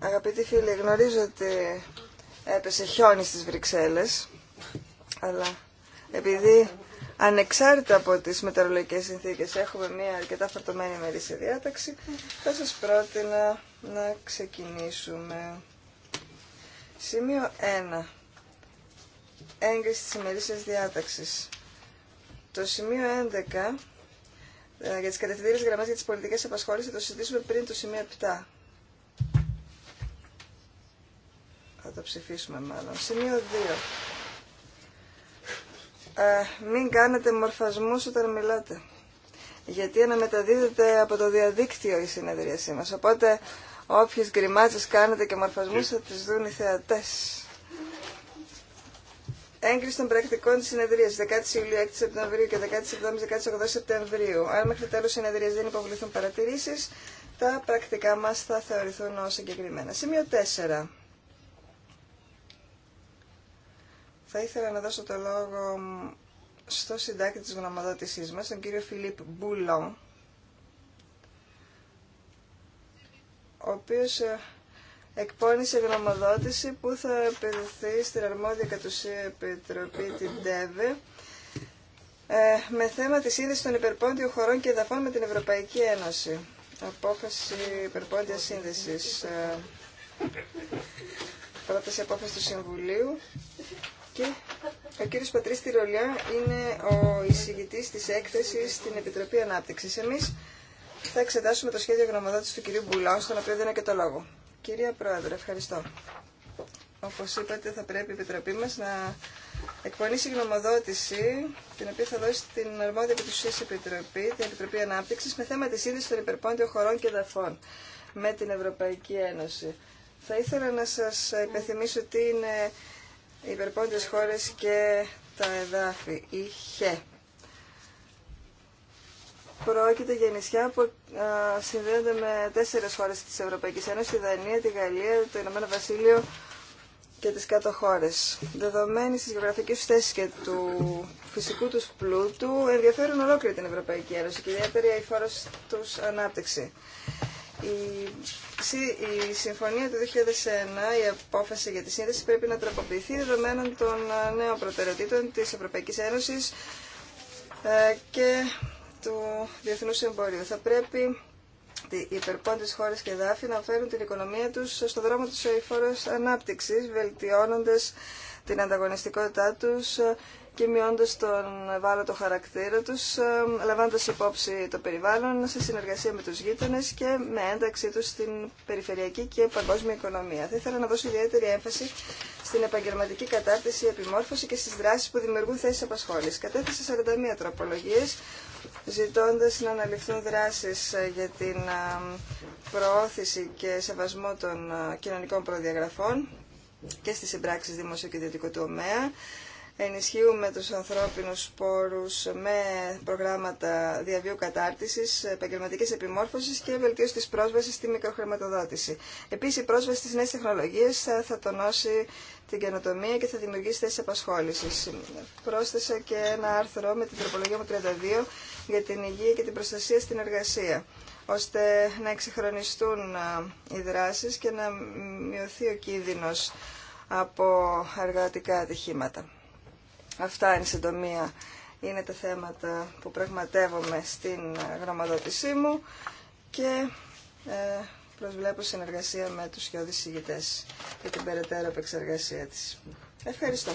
Αγαπητοί φίλοι, γνωρίζω ότι έπεσε χιόνι στις Βρυξέλλες, αλλά επειδή ανεξάρτητα από τις μετεωρολογικές συνθήκες έχουμε μια αρκετά φορτωμένη μερίσια διάταξη, θα σας πρότεινα να ξεκινήσουμε. Σημείο 1. Έγκριση της ημερήσιας διάταξης. Το σημείο 11 ε, για τις κατευθυντήριες γραμμές για τις πολιτικές απασχόλησης θα το συζητήσουμε πριν το σημείο 7. Θα το ψηφίσουμε μάλλον. Σημείο 2. Ε, μην κάνετε μορφασμούς όταν μιλάτε. Γιατί αναμεταδίδεται από το διαδίκτυο η συνεδρίασή μας. Οπότε όποιες γκριμάτσες κάνετε και μορφασμούς θα τις δουν οι θεατές. Έγκριση των πρακτικών τη συνεδρία 10 Ιουλίου, 6 Σεπτεμβρίου και 17-18 Σεπτεμβρίου. Αν μέχρι τέλο συνεδρία δεν υποβληθούν παρατηρήσει, τα πρακτικά μα θα θεωρηθούν ω εγκεκριμένα. Σημείο 4. Θα ήθελα να δώσω το λόγο στο συντάκτη της γνωμοδότησής μας, τον κύριο Φιλίπ Μπούλον, ο οποίος ε, εκπώνησε γνωμοδότηση που θα επιδοθεί στην αρμόδια κατ' ουσία επιτροπή την ΤΕΒΕ ε, με θέμα τη σύνδεση των υπερπόντιων χωρών και εδαφών με την Ευρωπαϊκή Ένωση. Απόφαση υπερπόντια σύνδεση. Ε, πρόταση απόφαση του Συμβουλίου. Και ο κύριος Πατρίς Τυρολιά είναι ο εισηγητής της έκθεσης στην Επιτροπή Ανάπτυξης. Εμείς θα εξετάσουμε το σχέδιο γνωμοδότηση του κυρίου Μπουλάου, στον οποίο δίνω και το λόγο. Κυρία Πρόεδρε, ευχαριστώ. Όπως είπατε, θα πρέπει η Επιτροπή μας να εκπονήσει γνωμοδότηση, την οποία θα δώσει την αρμόδια επιτουσίας Επιτροπή, την Επιτροπή Ανάπτυξης, με θέμα τη σύνδεση των υπερπόντιων χωρών και δαφών με την Ευρωπαϊκή Ένωση. Θα ήθελα να σας υπενθυμίσω τι είναι οι υπερπόντιες χώρες και τα εδάφη, η ΧΕ. Πρόκειται για νησιά που συνδέονται με τέσσερι χώρε τη Ευρωπαϊκή Ένωση, τη Δανία, τη Γαλλία, το Ηνωμένο Βασίλειο και τι κάτω χώρε. Δεδομένη της γεωγραφικής θέση και του φυσικού του πλούτου, ενδιαφέρουν ολόκληρη την Ευρωπαϊκή Ένωση και ιδιαίτερα η φόρος του ανάπτυξη. Η, συμφωνία του 2001, η απόφαση για τη σύνδεση πρέπει να τροποποιηθεί δεδομένων των ε, νέων προτεραιοτήτων της Ευρωπαϊκή Ένωση ε, και του διεθνούς εμπορίου. Θα πρέπει οι υπερπόντες χώρες και δάφη να φέρουν την οικονομία τους στον δρόμο της οηφόρος ανάπτυξης, βελτιώνοντας την ανταγωνιστικότητά τους και μειώντας τον ευάλωτο χαρακτήρα τους, λαμβάνοντας υπόψη το περιβάλλον σε συνεργασία με τους γείτονες και με ένταξή τους στην περιφερειακή και παγκόσμια οικονομία. Θα ήθελα να δώσω ιδιαίτερη έμφαση στην επαγγελματική κατάρτιση, επιμόρφωση και στις δράσεις που δημιουργούν θέσεις απασχόλησης. Κατέθεσα 41 τροπολογίες ζητώντας να αναλυφθούν δράσεις ε, για την ε, προώθηση και σεβασμό των ε, κοινωνικών προδιαγραφών και στις συμπράξεις δημοσίου και ιδιωτικού τομέα, ενισχύουμε τους ανθρώπινους πόρους με προγράμματα διαβίου κατάρτισης, επαγγελματική επιμόρφωσης και βελτίωση της πρόσβασης στη μικροχρηματοδότηση. Επίσης, η πρόσβαση στις νέες τεχνολογίες θα τονώσει την καινοτομία και θα δημιουργήσει θέσεις απασχόλησης. Πρόσθεσα και ένα άρθρο με την τροπολογία μου 32 για την υγεία και την προστασία στην εργασία ώστε να εξυγχρονιστούν οι δράσεις και να μειωθεί ο κίνδυνος από εργατικά ατυχήματα. Αυτά είναι συντομία. Είναι τα θέματα που πραγματεύομαι στην γνωμοδότησή μου και ε, προσβλέπω συνεργασία με τους χιώδης συγγητές για την περαιτέρω επεξεργασία της. Ευχαριστώ.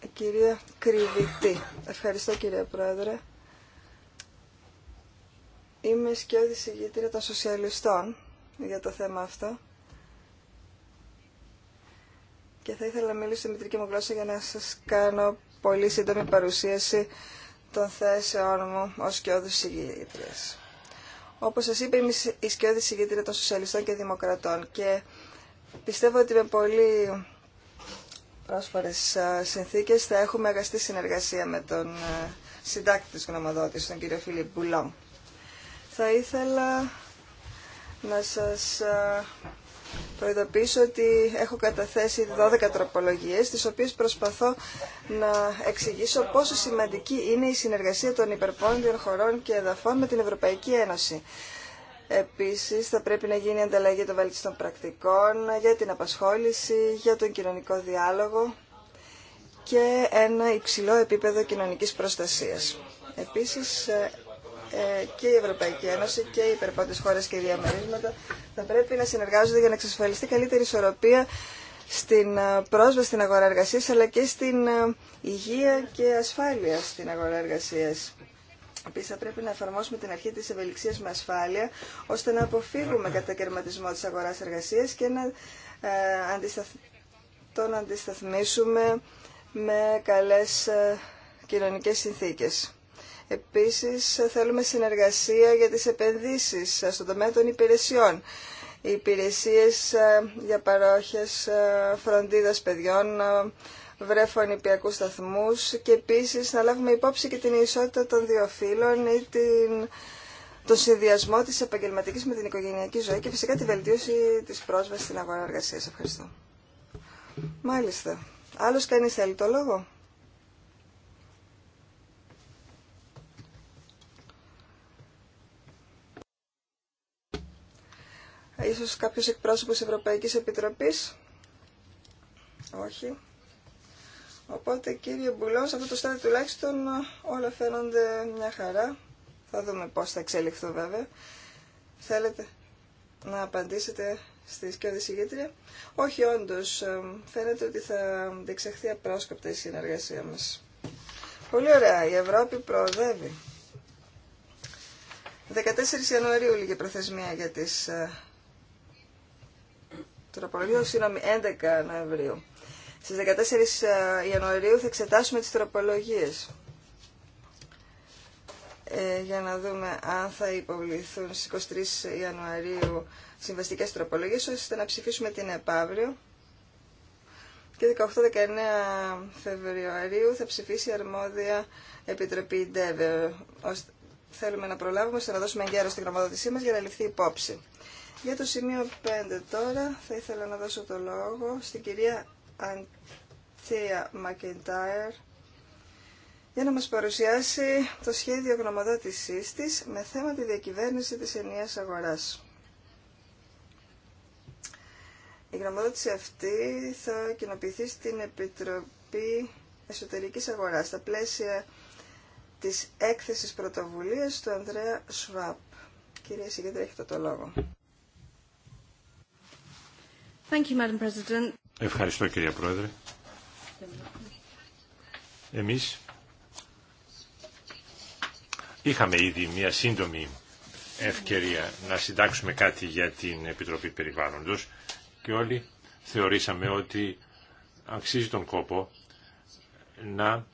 Ε, κυρία Κρυβητή. Ευχαριστώ κύριε Πρόεδρε. Είμαι σκιώδης ηγήτρια των σοσιαλιστών για το θέμα αυτό και θα ήθελα να μιλήσω στη μητρική μου γλώσσα για να σας κάνω πολύ σύντομη παρουσίαση των θέσεών μου ως σκιώδης συγγήτριας. Όπως σας είπα, είμαι η σκιώδη των Σοσιαλιστών και Δημοκρατών και πιστεύω ότι με πολύ πρόσφορες συνθήκες θα έχουμε αγαστή συνεργασία με τον συντάκτη της γνωμοδότης, τον κύριο Φιλίπ Μπουλόμ. Θα ήθελα να σας προειδοποιήσω ότι έχω καταθέσει 12 τροπολογίες, τις οποίες προσπαθώ να εξηγήσω πόσο σημαντική είναι η συνεργασία των υπερπόνδιων χωρών και εδαφών με την Ευρωπαϊκή Ένωση. Επίσης, θα πρέπει να γίνει ανταλλαγή των βαλτιστών πρακτικών για την απασχόληση, για τον κοινωνικό διάλογο και ένα υψηλό επίπεδο κοινωνικής προστασίας. Επίσης, ε, ε, και η Ευρωπαϊκή Ένωση και οι υπερπόντες χώρες και οι διαμερίσματα θα πρέπει να συνεργάζονται για να εξασφαλιστεί καλύτερη ισορροπία στην ε, πρόσβαση στην αγορά εργασία, αλλά και στην ε, υγεία και ασφάλεια στην αγορά εργασία. Επίση, θα πρέπει να εφαρμόσουμε την αρχή τη ευελιξία με ασφάλεια, ώστε να αποφύγουμε κατακαιρματισμό τη αγορά-εργασία και να ε, τον αντισταθμίσουμε με καλές κοινωνικέ συνθήκε. Επίσης θέλουμε συνεργασία για τις επενδύσεις στον τομέα των υπηρεσιών. Οι υπηρεσίες ε, για παρόχες ε, φροντίδας παιδιών, ε, βρέφων βρέφονιπιακού σταθμούς και επίσης να λάβουμε υπόψη και την ισότητα των δύο φύλων ή την, τον συνδυασμό της επαγγελματικής με την οικογενειακή ζωή και φυσικά τη βελτίωση της πρόσβασης στην αγορά εργασίας. Ευχαριστώ. Μάλιστα. Άλλος κανείς θέλει το λόγο. Ίσως κάποιος εκπρόσωπος Ευρωπαϊκής Επιτροπής. Όχι. Οπότε κύριε Μπουλό, σε αυτό το στάδιο τουλάχιστον όλα φαίνονται μια χαρά. Θα δούμε πώς θα εξελιχθούν βέβαια. Θέλετε να απαντήσετε στη σκιώδη συγγήτρια. Όχι όντως, ε, φαίνεται ότι θα διεξαχθεί απρόσκοπτα η συνεργασία μας. Πολύ ωραία, η Ευρώπη προοδεύει. 14 Ιανουαρίου λίγη προθεσμία για τις ε, τροπολογίου, συγγνώμη, 11 Νοεμβρίου. Στις 14 ε, Ιανουαρίου θα εξετάσουμε τι τροπολογίε ε, για να δούμε αν θα υποβληθούν στι 23 Ιανουαρίου συμβαστικέ τροπολογίε ώστε να ψηφίσουμε την επαύριο και 18-19 Φεβρουαρίου θα ψηφίσει η αρμόδια Επιτροπή ΔΕΒΕ. Θέλουμε να προλάβουμε ώστε να δώσουμε γέρο στην γνωμοδότησή μα για να ληφθεί υπόψη. Για το σημείο 5 τώρα θα ήθελα να δώσω το λόγο στην κυρία Αντία Μακεντάιρ για να μας παρουσιάσει το σχέδιο γνωμοδότησής της με θέμα τη διακυβέρνηση της ενιαίας αγοράς. Η γνωμοδότηση αυτή θα κοινοποιηθεί στην Επιτροπή Εσωτερικής Αγοράς στα πλαίσια της έκθεσης πρωτοβουλίας του Ανδρέα Σβάπ. Κυρία Συγγέντρια, έχετε το λόγο. Ευχαριστώ κυρία Πρόεδρε. Εμείς είχαμε ήδη μια σύντομη ευκαιρία να συντάξουμε κάτι για την Επιτροπή Περιβάλλοντος και όλοι θεωρήσαμε ότι αξίζει τον κόπο να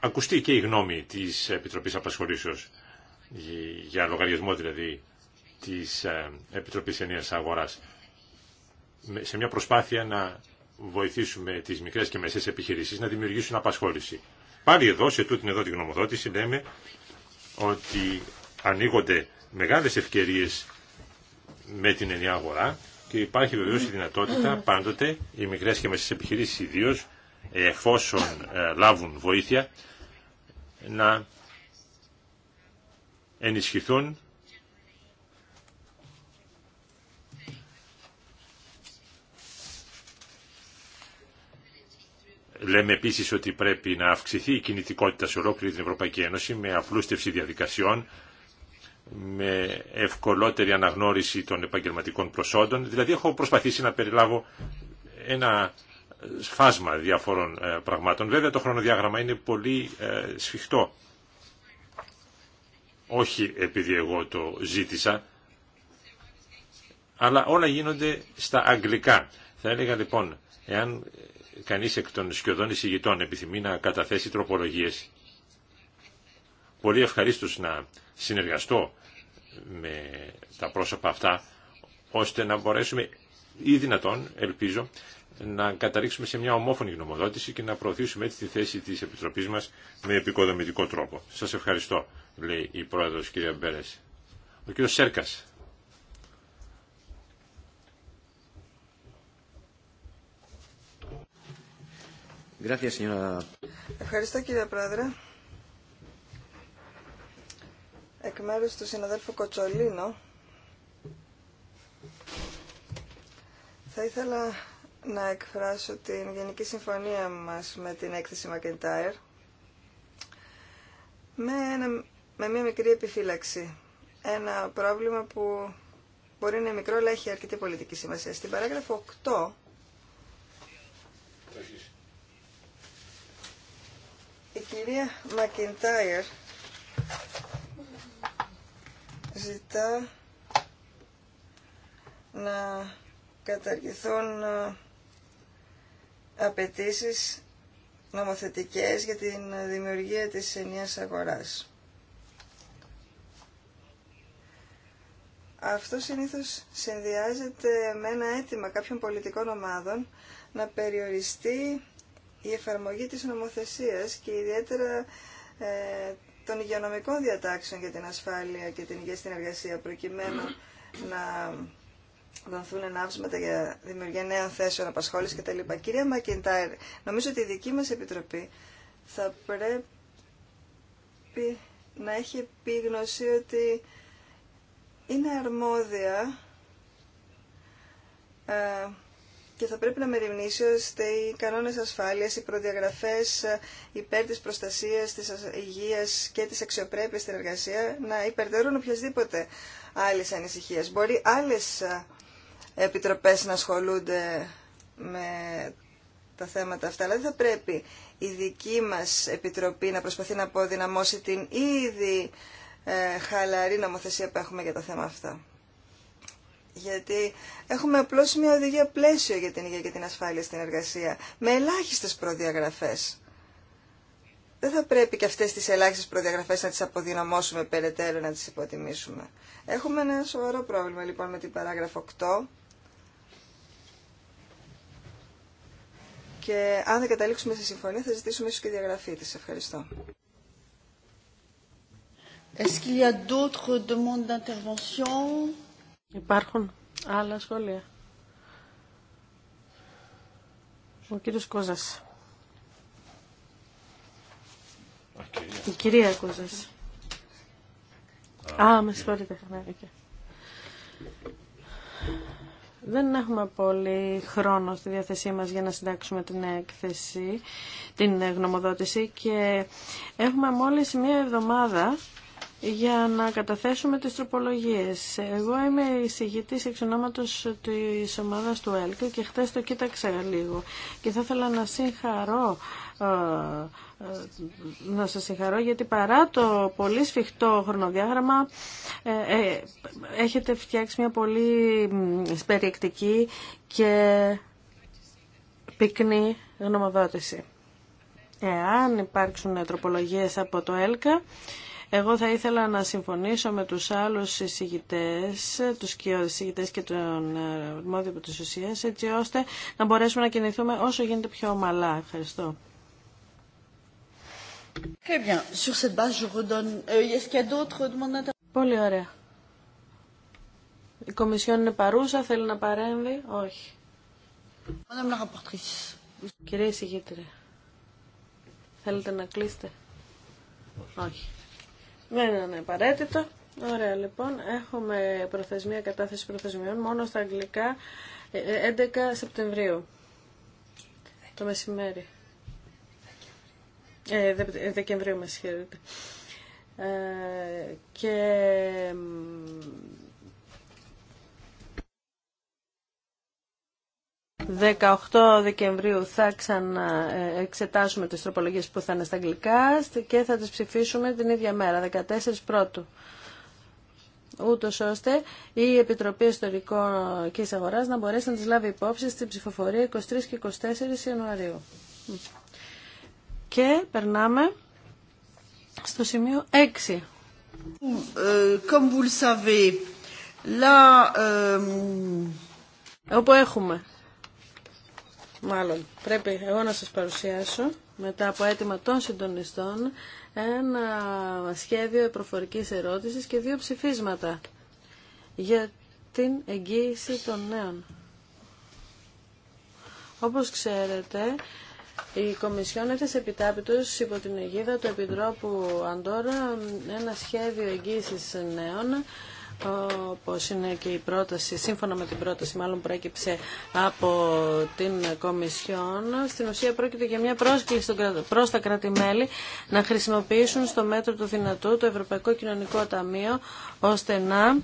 ακουστεί και η γνώμη της Επιτροπής Απασχολήσεως για λογαριασμό δηλαδή της ε, Επιτροπής Ενίας Αγοράς σε μια προσπάθεια να βοηθήσουμε τις μικρές και μεσές επιχειρήσεις να δημιουργήσουν απασχόληση. Πάλι εδώ, σε τούτην εδώ την γνωμοδότηση, λέμε ότι ανοίγονται μεγάλες ευκαιρίες με την ενιαία αγορά και υπάρχει βεβαίω η δυνατότητα πάντοτε οι μικρές και μεσές επιχειρήσεις ιδίω εφόσον ε, λάβουν βοήθεια να ενισχυθούν Λέμε επίσης ότι πρέπει να αυξηθεί η κινητικότητα σε ολόκληρη την Ευρωπαϊκή Ένωση με απλούστευση διαδικασιών, με ευκολότερη αναγνώριση των επαγγελματικών προσόντων. Δηλαδή έχω προσπαθήσει να περιλάβω ένα σφάσμα διαφόρων ε, πραγμάτων. Βέβαια το χρονοδιάγραμμα είναι πολύ ε, σφιχτό. Όχι επειδή εγώ το ζήτησα, αλλά όλα γίνονται στα αγγλικά. Θα έλεγα λοιπόν, εάν κανείς εκ των σκιωδών εισηγητών επιθυμεί να καταθέσει τροπολογίες. Πολύ ευχαρίστως να συνεργαστώ με τα πρόσωπα αυτά, ώστε να μπορέσουμε ή δυνατόν, ελπίζω, να καταλήξουμε σε μια ομόφωνη γνωμοδότηση και να προωθήσουμε έτσι τη θέση της Επιτροπής μας με επικοδομητικό τρόπο. Σας ευχαριστώ, λέει η Πρόεδρος κυρία Μπέρες. Ο κύριος Σέρκας. Ευχαριστώ κύριε Πρόεδρε. Εκ μέρους του συναδέλφου Κοτσολίνο θα ήθελα να εκφράσω την γενική συμφωνία μας με την έκθεση McIntyre με, με μια μικρή επιφύλαξη. Ένα πρόβλημα που μπορεί να είναι μικρό αλλά έχει αρκετή πολιτική σημασία. Στην παράγραφο 8 Η κυρία Μακιντάιρ ζητά να καταργηθούν ε, απαιτήσει νομοθετικές για την δημιουργία της ενιαίας αγοράς. Αυτό συνήθως συνδυάζεται με ένα αίτημα κάποιων πολιτικών ομάδων να περιοριστεί η εφαρμογή της νομοθεσίας και ιδιαίτερα ε, των υγειονομικών διατάξεων για την ασφάλεια και την υγεία στην εργασία προκειμένου να δοθούν ενάψματα για δημιουργία νέων θέσεων απασχόληση κτλ. Κυρία Μακιντάιρ, νομίζω ότι η δική μας Επιτροπή θα πρέπει να έχει επίγνωση ότι είναι αρμόδια ε, και θα πρέπει να μεριμνήσει ώστε οι κανόνες ασφάλειας, οι προδιαγραφές ε, υπέρ της προστασίας, της υγείας και της αξιοπρέπειας στην εργασία να υπερτερούν οποιασδήποτε άλλες ανησυχίες. Μπορεί άλλες ε, επιτροπές να ασχολούνται με τα θέματα αυτά, αλλά δεν θα πρέπει η δική μας επιτροπή να προσπαθεί να αποδυναμώσει την ήδη ε, χαλαρή νομοθεσία που έχουμε για τα θέματα αυτά γιατί έχουμε απλώς μια οδηγία πλαίσιο για την υγεία και την ασφάλεια στην εργασία, με ελάχιστες προδιαγραφές. Δεν θα πρέπει και αυτές τις ελάχιστες προδιαγραφές να τις αποδυναμώσουμε περαιτέρω, να τις υποτιμήσουμε. Έχουμε ένα σοβαρό πρόβλημα λοιπόν με την παράγραφο 8. Και αν δεν καταλήξουμε σε συμφωνία θα ζητήσουμε ίσως και διαγραφή της. Ευχαριστώ. Est-ce qu'il Υπάρχουν άλλα σχόλια. Ο κύριος Κόζας. Η κυρία Κόζας. Α, με συγχωρείτε. Ναι, Δεν έχουμε πολύ χρόνο στη διάθεσή μας για να συντάξουμε την έκθεση, την γνωμοδότηση και έχουμε μόλις μία εβδομάδα για να καταθέσουμε τις τροπολογίες. Εγώ είμαι εισηγητής εξ ονόματος της ομάδας του ΕΛΚΑ και χθες το κοίταξα λίγο και θα ήθελα να συγχαρώ ε, ε, να σας συγχαρώ γιατί παρά το πολύ σφιχτό χρονοδιάγραμμα ε, έχετε φτιάξει μια πολύ περιεκτική και πυκνή γνωμοδότηση. Εάν υπάρξουν τροπολογίες από το ΕΛΚΑ εγώ θα ήθελα να συμφωνήσω με τους άλλους εισηγητές, τους εισηγητές και τον ε, αρμόδιο της ουσίας, έτσι ώστε να μπορέσουμε να κινηθούμε όσο γίνεται πιο ομαλά. Ευχαριστώ. Πολύ ωραία. Η Κομισιόν είναι παρούσα, θέλει να παρέμβει. Όχι. Κυρία εισηγήτρια, θέλετε να κλείσετε. Όχι. Δεν είναι ναι, ναι, απαραίτητο. Ωραία, λοιπόν, έχουμε προθεσμία κατάθεση προθεσμιών μόνο στα αγγλικά 11 ε, ε, Σεπτεμβρίου το μεσημέρι. Ε, ε, Δεκεμβρίου με συγχωρείτε. Ε, και 18 Δεκεμβρίου θα ξαναεξετάσουμε τις τροπολογίες που θα είναι στα αγγλικά και θα τις ψηφίσουμε την ίδια μέρα, 14 πρώτου. Ούτως ώστε η Επιτροπή και Αγορά να μπορέσει να τις λάβει υπόψη στην ψηφοφορία 23 και 24 Ιανουαρίου. Και περνάμε στο σημείο 6. Comme vous le savez, là, euh... Όπου έχουμε μάλλον πρέπει εγώ να σας παρουσιάσω μετά από αίτημα των συντονιστών ένα σχέδιο προφορικής ερώτησης και δύο ψηφίσματα για την εγγύηση των νέων. Όπως ξέρετε, η Κομισιόν έθεσε επιτάπητος υπό την αιγίδα του Επιτρόπου Αντόρα ένα σχέδιο εγγύησης νέων όπως είναι και η πρόταση, σύμφωνα με την πρόταση μάλλον προέκυψε από την Κομισιόν, στην ουσία πρόκειται για μια πρόσκληση προς τα κράτη-μέλη να χρησιμοποιήσουν στο μέτρο του δυνατού το Ευρωπαϊκό Κοινωνικό Ταμείο ώστε να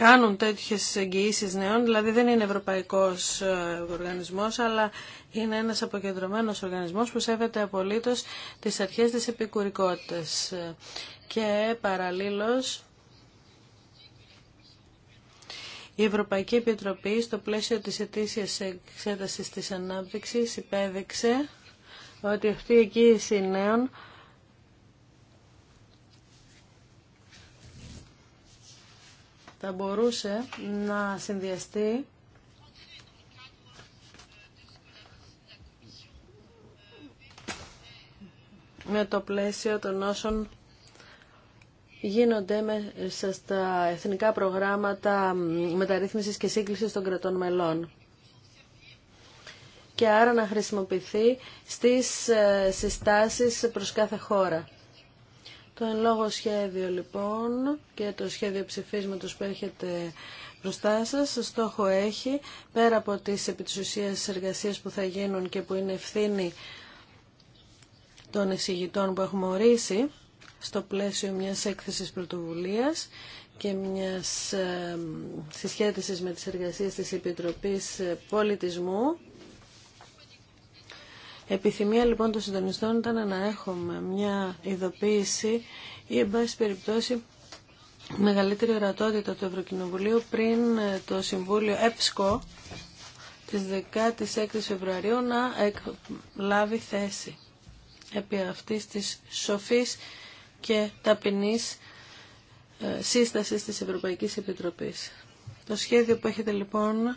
κάνουν τέτοιες εγγυήσεις νέων, δηλαδή δεν είναι ευρωπαϊκός ε, οργανισμός, αλλά είναι ένας αποκεντρωμένος οργανισμός που σέβεται απολύτως τις αρχές της επικουρικότητας. Και παραλλήλως, η Ευρωπαϊκή Επιτροπή στο πλαίσιο της ετήσιας εξέτασης της ανάπτυξης υπέδειξε ότι αυτή η εγγύηση νέων θα μπορούσε να συνδυαστεί με το πλαίσιο των όσων γίνονται μέσα στα εθνικά προγράμματα μεταρρύθμισης και σύγκλησης των κρατών μελών και άρα να χρησιμοποιηθεί στις ε, συστάσεις προς κάθε χώρα. Το εν λόγω σχέδιο λοιπόν και το σχέδιο ψηφίσματος που έχετε μπροστά σας, στόχο έχει, πέρα από τις επιτυσσουσίες εργασίες που θα γίνουν και που είναι ευθύνη των εισηγητών που έχουμε ορίσει στο πλαίσιο μιας έκθεσης πρωτοβουλίας και μιας ε, συσχέτισης με τις εργασίες της Επιτροπής ε, Πολιτισμού Επιθυμία λοιπόν των συντονιστών ήταν να έχουμε μια ειδοποίηση ή εν πάση περιπτώσει μεγαλύτερη ορατότητα του Ευρωκοινοβουλίου πριν ε, το Συμβούλιο ΕΠΣΚΟ της 16 Φεβρουαρίου να λάβει θέση επί αυτής της σοφής και ταπεινής ε, σύστασης της Ευρωπαϊκής Επιτροπής. Το σχέδιο που έχετε λοιπόν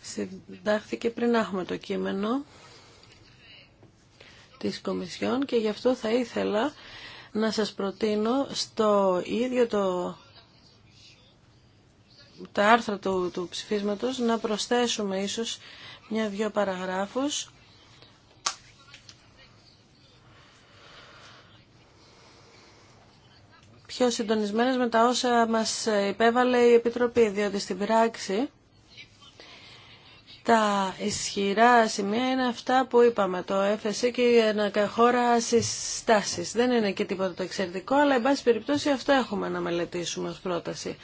συντάχθηκε πριν να έχουμε το κείμενο της και γι' αυτό θα ήθελα να σας προτείνω στο ίδιο το τα άρθρα του, του ψηφίσματος να προσθέσουμε ίσως μια-δυο παραγράφους πιο συντονισμένες με τα όσα μας υπέβαλε η Επιτροπή, διότι στην πράξη τα ισχυρά σημεία είναι αυτά που είπαμε, το έφεση και η χώρα συστάσεις. Δεν είναι και τίποτα το εξαιρετικό, αλλά εν πάση περιπτώσει αυτό έχουμε να μελετήσουμε ως πρόταση.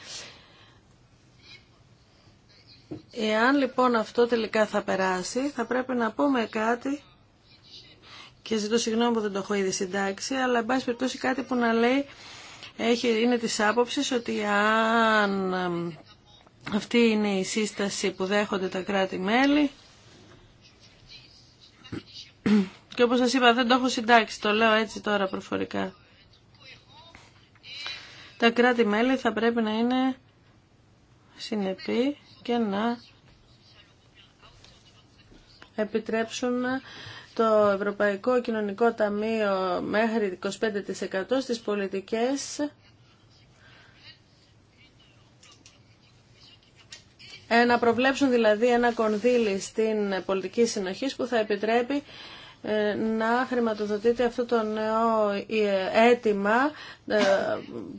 Εάν λοιπόν αυτό τελικά θα περάσει, θα πρέπει να πούμε κάτι και ζητώ συγγνώμη που δεν το έχω ήδη συντάξει, αλλά εν πάση περιπτώσει κάτι που να λέει είναι της άποψης ότι αν αυτή είναι η σύσταση που δέχονται τα κράτη-μέλη. Και όπως σας είπα δεν το έχω συντάξει, το λέω έτσι τώρα προφορικά. Τα κράτη-μέλη θα πρέπει να είναι συνεπή και να επιτρέψουν το Ευρωπαϊκό Κοινωνικό Ταμείο μέχρι 25% στις πολιτικές Ε, να προβλέψουν δηλαδή ένα κονδύλι στην πολιτική συνοχή που θα επιτρέπει ε, να χρηματοδοτείται αυτό το νέο ε, αίτημα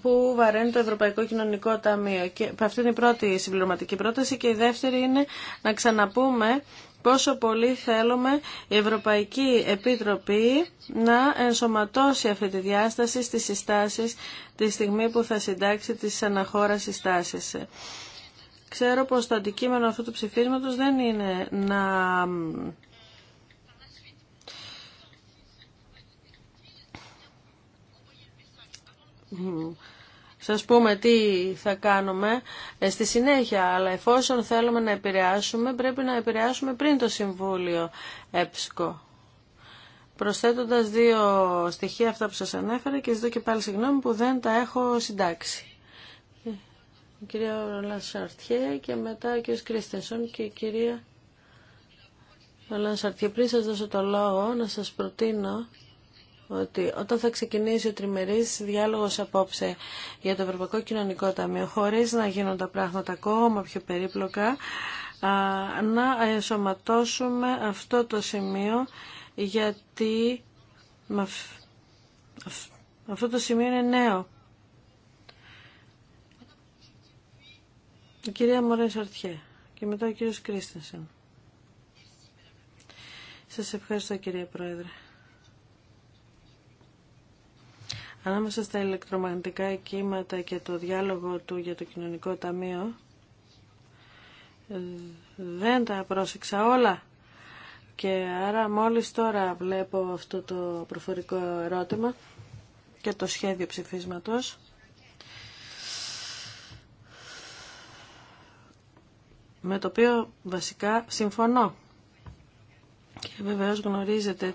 που βαραίνει το Ευρωπαϊκό Κοινωνικό Ταμείο. Και αυτή είναι η πρώτη συμπληρωματική πρόταση και η δεύτερη είναι να ξαναπούμε πόσο πολύ θέλουμε η Ευρωπαϊκή Επίτροπη να ενσωματώσει αυτή τη διάσταση στις συστάσεις τη στιγμή που θα συντάξει τις αναχώρα συστάσεις. Ξέρω πως το αντικείμενο αυτού του ψηφίσματος δεν είναι να σας πούμε τι θα κάνουμε ε, στη συνέχεια, αλλά εφόσον θέλουμε να επηρεάσουμε, πρέπει να επηρεάσουμε πριν το Συμβούλιο ΕΠΣΚΟ. Προσθέτοντας δύο στοιχεία αυτά που σας ανέφερα και ζητώ και πάλι συγγνώμη που δεν τα έχω συντάξει η κυρία Ρολάν και μετά ο κύριος Κρίστενσον και η κυρία Ρολάν Σαρτιέ. Πριν σας δώσω το λόγο να σας προτείνω ότι όταν θα ξεκινήσει ο τριμερής διάλογος απόψε για το Ευρωπαϊκό Κοινωνικό Ταμείο, χωρίς να γίνουν τα πράγματα ακόμα πιο περίπλοκα, να ενσωματώσουμε αυτό το σημείο γιατί αυτό το σημείο είναι νέο. Η κυρία Μωρέν Σαρτιέ και μετά ο κύριος Κρίστενσεν. Σας ευχαριστώ κυρία Πρόεδρε. Ανάμεσα στα ηλεκτρομαγνητικά κύματα και το διάλογο του για το κοινωνικό ταμείο, δεν τα πρόσεξα όλα. Και άρα μόλις τώρα βλέπω αυτό το προφορικό ερώτημα και το σχέδιο ψηφίσματος. με το οποίο βασικά συμφωνώ. Και βεβαίως γνωρίζετε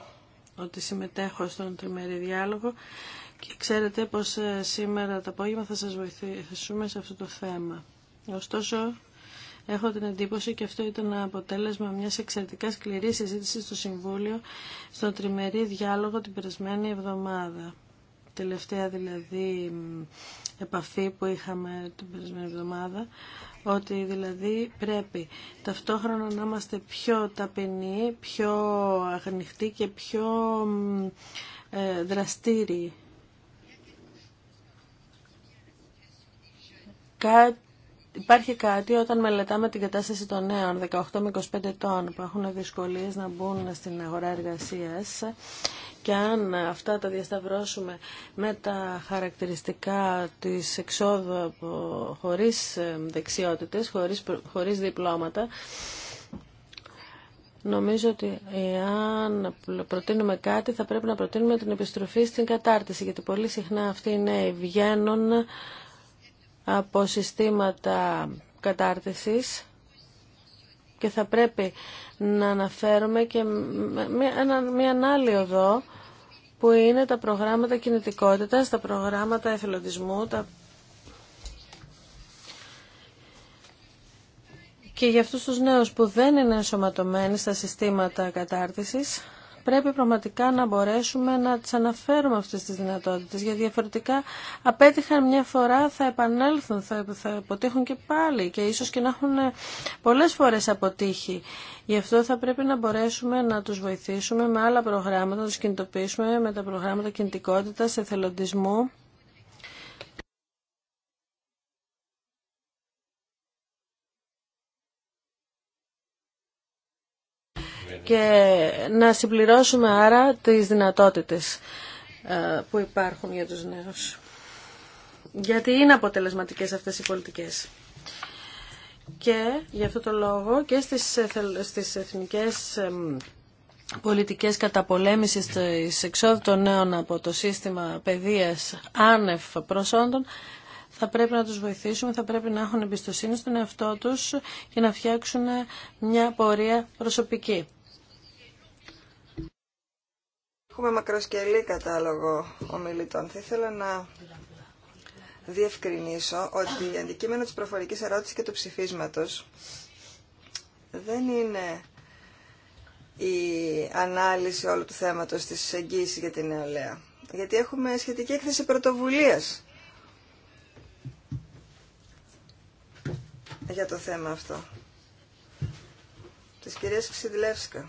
ότι συμμετέχω στον τριμερή διάλογο και ξέρετε πως ε, σήμερα το απόγευμα θα σας βοηθήσουμε σε αυτό το θέμα. Ωστόσο, έχω την εντύπωση και αυτό ήταν αποτέλεσμα μιας εξαιρετικά σκληρής συζήτησης στο Συμβούλιο στον τριμερή διάλογο την περασμένη εβδομάδα τελευταία δηλαδή επαφή που είχαμε την περασμένη εβδομάδα, ότι δηλαδή πρέπει ταυτόχρονα να είμαστε πιο ταπεινοί, πιο ανοιχτοί και πιο ε, δραστήριοι. Κά Υπάρχει κάτι όταν μελετάμε την κατάσταση των νέων 18 με 25 ετών που έχουν δυσκολίες να μπουν στην αγορά εργασίας και αν αυτά τα διασταυρώσουμε με τα χαρακτηριστικά της εξόδου από, χωρίς ε, δεξιότητες, χωρίς, χωρίς διπλώματα, Νομίζω ότι εάν προτείνουμε κάτι θα πρέπει να προτείνουμε την επιστροφή στην κατάρτιση γιατί πολύ συχνά αυτοί οι νέοι βγαίνουν από συστήματα κατάρτισης και θα πρέπει να αναφέρουμε και μια, μια, άλλη οδό που είναι τα προγράμματα κινητικότητας, τα προγράμματα εθελοντισμού, τα... και για αυτούς τους νέους που δεν είναι ενσωματωμένοι στα συστήματα κατάρτισης, πρέπει πραγματικά να μπορέσουμε να τις αναφέρουμε αυτές τις δυνατότητες, γιατί διαφορετικά απέτυχαν μια φορά, θα επανέλθουν, θα, αποτύχουν και πάλι και ίσως και να έχουν ε, πολλές φορές αποτύχει. Γι' αυτό θα πρέπει να μπορέσουμε να τους βοηθήσουμε με άλλα προγράμματα, να τους κινητοποιήσουμε με τα προγράμματα κινητικότητας, εθελοντισμού και να συμπληρώσουμε άρα τις δυνατότητες ε, που υπάρχουν για τους νέους. Γιατί είναι αποτελεσματικές αυτές οι πολιτικές. Και γι' αυτό το λόγο και στις, στις εθνικές πολιτικές καταπολέμησης της εξόδου των νέων από το σύστημα παιδείας άνευ προσόντων θα πρέπει να τους βοηθήσουμε, θα πρέπει να έχουν εμπιστοσύνη στον εαυτό τους και να φτιάξουν μια πορεία προσωπική. Έχουμε μακροσκελή κατάλογο ομιλητών. Θα ήθελα να διευκρινίσω ότι η αντικείμενο της προφορικής ερώτησης και του ψηφίσματος δεν είναι η ανάλυση όλου του θέματος της εγγύησης για την νεολαία. Γιατί έχουμε σχετική έκθεση πρωτοβουλίας για το θέμα αυτό. Της κυρίας Ξιντλεύσκα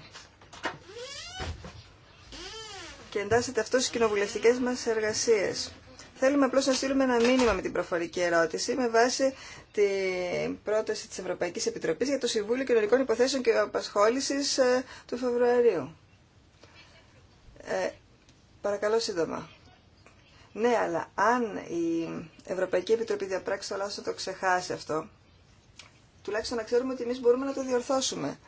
και εντάσσεται αυτό στι κοινοβουλευτικέ μα εργασίε. Θέλουμε απλώ να στείλουμε ένα μήνυμα με την προφορική ερώτηση με βάση την πρόταση τη Ευρωπαϊκή Επιτροπή για το Συμβούλιο Κοινωνικών Υποθέσεων και Απασχόλησης ε, του Φεβρουαρίου. Ε, παρακαλώ σύντομα. Ναι, αλλά αν η Ευρωπαϊκή Επιτροπή διαπράξει το λάθο το ξεχάσει αυτό, τουλάχιστον να ξέρουμε ότι εμεί μπορούμε να το διορθώσουμε.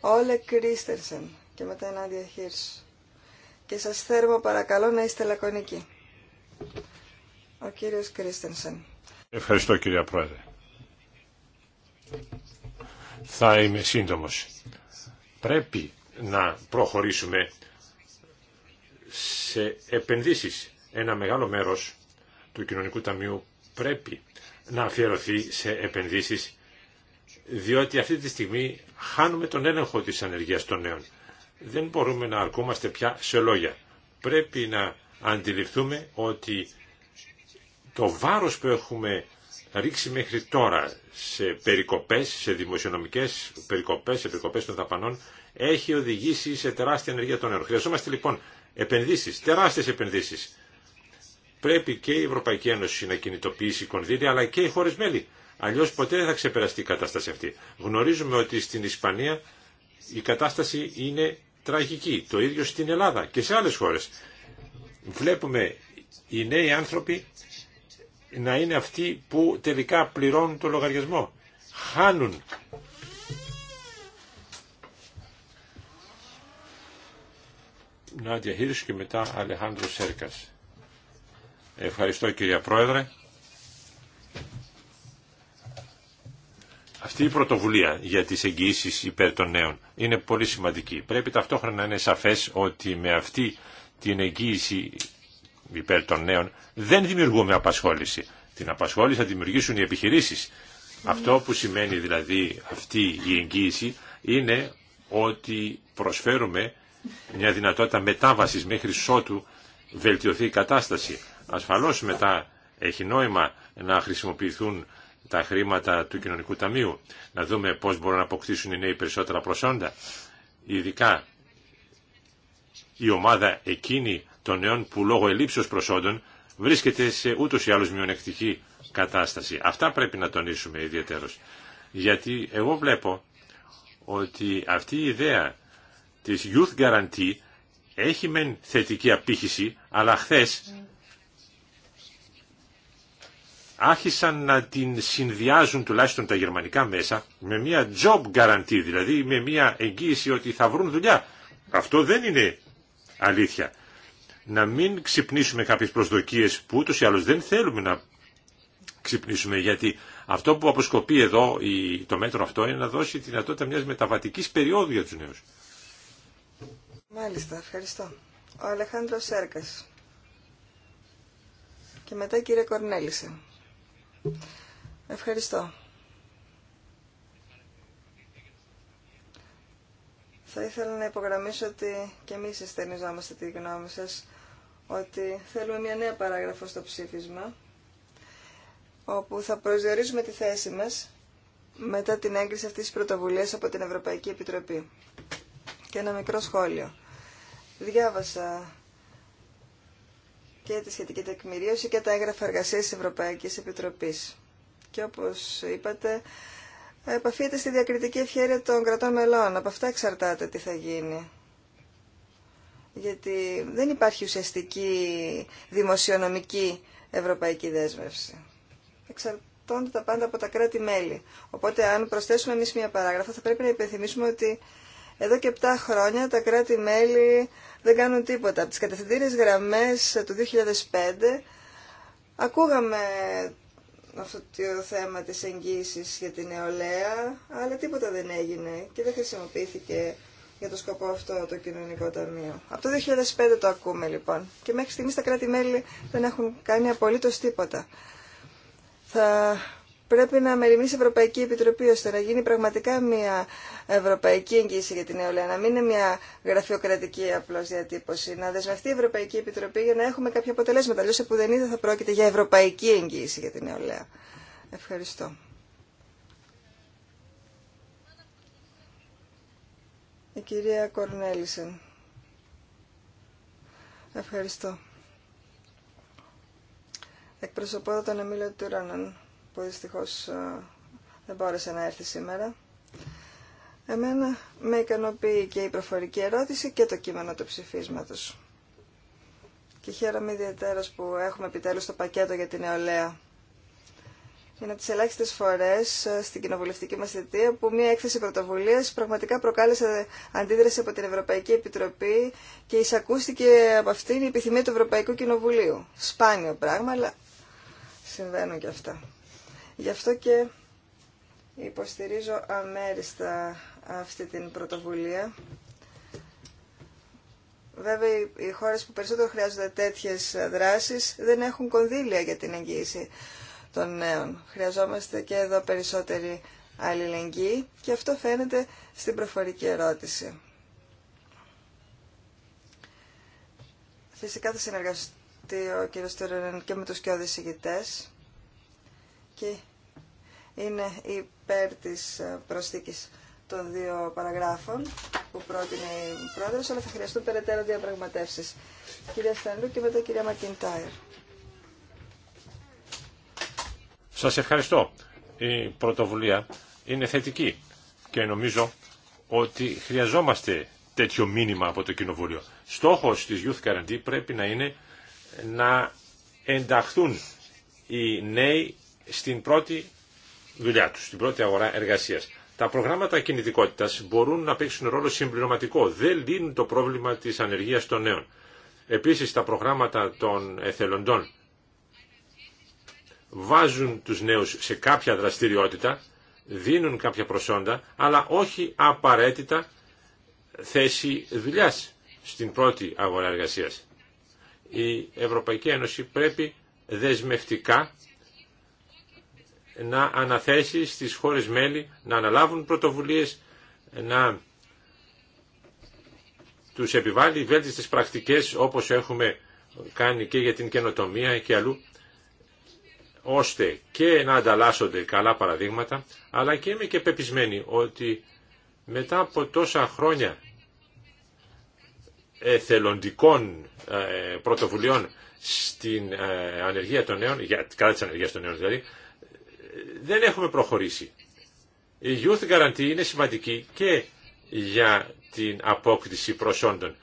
Όλε Κρίστερσεν και μετά ενάντια Χίρσου και σας θέρμο παρακαλώ να είστε λακωνικοί. Ο κύριος Κρίστενσεν. Ευχαριστώ κυρία Πρόεδρε. Θα είμαι σύντομος. Πρέπει να προχωρήσουμε σε επενδύσεις. Ένα μεγάλο μέρος του Κοινωνικού Ταμείου πρέπει να αφιερωθεί σε επενδύσεις, διότι αυτή τη στιγμή χάνουμε τον έλεγχο της ανεργίας των νέων δεν μπορούμε να αρκούμαστε πια σε λόγια. Πρέπει να αντιληφθούμε ότι το βάρος που έχουμε ρίξει μέχρι τώρα σε περικοπές, σε δημοσιονομικές περικοπές, σε περικοπές των δαπανών, έχει οδηγήσει σε τεράστια ενεργεία των νερών. Χρειαζόμαστε λοιπόν επενδύσεις, τεράστιες επενδύσεις. Πρέπει και η Ευρωπαϊκή Ένωση να κινητοποιήσει κονδύλια, αλλά και οι χώρες μέλη. Αλλιώς ποτέ δεν θα ξεπεραστεί η κατάσταση αυτή. Γνωρίζουμε ότι στην Ισπανία η κατάσταση είναι τραγική. Το ίδιο στην Ελλάδα και σε άλλες χώρες. Βλέπουμε οι νέοι άνθρωποι να είναι αυτοί που τελικά πληρώνουν το λογαριασμό. Χάνουν. Να διαχείρισω και μετά Αλεχάνδρος Σέρκας. Ευχαριστώ κυρία Πρόεδρε. Αυτή η πρωτοβουλία για τις εγγυήσεις υπέρ των νέων είναι πολύ σημαντική. Πρέπει ταυτόχρονα να είναι σαφές ότι με αυτή την εγγύηση υπέρ των νέων δεν δημιουργούμε απασχόληση. Την απασχόληση θα δημιουργήσουν οι επιχειρήσεις. Αυτό που σημαίνει δηλαδή αυτή η εγγύηση είναι ότι προσφέρουμε μια δυνατότητα μετάβασης μέχρι ότου βελτιωθεί η κατάσταση. Ασφαλώς μετά έχει νόημα να χρησιμοποιηθούν τα χρήματα του κοινωνικού ταμείου, να δούμε πώς μπορούν να αποκτήσουν οι νέοι περισσότερα προσόντα, ειδικά η ομάδα εκείνη των νέων που λόγω ελλείψεως προσόντων βρίσκεται σε ούτως ή άλλως μειονεκτική κατάσταση. Αυτά πρέπει να τονίσουμε ιδιαίτερως. Γιατί εγώ βλέπω ότι αυτή η ιδέα της Youth Guarantee έχει μεν θετική απήχηση, αλλά χθε άρχισαν να την συνδυάζουν τουλάχιστον τα γερμανικά μέσα με μια job guarantee, δηλαδή με μια εγγύηση ότι θα βρουν δουλειά. Αυτό δεν είναι αλήθεια. Να μην ξυπνήσουμε κάποιες προσδοκίες που ούτως ή άλλως δεν θέλουμε να ξυπνήσουμε γιατί αυτό που αποσκοπεί εδώ το μέτρο αυτό είναι να δώσει τη δυνατότητα μιας μεταβατικής περίοδου για τους νέους. Μάλιστα, ευχαριστώ. Ο Αλεχάνδρος Σέρκας. Και μετά κύριε Κορνέλησε. Ευχαριστώ. Θα ήθελα να υπογραμμίσω ότι και εμείς εστερνιζόμαστε τη γνώμη σας ότι θέλουμε μια νέα παράγραφο στο ψήφισμα όπου θα προσδιορίζουμε τη θέση μας μετά την έγκριση αυτής της πρωτοβουλίας από την Ευρωπαϊκή Επιτροπή. Και ένα μικρό σχόλιο. Διάβασα και τη σχετική τεκμηρίωση και τα έγγραφα εργασίας της Ευρωπαϊκής Επιτροπής. Και όπως είπατε, επαφείται στη διακριτική ευχαίρεια των κρατών μελών. Από αυτά εξαρτάται τι θα γίνει. Γιατί δεν υπάρχει ουσιαστική δημοσιονομική ευρωπαϊκή δέσμευση. Εξαρτώνται τα πάντα από τα κράτη-μέλη. Οπότε αν προσθέσουμε εμείς μία παράγραφο θα πρέπει να υπενθυμίσουμε ότι εδώ και 7 χρόνια τα κράτη-μέλη δεν κάνουν τίποτα. Από τις κατευθυντήριες γραμμές ε, του 2005 ακούγαμε αυτό το θέμα της εγγύησης για την νεολαία, αλλά τίποτα δεν έγινε και δεν χρησιμοποιήθηκε για το σκοπό αυτό το κοινωνικό ταμείο. Από το 2005 το ακούμε λοιπόν και μέχρι στιγμής τα κράτη-μέλη δεν έχουν κάνει απολύτως τίποτα. Θα Πρέπει να μεριμνήσει η Ευρωπαϊκή Επιτροπή ώστε να γίνει πραγματικά μια ευρωπαϊκή εγγύηση για την νεολαία, να μην είναι μια γραφειοκρατική απλώ διατύπωση. Να δεσμευτεί η Ευρωπαϊκή Επιτροπή για να έχουμε κάποια αποτελέσματα. Αλλιώ που δεν είδα θα πρόκειται για ευρωπαϊκή εγγύηση για την νεολαία. Ευχαριστώ. Η κυρία Κορνέλισεν. Ευχαριστώ. Εκπροσωπώ τον Εμίλιο Τουράναν που δυστυχώς ε, δεν μπόρεσε να έρθει σήμερα. Εμένα με ικανοποιεί και η προφορική ερώτηση και το κείμενο του ψηφίσματος. Και χαίρομαι ιδιαίτερα που έχουμε επιτέλους το πακέτο για την νεολαία. Είναι από τις ελάχιστες φορές ε, στην κοινοβουλευτική μας θητεία που μια έκθεση πρωτοβουλίας πραγματικά προκάλεσε αντίδραση από την Ευρωπαϊκή Επιτροπή και εισακούστηκε από αυτήν η επιθυμία του Ευρωπαϊκού Κοινοβουλίου. Σπάνιο πράγμα, αλλά συμβαίνουν και αυτά. Γι' αυτό και υποστηρίζω αμέριστα αυτή την πρωτοβουλία. Βέβαια, οι χώρες που περισσότερο χρειάζονται τέτοιες δράσεις δεν έχουν κονδύλια για την εγγύηση των νέων. Χρειαζόμαστε και εδώ περισσότερη αλληλεγγύη και αυτό φαίνεται στην προφορική ερώτηση. Φυσικά θα συνεργαστεί ο κ. και με τους και ηγητές και είναι υπέρ της ε, προσθήκης των δύο παραγράφων που πρότεινε η πρόεδρος, αλλά θα χρειαστούν περαιτέρω διαπραγματεύσεις. Κυρία Στανλού και μετά κυρία Μακιντάιρ. Σας ευχαριστώ. Η πρωτοβουλία είναι θετική και νομίζω ότι χρειαζόμαστε τέτοιο μήνυμα από το Κοινοβούλιο. Στόχος της Youth Guarantee πρέπει να είναι να ενταχθούν οι νέοι στην πρώτη δουλειά στην πρώτη αγορά εργασία. Τα προγράμματα κινητικότητα μπορούν να παίξουν ρόλο συμπληρωματικό. Δεν λύνουν το πρόβλημα της ανεργίας των νέων. Επίσης τα προγράμματα των εθελοντών βάζουν τους νέους σε κάποια δραστηριότητα, δίνουν κάποια προσόντα, αλλά όχι απαραίτητα θέση δουλειάς στην πρώτη αγορά εργασία. Η Ευρωπαϊκή Ένωση πρέπει δεσμευτικά να αναθέσει στις χώρες μέλη να αναλάβουν πρωτοβουλίες, να τους επιβάλλει βέλτιστες πρακτικές όπως έχουμε κάνει και για την καινοτομία και αλλού, ώστε και να ανταλλάσσονται καλά παραδείγματα, αλλά και είμαι και πεπισμένη ότι μετά από τόσα χρόνια εθελοντικών ε, πρωτοβουλειών στην ε, ανεργία των νέων, για, κατά της ανεργίας των νέων δηλαδή, δεν έχουμε προχωρήσει. Η Youth Guarantee είναι σημαντική και για την απόκτηση προσόντων.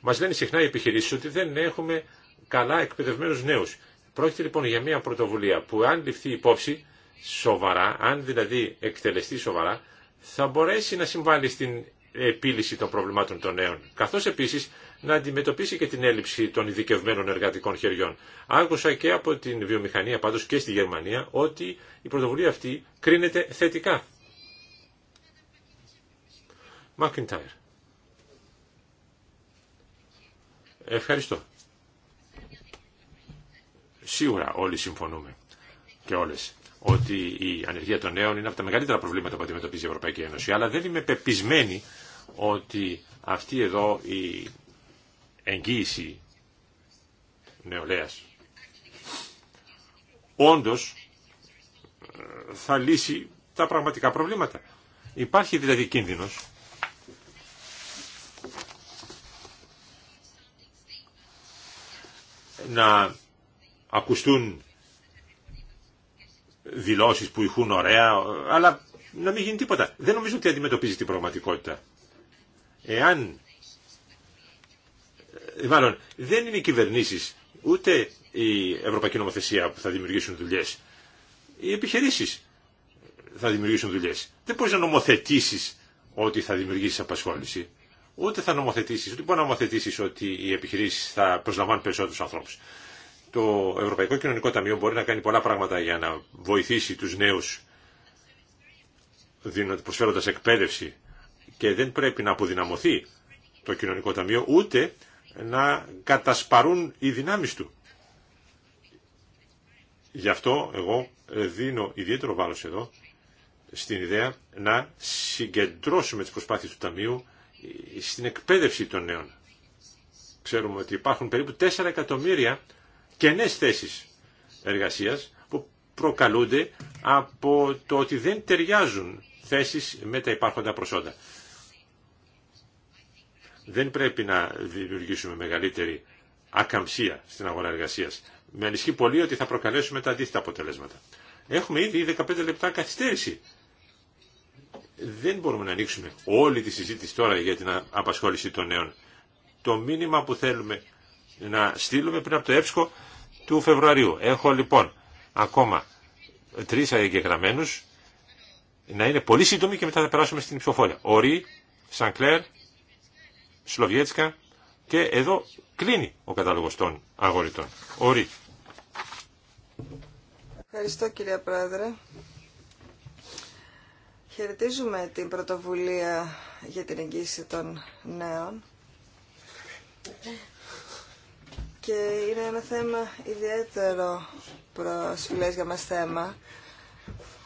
Μας λένε συχνά οι επιχειρήσεις ότι δεν έχουμε καλά εκπαιδευμένους νέους. Πρόκειται λοιπόν για μια πρωτοβουλία που αν ληφθεί υπόψη σοβαρά, αν δηλαδή εκτελεστεί σοβαρά, θα μπορέσει να συμβάλλει στην επίλυση των προβλημάτων των νέων. Καθώς επίσης να αντιμετωπίσει και την έλλειψη των ειδικευμένων εργατικών χεριών. Άκουσα και από την βιομηχανία πάντως και στη Γερμανία ότι η πρωτοβουλία αυτή κρίνεται θετικά. Μακιντάιρ. Ευχαριστώ. Σίγουρα όλοι συμφωνούμε και όλες ότι η ανεργία των νέων είναι από τα μεγαλύτερα προβλήματα που αντιμετωπίζει η Ευρωπαϊκή Ένωση. Αλλά δεν είμαι πεπισμένη ότι αυτή εδώ η εγγύηση νεολαίας. Όντως ε, θα λύσει τα πραγματικά προβλήματα. Υπάρχει δηλαδή κίνδυνος να ακουστούν δηλώσεις που ηχούν ωραία, αλλά να μην γίνει τίποτα. Δεν νομίζω ότι αντιμετωπίζει την πραγματικότητα. Εάν ε, μάλλον δεν είναι οι κυβερνήσει. ούτε η Ευρωπαϊκή Νομοθεσία που θα δημιουργήσουν δουλειέ. Οι επιχειρήσει θα δημιουργήσουν δουλειέ. Δεν μπορεί να νομοθετήσει ότι θα δημιουργήσει απασχόληση. Ούτε θα νομοθετήσεις, ούτε μπορεί να νομοθετήσει ότι οι επιχειρήσει θα προσλαμβάνουν περισσότερου ανθρώπου. Το Ευρωπαϊκό Κοινωνικό Ταμείο μπορεί να κάνει πολλά πράγματα για να βοηθήσει του νέου προσφέροντα εκπαίδευση και δεν πρέπει να αποδυναμωθεί το Κοινωνικό Ταμείο ούτε να κατασπαρούν οι δυνάμεις του. Γι' αυτό εγώ δίνω ιδιαίτερο βάρος εδώ στην ιδέα να συγκεντρώσουμε τις προσπάθειες του Ταμείου στην εκπαίδευση των νέων. Ξέρουμε ότι υπάρχουν περίπου 4 εκατομμύρια κενές θέσεις εργασίας που προκαλούνται από το ότι δεν ταιριάζουν θέσεις με τα υπάρχοντα προσόντα. Δεν πρέπει να δημιουργήσουμε μεγαλύτερη ακαμψία στην αγορά εργασία. Με ανισχύει πολύ ότι θα προκαλέσουμε τα αντίθετα αποτελέσματα. Έχουμε ήδη 15 λεπτά καθυστέρηση. Δεν μπορούμε να ανοίξουμε όλη τη συζήτηση τώρα για την απασχόληση των νέων. Το μήνυμα που θέλουμε να στείλουμε πριν από το ΕΨΚΟ του Φεβρουαρίου. Έχω λοιπόν ακόμα τρεις εγγεγραμμένους να είναι πολύ σύντομοι και μετά θα περάσουμε στην ψηφοφόρια. Ορί, Σανκλέρ, Σλοβιέτσκα και εδώ κλείνει ο κατάλογος των αγορητών. Ορί. Ευχαριστώ κυρία Πρόεδρε. Χαιρετίζουμε την πρωτοβουλία για την εγγύηση των νέων και είναι ένα θέμα ιδιαίτερο προσφυλές για μας θέμα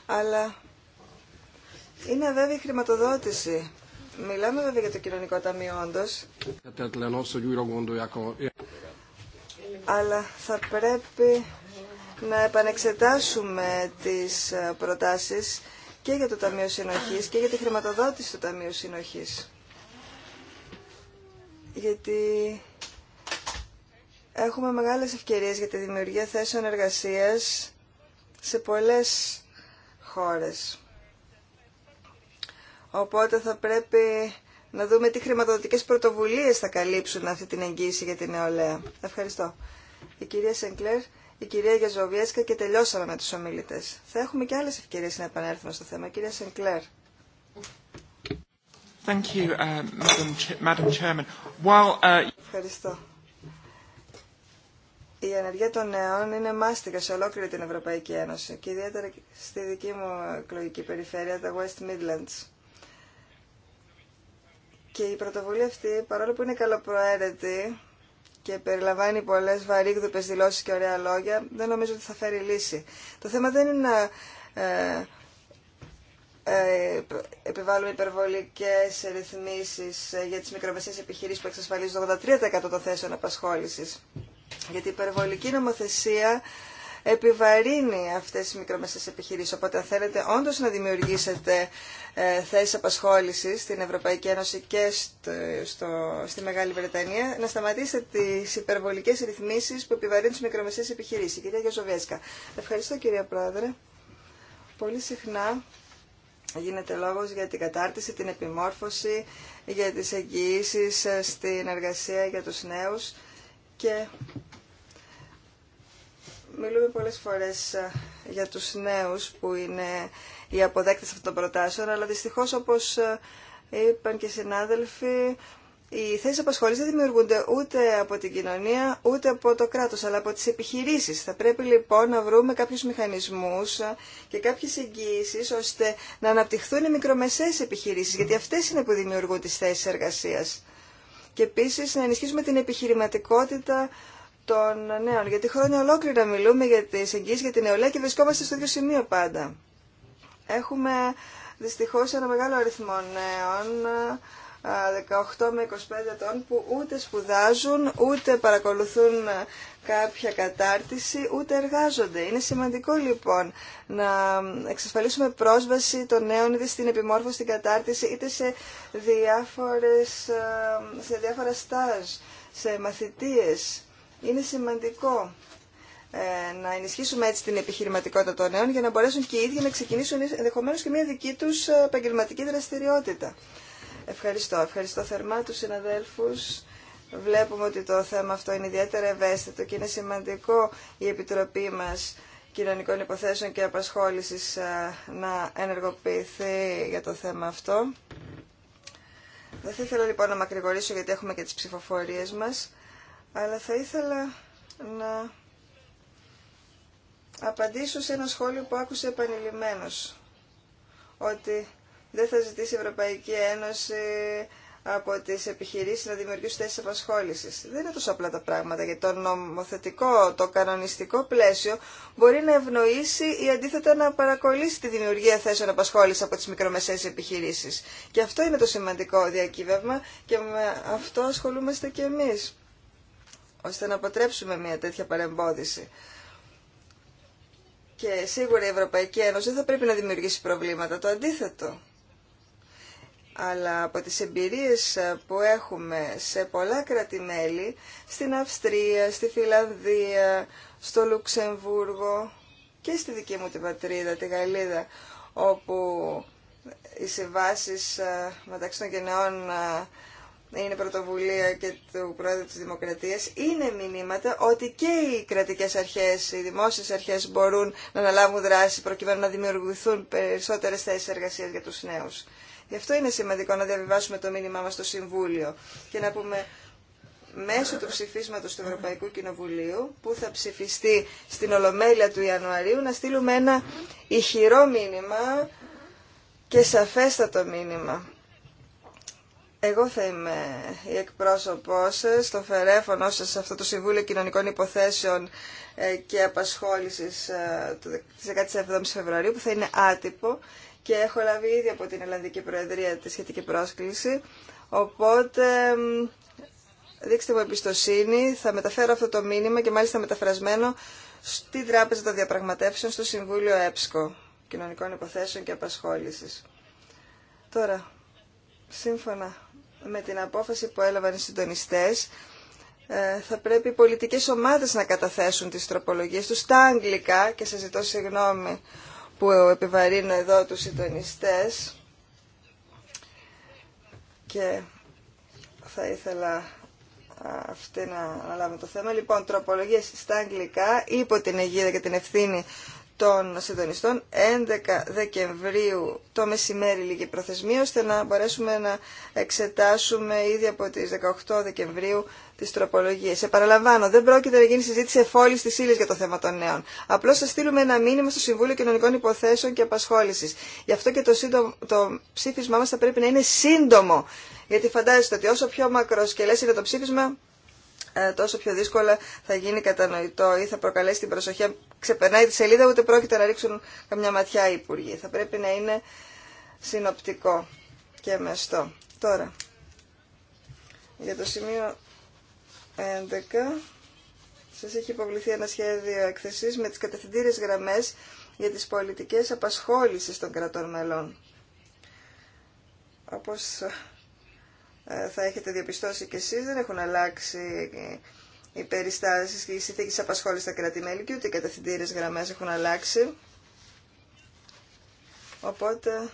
αλλά είναι βέβαια η χρηματοδότηση Μιλάμε βέβαια για το κοινωνικό ταμείο όντω, Αλλά θα πρέπει να επανεξετάσουμε τις ε, προτάσεις και για το Ταμείο Συνοχής και για τη χρηματοδότηση του Ταμείου Συνοχής. Γιατί έχουμε μεγάλες ευκαιρίες για τη δημιουργία θέσεων εργασίας σε πολλές χώρες. Οπότε θα πρέπει να δούμε τι χρηματοδοτικές πρωτοβουλίες θα καλύψουν αυτή την εγγύηση για την νεολαία. Ευχαριστώ. Η κυρία Σενκλέρ, η κυρία Γιαζοβιέσκα και τελειώσαμε με τους ομιλητές. Θα έχουμε και άλλες ευκαιρίες να επανέλθουμε στο θέμα. κυρία Σενκλέρ. Uh, uh, Ευχαριστώ. Η ενεργεια των νέων είναι μάστιγα σε ολόκληρη την Ευρωπαϊκή Ένωση και ιδιαίτερα στη δική μου εκλογική περιφέρεια, τα West Midlands. Και η πρωτοβουλία αυτή, παρόλο που είναι καλοπροαίρετη και περιλαμβάνει πολλέ βαρύγδουπε δηλώσει και ωραία λόγια, δεν νομίζω ότι θα φέρει λύση. Το θέμα δεν είναι να ε, ε, επιβάλλουμε υπερβολικέ ρυθμίσει ε, για τι μικρομεσαίε επιχειρήσει που εξασφαλίζουν 83% των θέσεων απασχόληση. Γιατί η υπερβολική νομοθεσία επιβαρύνει αυτές τις μικρομεσαίες επιχειρήσεις. Οπότε αν θέλετε όντως να δημιουργήσετε ε, θέσεις απασχόλησης στην Ευρωπαϊκή Ένωση και στο, στη Μεγάλη Βρετανία, να σταματήσετε τις υπερβολικές ρυθμίσεις που επιβαρύνουν τις μικρομεσαίες επιχειρήσεις. Κυρία Γεωζοβέσκα. Ευχαριστώ κυρία Πρόεδρε. Πολύ συχνά γίνεται λόγος για την κατάρτιση, την επιμόρφωση, για τις εγγυήσει ε, στην εργασία για τους νέους και Μιλούμε πολλές φορές ε, για τους νέους που είναι οι αποδέκτες αυτών των προτάσεων, αλλά δυστυχώς όπως ε, είπαν και οι συνάδελφοι, οι θέσει απασχόληση δεν δημιουργούνται ούτε από την κοινωνία ούτε από το κράτος, αλλά από τις επιχειρήσεις. Θα πρέπει λοιπόν να βρούμε κάποιου μηχανισμούς ε, και κάποιε εγγύησει ώστε να αναπτυχθούν οι μικρομεσαίες επιχειρήσεις, γιατί αυτές είναι που δημιουργούν τι θέσει εργασία. Και επίση να ενισχύσουμε την επιχειρηματικότητα των νέων. Γιατί χρόνια ολόκληρα μιλούμε για τι εγγύσει για την νεολαία και βρισκόμαστε στο ίδιο σημείο πάντα. Έχουμε δυστυχώ ένα μεγάλο αριθμό νέων, 18 με 25 ετών, που ούτε σπουδάζουν, ούτε παρακολουθούν κάποια κατάρτιση, ούτε εργάζονται. Είναι σημαντικό λοιπόν να εξασφαλίσουμε πρόσβαση των νέων είτε στην επιμόρφωση, στην κατάρτιση, είτε σε, διάφορες, σε διάφορα στάζ, σε μαθητείες είναι σημαντικό ε, να ενισχύσουμε έτσι την επιχειρηματικότητα των νέων για να μπορέσουν και οι ίδιοι να ξεκινήσουν ενδεχομένω και μια δική του ε, επαγγελματική δραστηριότητα. Ευχαριστώ. Ευχαριστώ θερμά του συναδέλφου. Βλέπουμε ότι το θέμα αυτό είναι ιδιαίτερα ευαίσθητο και είναι σημαντικό η Επιτροπή μα Κοινωνικών Υποθέσεων και απασχόληση ε, να ενεργοποιηθεί για το θέμα αυτό. Δεν θα ήθελα λοιπόν να μακρηγορήσω γιατί έχουμε και τις ψηφοφορίε μας αλλά θα ήθελα να απαντήσω σε ένα σχόλιο που άκουσε επανειλημμένος, ότι δεν θα ζητήσει η Ευρωπαϊκή Ένωση από τις επιχειρήσεις να δημιουργήσουν θέσεις απασχόλησης. Δεν είναι τόσο απλά τα πράγματα, γιατί το νομοθετικό, το κανονιστικό πλαίσιο μπορεί να ευνοήσει ή αντίθετα να παρακολύσει τη δημιουργία θέσεων απασχόλησης από τις μικρομεσαίες επιχειρήσεις. Και αυτό είναι το σημαντικό διακύβευμα και με αυτό ασχολούμαστε και εμείς ώστε να αποτρέψουμε μια τέτοια παρεμπόδιση. Και σίγουρα η Ευρωπαϊκή Ένωση δεν θα πρέπει να δημιουργήσει προβλήματα, το αντίθετο. Αλλά από τις εμπειρίες που έχουμε σε πολλά κράτη-μέλη, στην Αυστρία, στη Φιλανδία, στο Λουξεμβούργο και στη δική μου την πατρίδα, τη Γαλλίδα, όπου οι συμβάσεις ε, μεταξύ των γενεών ε, είναι πρωτοβουλία και του Πρόεδρου της Δημοκρατίας, είναι μηνύματα ότι και οι κρατικές αρχές, οι δημόσιες αρχές μπορούν να αναλάβουν δράση προκειμένου να δημιουργηθούν περισσότερες θέσεις εργασίας για τους νέους. Γι' αυτό είναι σημαντικό να διαβιβάσουμε το μήνυμά μας στο Συμβούλιο και να πούμε μέσω του ψηφίσματος του Ευρωπαϊκού Κοινοβουλίου που θα ψηφιστεί στην Ολομέλεια του Ιανουαρίου να στείλουμε ένα ηχηρό μήνυμα και σαφέστατο μήνυμα εγώ θα είμαι η εκπρόσωπό σας στο φερέφωνο σα σε αυτό το Συμβούλιο Κοινωνικών Υποθέσεων ε, και Απασχόλησης ε, τη 17 Φεβρουαρίου, που θα είναι άτυπο και έχω λάβει ήδη από την Ελλανδική Προεδρία τη σχετική πρόσκληση. Οπότε δείξτε μου εμπιστοσύνη, θα μεταφέρω αυτό το μήνυμα και μάλιστα μεταφρασμένο στη Τράπεζα των Διαπραγματεύσεων στο Συμβούλιο ΕΠΣΚΟ Κοινωνικών Υποθέσεων και Απασχόλησης. Τώρα, σύμφωνα με την απόφαση που έλαβαν οι συντονιστές ε, θα πρέπει οι πολιτικές ομάδες να καταθέσουν τις τροπολογίες τους στα αγγλικά και σας ζητώ συγγνώμη που επιβαρύνω εδώ τους συντονιστές και θα ήθελα αυτή να αναλάβω το θέμα. Λοιπόν, τροπολογίες στα αγγλικά υπό την αιγύδα και την ευθύνη των συντονιστών 11 Δεκεμβρίου το μεσημέρι λίγη προθεσμία ώστε να μπορέσουμε να εξετάσουμε ήδη από τις 18 Δεκεμβρίου τις τροπολογίες. παραλαμβάνω, δεν πρόκειται να γίνει συζήτηση εφόλης της ύλη για το θέμα των νέων. Απλώς θα στείλουμε ένα μήνυμα στο Συμβούλιο Κοινωνικών Υποθέσεων και Απασχόλησης. Γι' αυτό και το, σύντομο, το ψήφισμά μας θα πρέπει να είναι σύντομο. Γιατί φαντάζεστε ότι όσο πιο μακροσκελές είναι το ψήφισμα, ε, τόσο πιο δύσκολα θα γίνει κατανοητό ή θα προκαλέσει την προσοχή. ξεπερνάει τη σελίδα, ούτε πρόκειται να ρίξουν καμιά ματιά οι υπουργοί. Θα πρέπει να είναι συνοπτικό και μεστό. Τώρα, για το σημείο 11, σας έχει υποβληθεί ένα σχέδιο εκθεσής με τις κατευθυντήριες γραμμές για τις πολιτικές απασχόλησης των κρατών μελών. Όπως ε, θα έχετε διαπιστώσει και εσείς, δεν έχουν αλλάξει οι περιστάσεις και οι συνθήκες απασχόλησης στα κρατημέλη και ούτε οι κατευθυντήρες γραμμές έχουν αλλάξει. Οπότε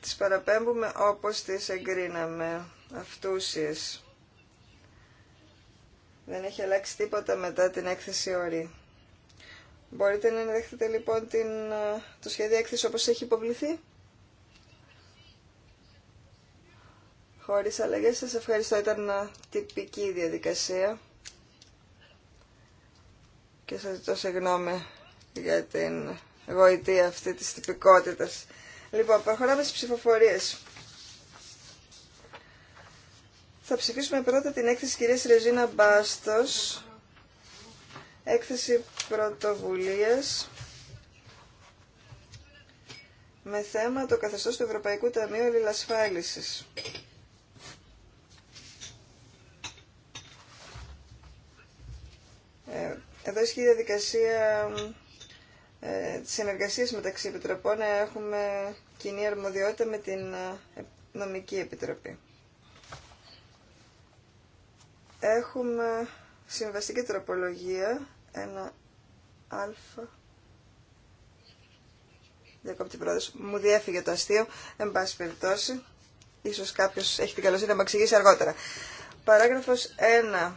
τις παραπέμπουμε όπως τις εγκρίναμε αυτούσιες. Δεν έχει αλλάξει τίποτα μετά την έκθεση όρη. Μπορείτε να δέχετε λοιπόν την, ε, το σχέδιο έκθεση όπως έχει υποβληθεί. χωρίς αλλαγές. Σας ευχαριστώ. Ήταν ε, τυπική διαδικασία. Και σας ζητώ συγγνώμη για την γοητεία αυτή της τυπικότητας. Λοιπόν, προχωράμε στις ψηφοφορίες. Θα ψηφίσουμε πρώτα την έκθεση κυρίας Ρεζίνα Μπάστος. Έκθεση πρωτοβουλίας με θέμα το καθεστώς του Ευρωπαϊκού Ταμείου Ελληλασφάλισης. Ε, εδώ ισχύει η διαδικασία ε, συνεργασίας μεταξύ επιτροπών. Έχουμε κοινή αρμοδιότητα με την ε, νομική επιτροπή. Έχουμε συμβαστική τροπολογία, ένα α. Διακόπτη πρόεδρος. Μου διέφυγε το αστείο, εν πάση περιπτώσει. Ίσως κάποιος έχει την καλοσύνη να μου εξηγήσει αργότερα. Παράγραφος 1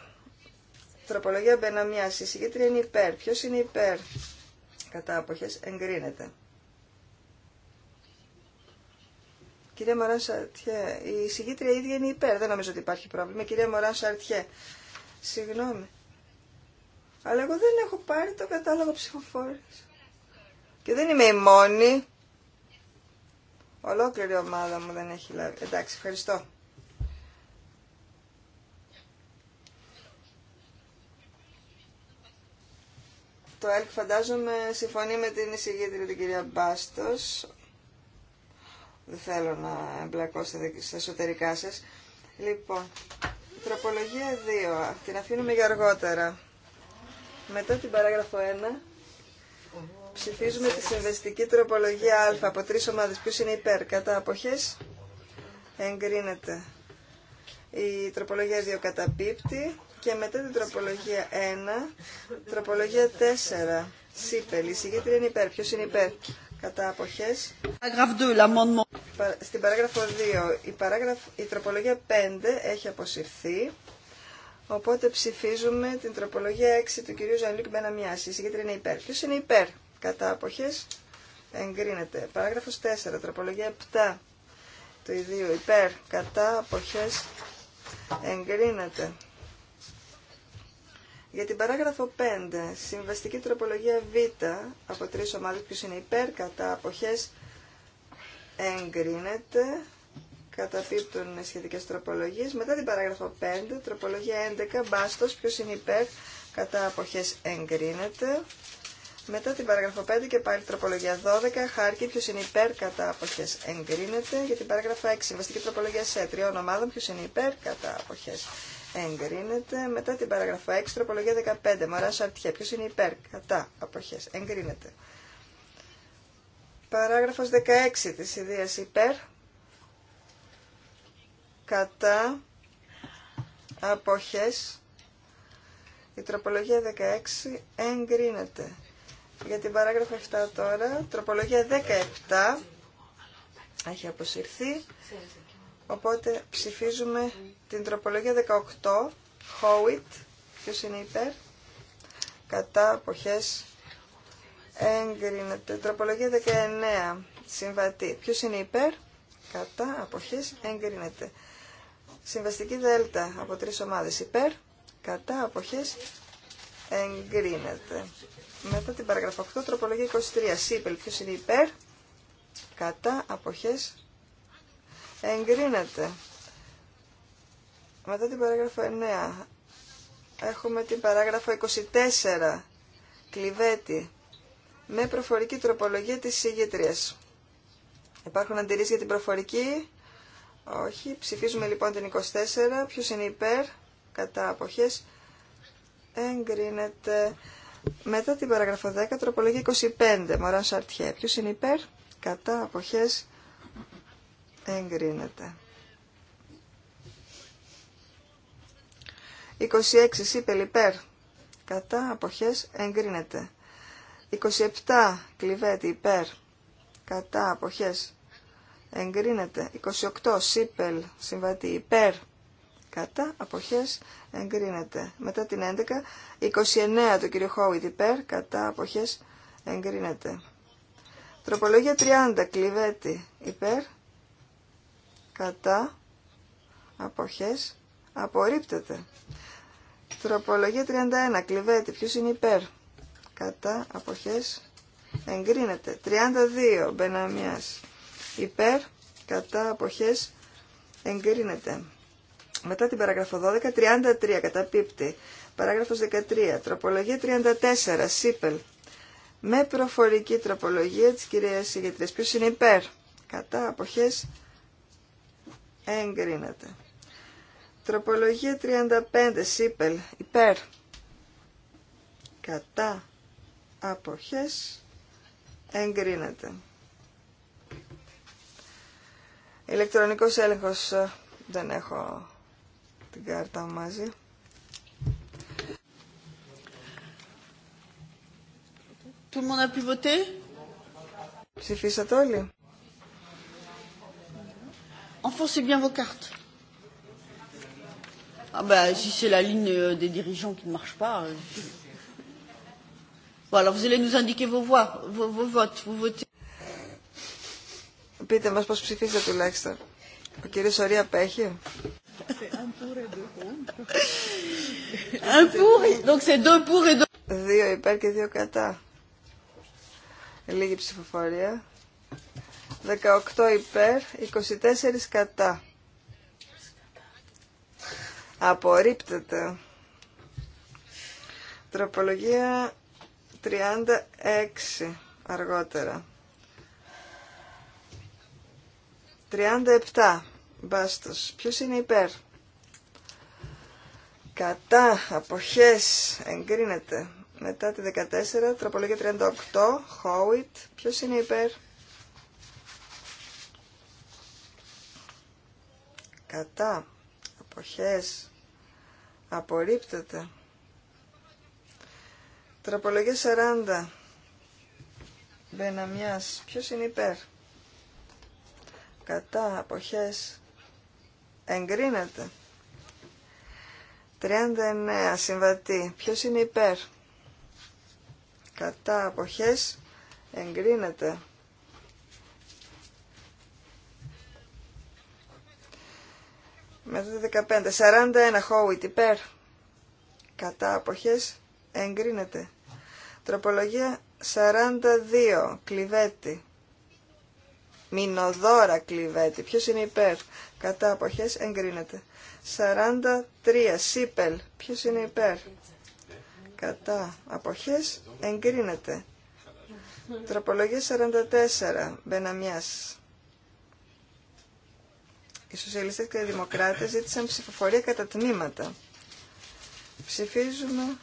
Τροπολογία Μπεναμιά. Η συγκέντρια είναι υπέρ. Ποιο είναι υπέρ. Κατά αποχέ εγκρίνεται. Κυρία Μωράν Σαρτιέ, η συγκίτρια ίδια είναι υπέρ. Δεν νομίζω ότι υπάρχει πρόβλημα. Κυρία Μωράν Σαρτιέ, συγγνώμη. Αλλά εγώ δεν έχω πάρει το κατάλογο ψηφοφόρη. Και δεν είμαι η μόνη. Ολόκληρη ομάδα μου δεν έχει λάβει. Εντάξει, ευχαριστώ. Το ΕΛΚ φαντάζομαι συμφωνεί με την εισηγήτρια την κυρία Μπάστος. Δεν θέλω να εμπλακώ στα εσωτερικά σας. Λοιπόν, τροπολογία 2. Την αφήνουμε για αργότερα. Μετά την παράγραφο 1 ψηφίζουμε τη συμβεστική τροπολογία Α από τρεις ομάδες. Ποιος είναι υπέρ, κατά αποχές, εγκρίνεται. Η τροπολογία 2 καταπίπτει. Και μετά την τροπολογία 1, τροπολογία 4, Σίπελ, η συγκέντρια είναι υπέρ. Ποιο είναι υπέρ. Κατά αποχέ. Στην παράγραφο 2, η, παράγραφ, η τροπολογία 5 έχει αποσυρθεί. Οπότε ψηφίζουμε την τροπολογία 6 του κυρίου Ζανλίκ Μπεναμιάση. Η συγκέντρια είναι υπέρ. Ποιο είναι υπέρ. Κατά αποχέ. Εγκρίνεται. Παράγραφο 4, τροπολογία 7 του ιδίου υπέρ. Κατά αποχέ. Εγκρίνεται. Για την παράγραφο 5, συμβαστική τροπολογία Β από τρει ομάδε, ποιο είναι υπέρ, κατά αποχέ εγκρίνεται. Καταπίπτουν σχετικέ τροπολογίε. Μετά την παράγραφο 5, τροπολογία 11, μπάστο, ποιο είναι υπέρ, κατά αποχέ εγκρίνεται. Μετά την παράγραφο 5 και πάλι τροπολογία 12, χάρκι, ποιο είναι υπέρ, κατά αποχέ εγκρίνεται. Για την παράγραφο 6, συμβαστική τροπολογία σε τριών ομάδων, ποιο είναι υπέρ, κατά αποχέ εγκρίνεται. Μετά την παράγραφο 6, τροπολογία 15, Μαρά Σαρτιέ. Ποιο είναι υπέρ, κατά, αποχές, εγκρίνεται. Παράγραφος 16 τη ιδέα υπέρ, κατά, αποχές, η τροπολογία 16 εγκρίνεται. Για την παράγραφο 7 τώρα, τροπολογία 17 έχει αποσυρθεί. Οπότε ψηφίζουμε την τροπολογία 18, Howitt, Ποιο είναι υπέρ, κατά αποχές εγκρίνεται. Τροπολογία 19, συμβατή, Ποιο είναι υπέρ, κατά απόχέ εγκρίνεται. Συμβαστική δέλτα από τρεις ομάδες υπέρ, κατά αποχέ. εγκρίνεται. Μετά την παραγραφή 8, τροπολογία 23, Σύπελ. Ποιο είναι υπέρ, κατά αποχές εγκρίνεται. Μετά την παράγραφο 9 έχουμε την παράγραφο 24 κλειβέτη με προφορική τροπολογία της συγγετρίας. Υπάρχουν αντιρρήσεις για την προφορική. Όχι. Ψηφίζουμε λοιπόν την 24. Ποιος είναι υπέρ. Κατά αποχές. Εγκρίνεται. Μετά την παραγραφό 10, τροπολογία 25, Μωράν Σαρτιέ. Ποιος είναι υπέρ. Κατά αποχές εγκρίνεται. 26 σύπελ κατά αποχές εγκρίνεται. 27 κλειβέτη υπέρ κατά αποχές εγκρίνεται. 28 σύπελ συμβατή υπέρ κατά αποχές εγκρίνεται. Μετά την 11 29 το κύριο Χόουιτ υπέρ κατά αποχές εγκρίνεται. Τροπολογία 30 κλειβέτη υπέρ κατά αποχές απορρίπτεται. Τροπολογία 31. Κλειβέτη. Ποιος είναι υπέρ. Κατά αποχές εγκρίνεται. 32. Μπεναμιάς. Υπέρ. Κατά αποχές εγκρίνεται. Μετά την παραγραφό 12. 33. Καταπίπτει. Παράγραφος 13. Τροπολογία 34. Σίπελ. Με προφορική τροπολογία της κυρίας ηγετρίας. Ποιος είναι υπέρ. Κατά αποχές Εγκρίνεται. Τροπολογία 35. Σίπελ. Υπέρ. Κατά. Αποχές. Εγκρίνεται. Ηλεκτρονικός έλεγχος. Δεν έχω την κάρτα μαζί. Tout le monde a Ψηφίσατε όλοι. Enfoncez bien vos cartes. Ah ben, si c'est la ligne des dirigeants qui ne marche pas. Bon, alors vous allez nous indiquer vos voix, vos, vos votes. Vous votez. Πείτε μας πώς ψηφίσατε τουλάχιστον. Ο κύριος Σωρία απέχει. Δύο υπέρ και δύο κατά. Λίγη ψηφοφορία. 18 υπέρ, 24 κατά. Απορρίπτεται. Τροπολογία 36 αργότερα. 37. Μπάστο. Ποιος είναι υπέρ. Κατά απόχέ. εγκρίνεται. Μετά τη 14, τροπολογία 38, Χόουιτ. Ποιος είναι υπέρ. κατά, αποχές, απορρίπτεται. Τροπολογία 40, Μπεναμιάς, ποιος είναι υπέρ, κατά, αποχές, εγκρίνεται. 39, συμβατή, ποιος είναι υπέρ, κατά, αποχές, εγκρίνεται. Μετά το 15. 41 Χόουιτ υπέρ. Κατά αποχές εγκρίνεται. Τροπολογία 42 Κλειβέτη. Μινοδόρα κλειβέτη. Ποιος είναι υπέρ. Κατά αποχές εγκρίνεται. 43 Σίπελ. Ποιος είναι υπέρ. Κατά αποχές εγκρίνεται. Τροπολογία 44 Μπεναμιάς οι σοσιαλιστές και οι δημοκράτες ζήτησαν ψηφοφορία κατά τμήματα. Ψηφίζουμε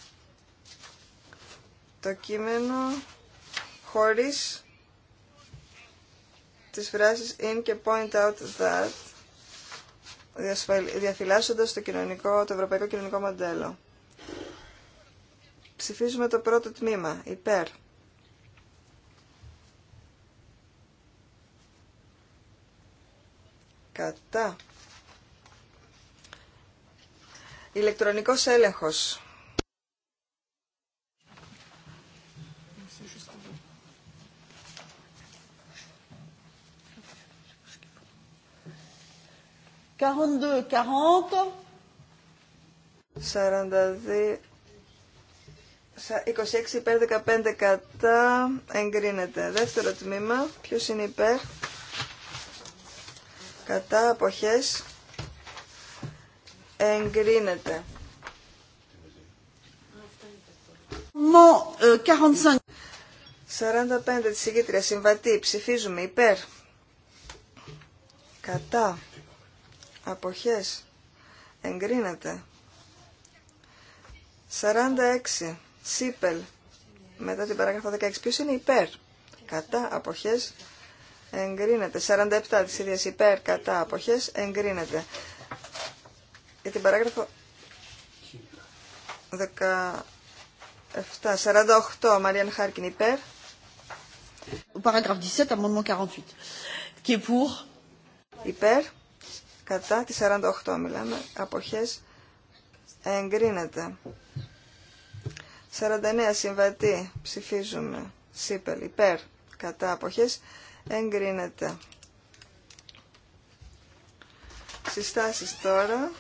το κείμενο χωρίς τις φράσεις in και point out that διαφυλάσσοντας το, κοινωνικό, το ευρωπαϊκό κοινωνικό μοντέλο. Ψηφίζουμε το πρώτο τμήμα, υπέρ. Κατά. Ηλεκτρονικός έλεγχος. Quarante-deux, 42, 26 υπέρ 15 κατά εγκρίνεται. Δεύτερο τμήμα, ποιος είναι υπέρ, κατά αποχές εγκρίνεται. Μό 45. 45 της ηγήτρια συμβατή ψηφίζουμε υπέρ κατά αποχές εγκρίνεται 46 σίπελ μετά την παράγραφο 16 ποιος είναι υπέρ κατά αποχές εγκρίνεται. 47 της ίδιας υπέρ κατά αποχές εγκρίνεται. Για την παράγραφο 17, 48 Μαριάν Χάρκιν υπέρ. Ο παράγραφος 17, amendement 48. και Υπέρ, κατά τη 48 μιλάμε, αποχές εγκρίνεται. 49 συμβατή ψηφίζουμε, Σίπελ υπέρ, κατά αποχές εγκρίνεται. Συστάσεις τώρα.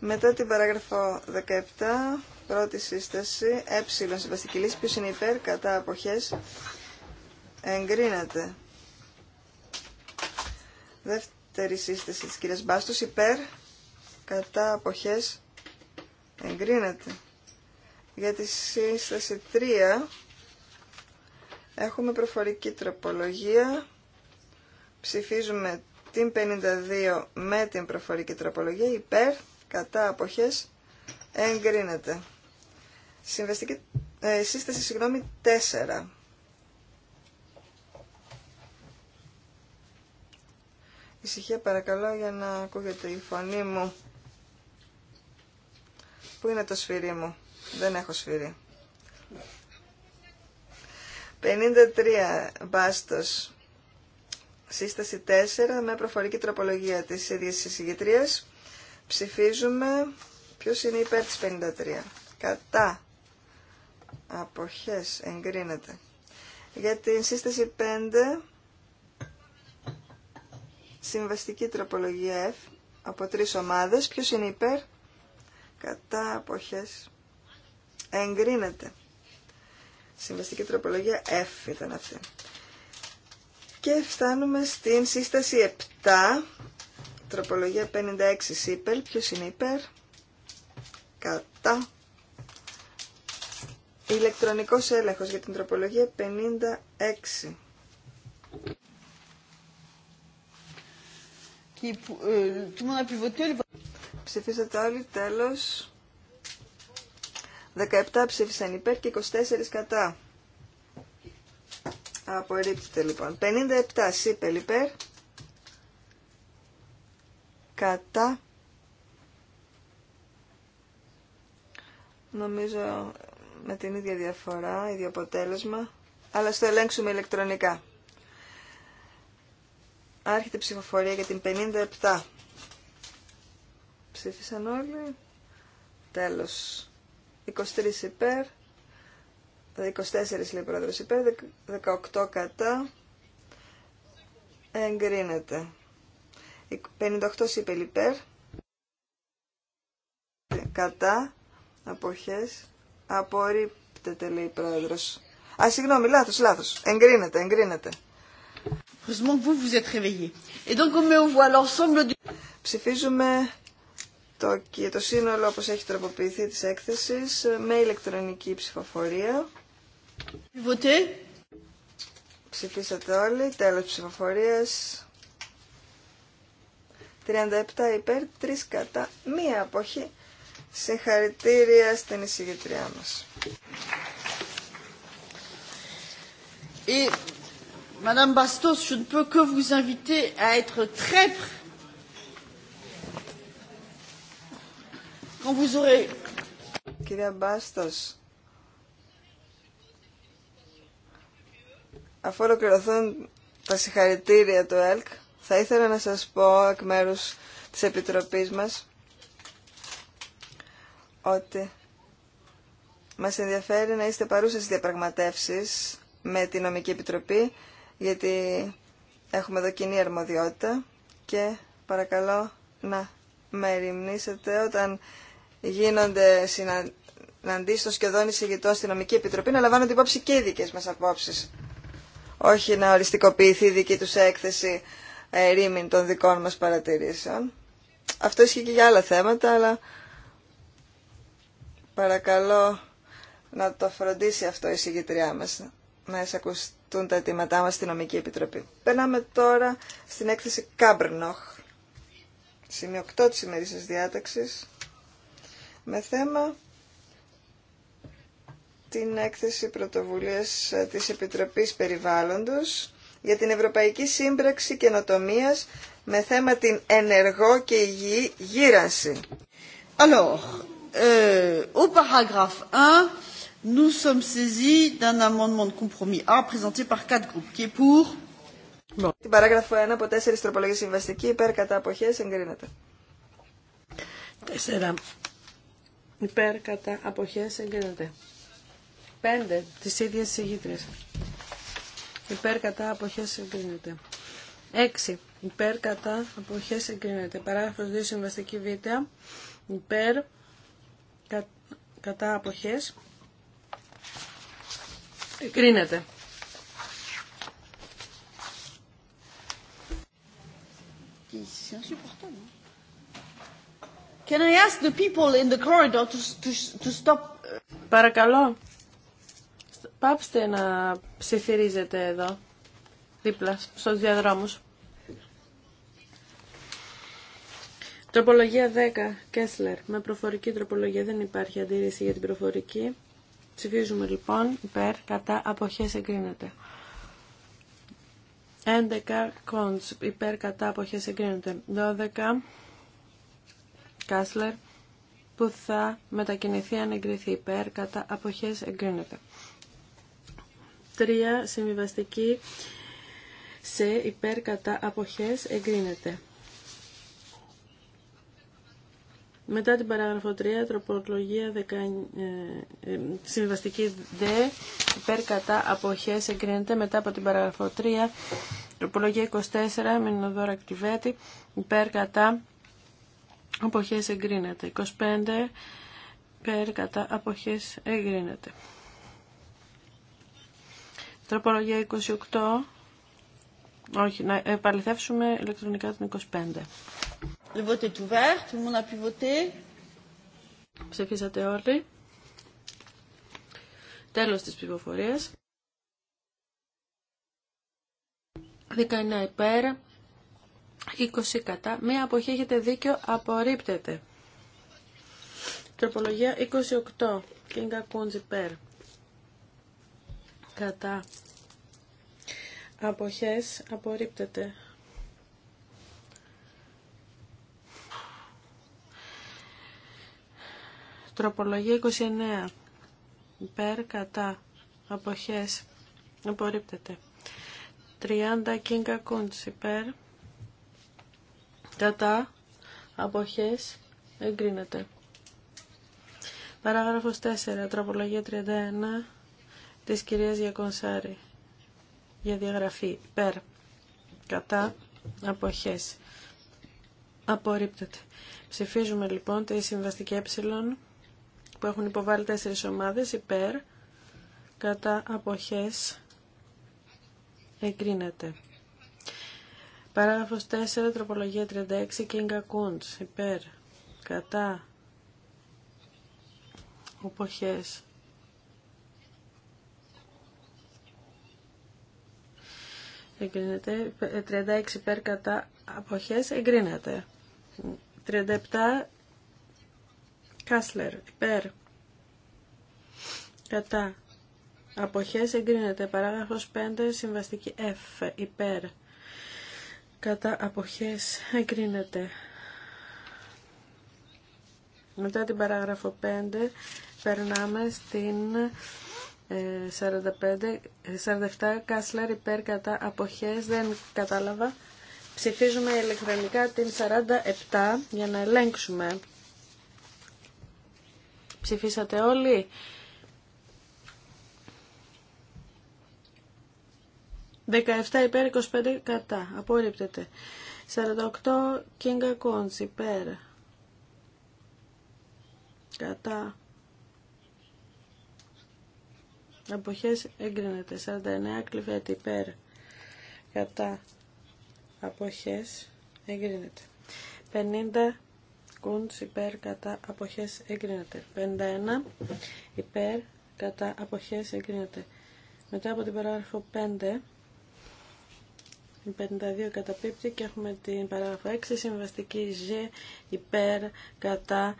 Μετά την παράγραφο 17, πρώτη σύσταση, ε συμβαστική λύση, ποιος είναι υπέρ, κατά αποχές, εγκρίνεται. Δεύτερη σύσταση της κυρίας Μπάστος, υπέρ, κατά αποχές, εγκρίνεται. Για τη σύσταση 3, Έχουμε προφορική τροπολογία. Ψηφίζουμε την 52 με την προφορική τροπολογία. Υπέρ, κατά, αποχές, εγκρίνεται. Συμβεστική, ε, σύσταση, συγγνώμη, 4. Ησυχία παρακαλώ για να ακούγεται η φωνή μου. Πού είναι το σφυρί μου. Δεν έχω σφυρί. 53 μπάστο. Σύσταση 4 με προφορική τροπολογία της ίδιας εισηγητρίας. Ψηφίζουμε Ποιο είναι υπέρ τη 53. Κατά. Αποχές. Εγκρίνεται. Για την σύσταση 5 συμβαστική τροπολογία F από τρεις ομάδες. Ποιος είναι υπέρ, κατά αποχές. Εγκρίνεται. Συμβαστική τροπολογία F ήταν αυτή. Και φτάνουμε στην σύσταση 7, τροπολογία 56 ΣΥΠΕΛ. Ποιος είναι υπέρ, κατά. Ηλεκτρονικός έλεγχος για την τροπολογία 56. Euh, Ψηφίσατε όλοι, τέλος. 17 ψήφισαν υπέρ και 24 κατά. Απορρίπτεται λοιπόν. 57 σύπελ υπέρ. Κατά. Νομίζω με την ίδια διαφορά, ίδιο αποτέλεσμα. Αλλά στο ελέγξουμε ηλεκτρονικά. Άρχεται ψηφοφορία για την 57. Ψήφισαν όλοι. Τέλος. 23 υπέρ, 24 λέει πρόεδρος υπέρ, 18 κατά, εγκρίνεται. 58 είπε υπέρ, κατά, αποχές, απορρίπτεται λέει πρόεδρος. Α, συγγνώμη, λάθος, λάθος. Εγκρίνεται, εγκρίνεται. Heureusement Ψηφίζουμε το, το σύνολο όπως έχει τροποποιηθεί της έκθεσης ε, με ηλεκτρονική ψηφοφορία. Ψηφίσατε όλοι. Τέλος ψηφοφορίας. 37 υπέρ, 3 κατά, μία αποχή. Συγχαρητήρια στην εισηγητριά μας. Madame Bastos, je ne peux que vous inviter à Κυρία Μπάστος, αφού ολοκληρωθούν τα συγχαρητήρια του ΕΛΚ, θα ήθελα να σας πω εκ μέρους της Επιτροπής μας ότι μας ενδιαφέρει να είστε παρούσες στις διαπραγματεύσεις με την Νομική Επιτροπή, γιατί έχουμε εδώ κοινή αρμοδιότητα και παρακαλώ να με ερημνήσετε όταν γίνονται συναντήσει των σχεδόν εισηγητών στην νομική επιτροπή να λαμβάνονται υπόψη και οι δικέ μα απόψει. Όχι να οριστικοποιηθεί η δική του έκθεση ερήμην των δικών μα παρατηρήσεων. Αυτό ισχύει και για άλλα θέματα, αλλά παρακαλώ να το φροντίσει αυτό η συγκεκριά μας, να εισακουστούν τα αιτήματά μας στη Νομική Επιτροπή. Περνάμε τώρα στην έκθεση Κάμπρνοχ, σημείο 8 της της διάταξης με θέμα την έκθεση πρωτοβουλίας της Επιτροπής Περιβάλλοντος για την Ευρωπαϊκή Σύμπραξη Καινοτομίας με θέμα την ενεργό και υγιή γύρανση. Alors, euh, au paragraphe 1, nous sommes saisis d'un amendement de compromis A présenté par quatre groupes. Qui est pour Την παράγραφο 1 από 4 τροπολογίε συμβαστική υπέρ κατά αποχέ εγκρίνεται. 4 υπέρ κατά αποχές εγκρίνεται. 5 τις ίδιες ηγήτρες. Υπέρ κατά αποχές εγκρίνεται. 6 υπέρ κατά αποχές εγκρίνεται. Παράγραφος 2 συμβαστική βήτα. Υπέρ κα, κατά αποχές εγκρίνεται. Qui est insupportable. Παρακαλώ, πάψτε να ψιθυρίζετε εδώ, δίπλα, στους διαδρόμους. Τροπολογία 10, Κέσλερ. Με προφορική τροπολογία δεν υπάρχει αντίρρηση για την προφορική. Ψηφίζουμε λοιπόν υπέρ, κατά, αποχές εγκρίνεται. 11, κόντς, υπέρ, κατά, αποχές εγκρίνεται. 12, Κάσλερ που θα μετακινηθεί αν εγκριθεί υπέρ κατά αποχές εγκρίνεται. 3. Συμβιβαστική σε υπέρ κατά αποχές εγκρίνεται. Μετά την παράγραφο 3, τροπολογία 19, ε, ε συμβαστική D, υπέρ κατά αποχές εγκρίνεται. Μετά από την παράγραφο 3, τροπολογία 24, μηνοδόρα κτιβέτη, υπέρ κατά αποχές εγκρίνεται. 25 πέρ κατά αποχές εγκρίνεται. Τροπολογία 28. Όχι, να επαληθεύσουμε ηλεκτρονικά την 25. Le vote est ouvert, tout le monde a pu voter. όλοι. Τέλος της ψηφοφορίας. 19 υπέρ, 20 κατά. Μία αποχή έχετε δίκιο. Απορρίπτεται. Τροπολογία 28. Κίνκα Κούντζι Πέρ. Κατά. Αποχές απορρίπτεται. Τροπολογία 29. Πέρ κατά. Αποχές απορρίπτεται. 30 κίνκα Κούντζι Πέρ Κατά. Αποχές. Εγκρίνεται. Παράγραφος 4. Τροπολογία 31 της κυρίας Γιακονσάρη. Για διαγραφή. Περ. Κατά. Αποχές. Απορρίπτεται. Ψηφίζουμε λοιπόν τη συμβαστική ε που έχουν υποβάλει τέσσερις ομάδες υπέρ κατά αποχές εγκρίνεται. Παράγραφος 4, τροπολογία 36, Κίνγκα Κούντς, υπέρ, κατά, Οποχέ. Εγκρίνεται, 36 ε, υπέρ κατά αποχές, εγκρίνεται. 37, Κάσλερ, υπέρ, κατά, αποχές, εγκρίνεται. Παράγραφος 5, συμβαστική F, υπέρ, κατά αποχές εγκρίνεται. Μετά την παράγραφο 5 περνάμε στην 45, 47 Κάσλερ υπέρ κατά αποχές δεν κατάλαβα. Ψηφίζουμε ηλεκτρονικά την 47 για να ελέγξουμε. Ψηφίσατε όλοι. 17 υπέρ, 25 κατά. Απορρίπτεται. 48 Κίνγκα Κόντς υπέρ. Κατά. Αποχές έγκρινεται. 49 κλειβέτη υπέρ. Κατά. Αποχές εγκρίνεται. 50 κούντς υπέρ κατά αποχές εγκρίνεται. 51 υπέρ κατά αποχές εγκρίνεται. Μετά από την παράγραφο 5 52 καταπίπτει και έχουμε την παράγραφο 6 συμβαστική G υπέρ κατά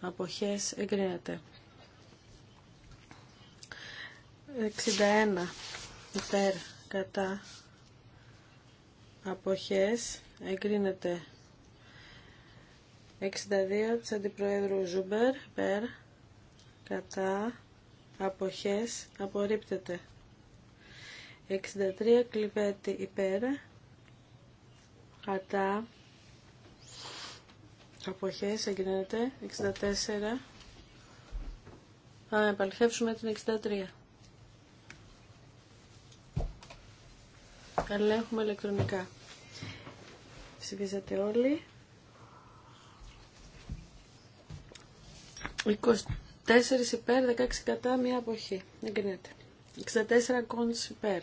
αποχές εγκρίνεται. 61 υπέρ κατά αποχές εγκρίνεται. 62 της Αντιπροέδρου Ζούμπερ υπέρ κατά αποχές απορρίπτεται. 63 κλειβέτη υπέρ κατά αποχές εγκρίνεται 64 θα επαλχεύσουμε την 63 ελέγχουμε ηλεκτρονικά ψηφίζετε όλοι 24 υπέρ 16 κατά μία αποχή εγκρίνεται 64 κόντς υπέρ.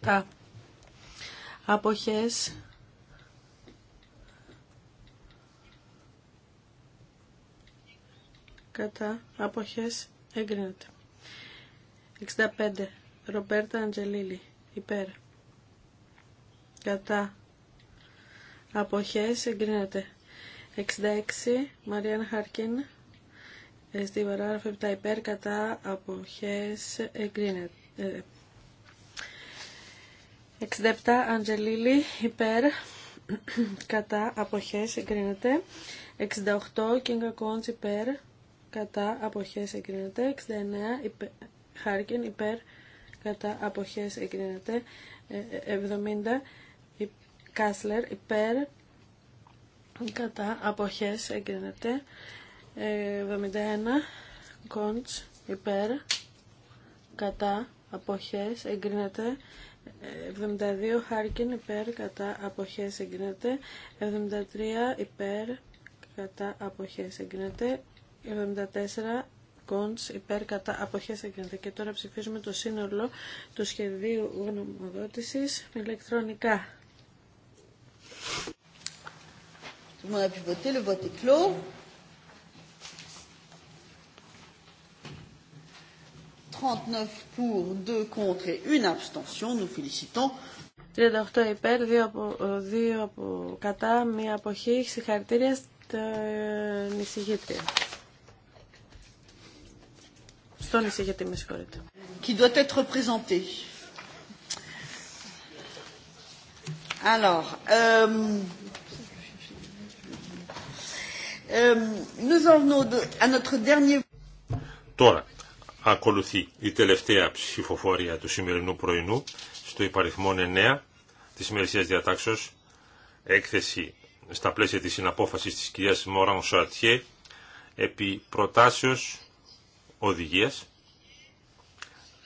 Κατά. Αποχές. Κατά. Αποχές. Εγκρίνεται. 65. Ρομπέρτα Αντζελίλη. Υπέρ. Κατά. Αποχές. Εγκρίνεται. 66. Μαριάν Χαρκίν. Στη παράγραφο 7 υπέρ κατά αποχές εγκρίνεται. 67 Αντζελίλη υπέρ κατά αποχές εγκρίνεται. 68 Κίνγκα Κόντς υπέρ κατά αποχές εγκρίνεται. 69 υπέρ, Χάρκιν υπέρ κατά αποχές εγκρίνεται. 70 ε, ε, Κάσλερ υπέρ κατά αποχές εγκρίνεται. 71 κόντς υπέρ κατά αποχές εγκρίνεται 72 χάρκιν υπέρ κατά αποχές εγκρίνεται 73 υπέρ κατά αποχές εγκρίνεται 74 κόντς υπέρ κατά αποχές εγκρίνεται και τώρα ψηφίζουμε το σύνολο του σχεδίου γνωμοδότησης ηλεκτρονικά Του trente neuf pour deux contre et une abstention nous félicitons 38 υπέρ, 2 από, 2 Qui doit être présenté. Alors, euh, euh, nous en à notre dernier. Ακολουθεί η τελευταία ψηφοφόρια του σημερινού πρωινού στο υπαριθμό 9 της ημερησίας διατάξεως έκθεση στα πλαίσια της συναπόφασης της κυρίας Μόραν Σοατιέ επί προτάσεως οδηγίας,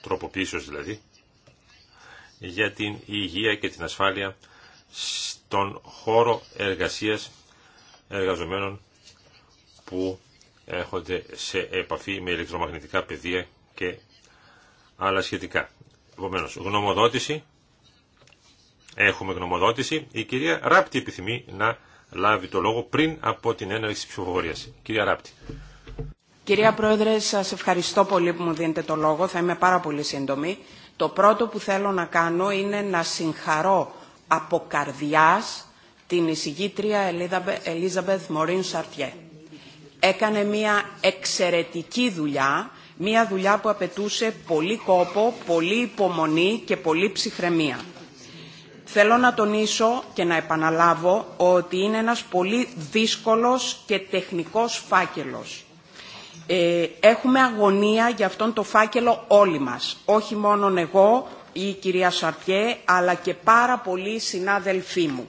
τροποποίησεως δηλαδή, για την υγεία και την ασφάλεια στον χώρο εργασίας εργαζομένων που έρχονται σε επαφή με ηλεκτρομαγνητικά πεδία και άλλα σχετικά. Επομένως, γνωμοδότηση. Έχουμε γνωμοδότηση. Η κυρία Ράπτη επιθυμεί να λάβει το λόγο πριν από την έναρξη της ψηφοφορίας. Κυρία Ράπτη. Κυρία Πρόεδρε, σας ευχαριστώ πολύ που μου δίνετε το λόγο. Θα είμαι πάρα πολύ σύντομη. Το πρώτο που θέλω να κάνω είναι να συγχαρώ από καρδιάς την εισηγήτρια Ελίζαμπεθ Μωρίν Σαρτιέ έκανε μια εξαιρετική δουλειά, μια δουλειά που απαιτούσε πολύ κόπο, πολύ υπομονή και πολύ ψυχραιμία. Θέλω να τονίσω και να επαναλάβω ότι είναι ένας πολύ δύσκολος και τεχνικός φάκελος. Ε, έχουμε αγωνία για αυτόν το φάκελο όλοι μας, όχι μόνο εγώ ή η κυρία Σαρτιέ, αλλά και πάρα πολλοί συνάδελφοί μου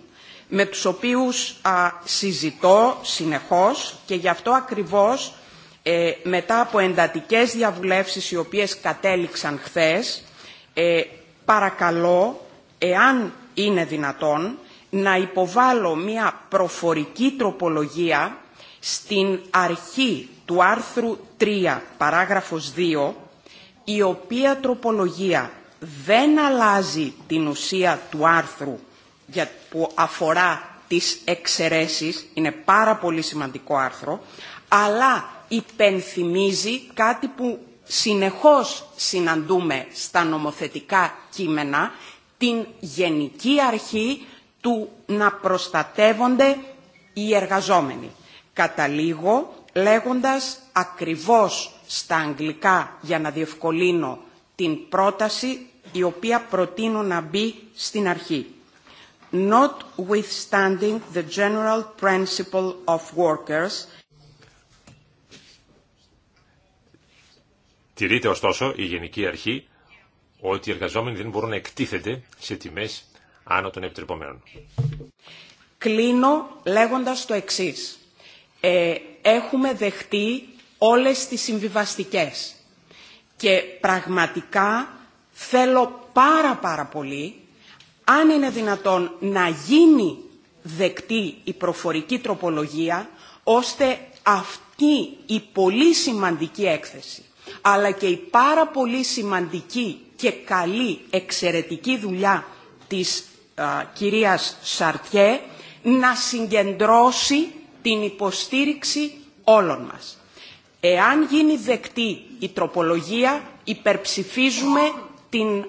με τους οποίους α, συζητώ συνεχώς και γι' αυτό ακριβώς ε, μετά από εντατικές διαβουλεύσεις οι οποίες κατέληξαν χθες ε, παρακαλώ, εάν είναι δυνατόν, να υποβάλω μια προφορική τροπολογία στην αρχή του άρθρου 3, παράγραφος 2, η οποία τροπολογία δεν αλλάζει την ουσία του άρθρου που αφορά τις εξαιρέσεις, είναι πάρα πολύ σημαντικό άρθρο, αλλά υπενθυμίζει κάτι που συνεχώς συναντούμε στα νομοθετικά κείμενα, την γενική αρχή του να προστατεύονται οι εργαζόμενοι. Καταλήγω λέγοντας ακριβώς στα αγγλικά για να διευκολύνω την πρόταση η οποία προτείνω να μπει στην αρχή notwithstanding the general principle of workers. Τηρείται ωστόσο η γενική αρχή ότι οι εργαζόμενοι δεν μπορούν να εκτίθεται σε τιμές άνω των επιτρεπωμένων. Κλείνω λέγοντας το εξής. Ε, έχουμε δεχτεί όλες τις συμβιβαστικές και πραγματικά θέλω πάρα πάρα πολύ αν είναι δυνατόν να γίνει δεκτή η προφορική τροπολογία, ώστε αυτή η πολύ σημαντική έκθεση, αλλά και η πάρα πολύ σημαντική και καλή, εξαιρετική δουλειά της κυρίας Σαρτιέ, να συγκεντρώσει την υποστήριξη όλων μας. Εάν γίνει δεκτή η τροπολογία, υπερψηφίζουμε την,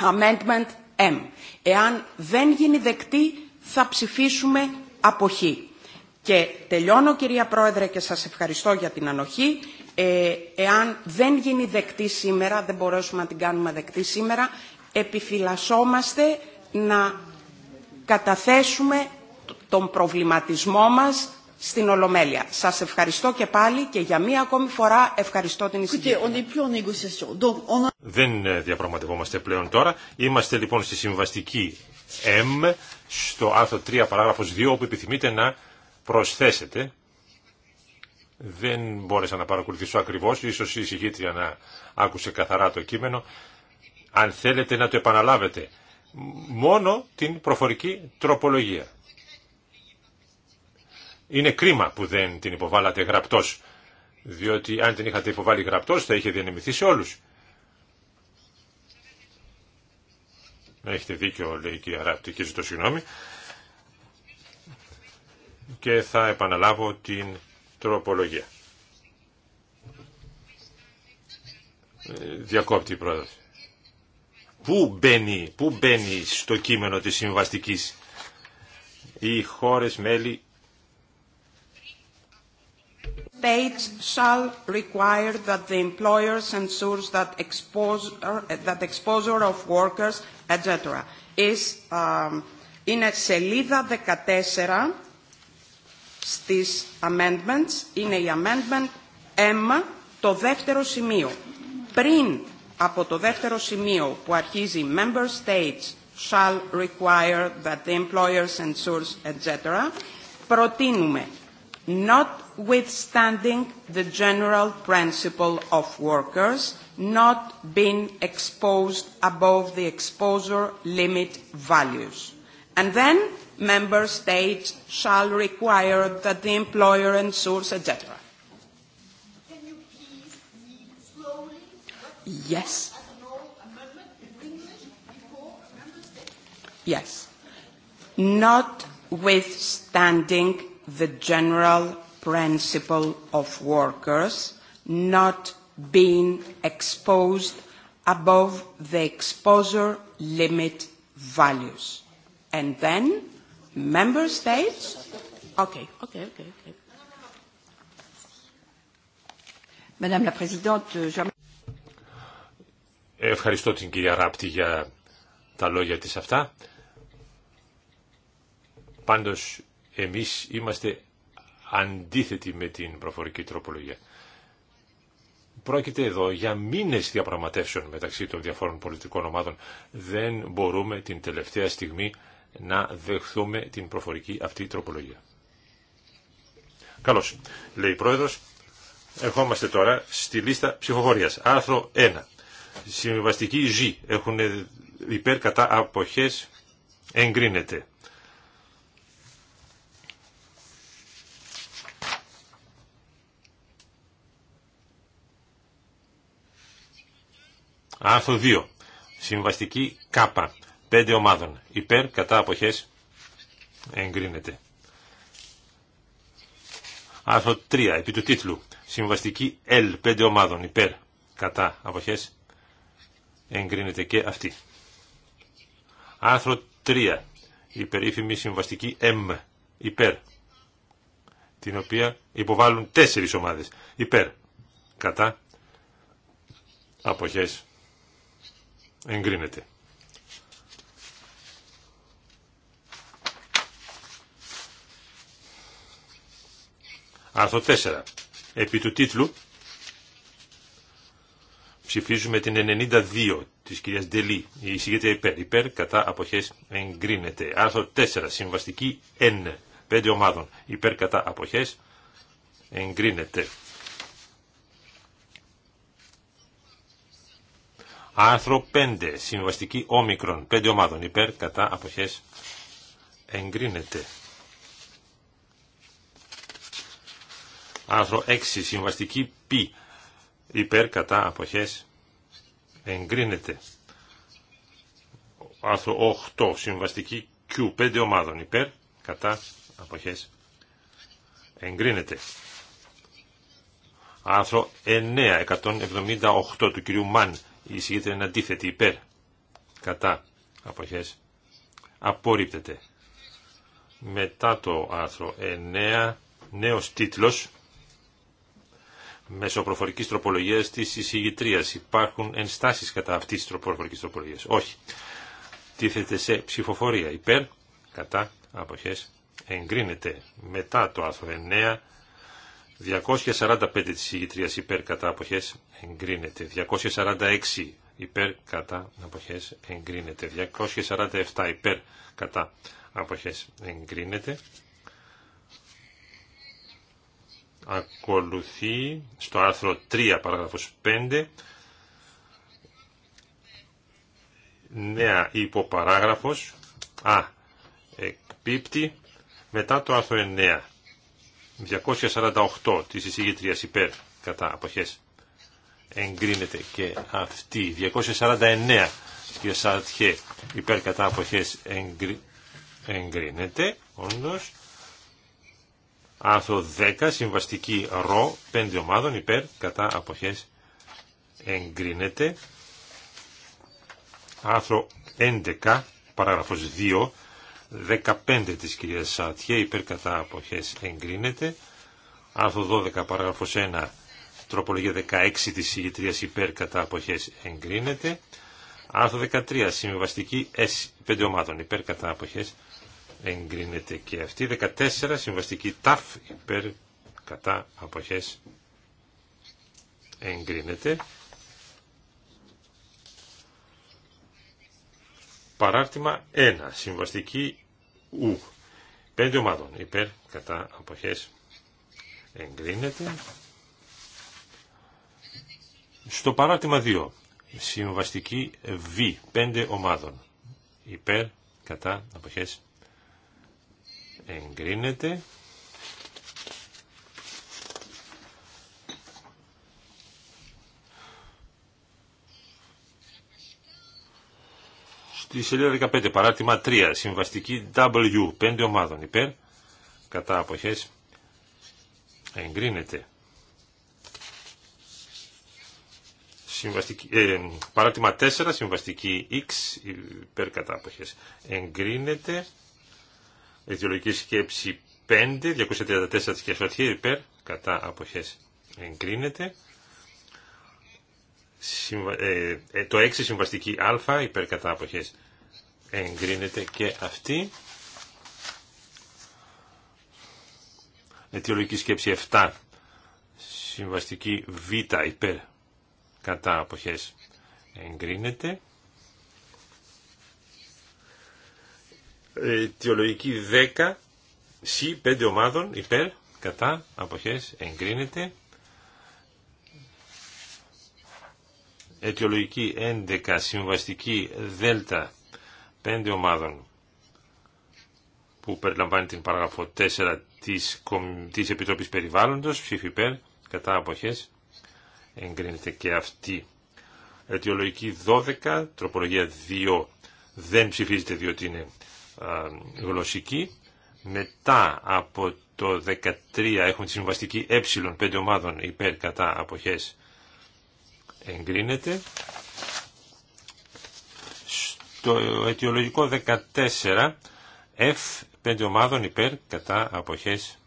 Amendment M. Εάν δεν γίνει δεκτή θα ψηφίσουμε αποχή. Και τελειώνω κυρία Πρόεδρε και σας ευχαριστώ για την ανοχή. Ε, εάν δεν γίνει δεκτή σήμερα, δεν μπορέσουμε να την κάνουμε δεκτή σήμερα, επιφυλασσόμαστε να καταθέσουμε τον προβληματισμό μας στην Ολομέλεια. Σας ευχαριστώ και πάλι και για μία ακόμη φορά ευχαριστώ την εισηγήτρια. Δεν ε, διαπραγματευόμαστε πλέον τώρα. Είμαστε λοιπόν στη συμβαστική M στο άρθρο 3 παράγραφος 2 όπου επιθυμείτε να προσθέσετε. Δεν μπόρεσα να παρακολουθήσω ακριβώ, ίσως η εισηγήτρια να άκουσε καθαρά το κείμενο. Αν θέλετε να το επαναλάβετε, μόνο την προφορική τροπολογία. Είναι κρίμα που δεν την υποβάλατε γραπτός, διότι αν την είχατε υποβάλει γραπτός θα είχε διανεμηθεί σε όλους. Έχετε δίκιο, λέει η κυρία Ράπτη, και ζητώ συγγνώμη. Και θα επαναλάβω την τροπολογία. Διακόπτη η Πού μπαίνει, πού μπαίνει στο κείμενο της συμβαστικής οι χώρες μέλη States shall require that the employers ensure that exposure, of workers, etc. Is, in είναι σελίδα 14 στις amendments, είναι η amendment M, το δεύτερο σημείο. Πριν από το δεύτερο σημείο που αρχίζει Member States shall require that the employers ensure, etc. Προτείνουμε notwithstanding the general principle of workers not being exposed above the exposure limit values. And then member states shall require that the employer ensures, etc. Can you please read slowly? Yes. Yes. Notwithstanding the general principle of workers not being exposed above the exposure limit values. And then, member states... Okay, okay, okay. okay. Madame la Présidente, je... Ευχαριστώ την κυρία Ράπτη για τα λόγια της αυτά. Πάντως εμείς είμαστε αντίθετοι με την προφορική τροπολογία. Πρόκειται εδώ για μήνες διαπραγματεύσεων μεταξύ των διαφόρων πολιτικών ομάδων. Δεν μπορούμε την τελευταία στιγμή να δεχθούμε την προφορική αυτή τροπολογία. Καλώς, λέει η Πρόεδρος. Ερχόμαστε τώρα στη λίστα ψηφοφορίας. Άρθρο 1. Συμβιβαστική ζή. Έχουν υπέρ κατά αποχές εγκρίνεται. Άρθρο 2. Συμβαστική ΚΑΠΑ. Πέντε ομάδων. Υπέρ, κατά, αποχές. Εγκρίνεται. Άρθρο 3. Επί του τίτλου. Συμβαστική L. Πέντε ομάδων. Υπέρ, κατά, αποχές. Εγκρίνεται και αυτή. Άρθρο 3. Η περίφημη συμβαστική M. Υπέρ. Την οποία υποβάλλουν τέσσερις ομάδες. Υπέρ. Κατά. Αποχές Εγκρίνεται. Άρθρο 4. Επί του τίτλου ψηφίζουμε την 92 της κυρίας Ντελή. Η εισηγείται υπέρ. Υπέρ κατά αποχές εγκρίνεται. Άρθρο 4. Συμβαστική N. 5 ομάδων. Υπέρ κατά αποχές εγκρίνεται. Άρθρο 5. Συμβαστική όμικρον. 5 ομάδων υπέρ κατά αποχές εγκρίνεται. Άρθρο 6. Συμβαστική π. Υπέρ κατά αποχές εγκρίνεται. Άρθρο 8. Συμβαστική Q. 5 ομάδων υπέρ κατά αποχές εγκρίνεται. Άρθρο 9. 178 του κυρίου Μαν η εισηγήτρια είναι αντίθετη υπέρ. Κατά αποχές απορρίπτεται. Μετά το άρθρο 9, νέος τίτλος, μεσοπροφορικής τροπολογίας της εισηγητρίας. Υπάρχουν ενστάσεις κατά αυτής της προφορικής τροπολογίας. Όχι. Τίθεται σε ψηφοφορία. Υπέρ, κατά, αποχές, εγκρίνεται. Μετά το άρθρο 9, 245 της ηγητρίας υπέρ κατά αποχές εγκρίνεται. 246 υπέρ κατά αποχές εγκρίνεται. 247 υπέρ κατά αποχές εγκρίνεται. Ακολουθεί στο άρθρο 3 παράγραφος 5 νέα υποπαράγραφος α, εκπίπτει μετά το άρθρο 9 248 της εισηγήτριας υπέρ κατά αποχές εγκρίνεται και αυτή 249 και σατχέ υπέρ κατά αποχές εγκρι... εγκρίνεται όντως άρθρο 10 συμβαστική ρο 5 ομάδων υπέρ κατά αποχές εγκρίνεται άρθρο 11 παράγραφος 2 15 της κυρίας Σάτιε υπέρ κατά αποχές εγκρίνεται. Άρθρο 12 παράγραφος 1 τροπολογία 16 της ηγητρίας υπέρ κατά αποχές εγκρίνεται. Άρθρο 13 συμβαστική S 5 ομάδων υπέρ κατά αποχές εγκρίνεται και αυτή. 14 συμβαστική TAF υπέρ κατά αποχές εγκρίνεται. Παράρτημα 1. Συμβαστική ου. Πέντε ομάδων. Υπέρ, κατά, αποχές. Εγκρίνεται. Στο παράρτημα 2. Συμβαστική β. Πέντε ομάδων. Υπέρ, κατά, αποχές. Εγκρίνεται. Στη σελίδα 15, παράτημα 3, συμβαστική W, 5 ομάδων υπέρ, κατά αποχές, εγκρίνεται. Συμβαστική, ε, παράτημα 4, συμβαστική X, υπέρ κατά αποχές, εγκρίνεται. Αιτιολογική σκέψη 5, 234 της Κεσουατιέ, υπέρ, κατά αποχές, εγκρίνεται. Ε, ε, το 6 συμβαστική α υπερ κατά αποχές εγκρίνεται και αυτή. Αιτιολογική σκέψη 7. Συμβαστική Β υπέρ κατά αποχές εγκρίνεται. Αιτιολογική 10. Σι 5 ομάδων υπέρ κατά αποχές εγκρίνεται. Αιτιολογική 11. Συμβαστική Δ πέντε ομάδων που περιλαμβάνει την παραγραφό 4 της, της Επιτροπής Περιβάλλοντος, ψήφι κατά αποχές, εγκρίνεται και αυτή. Αιτιολογική 12, τροπολογία 2, δεν ψηφίζεται διότι είναι α, γλωσσική. Μετά από το 13 έχουμε τη συμβαστική ε5 ομάδων υπέρ κατά αποχές εγκρίνεται. Το αιτιολογικό 14, F, 5 ομάδων υπέρ, κατά, αποχές,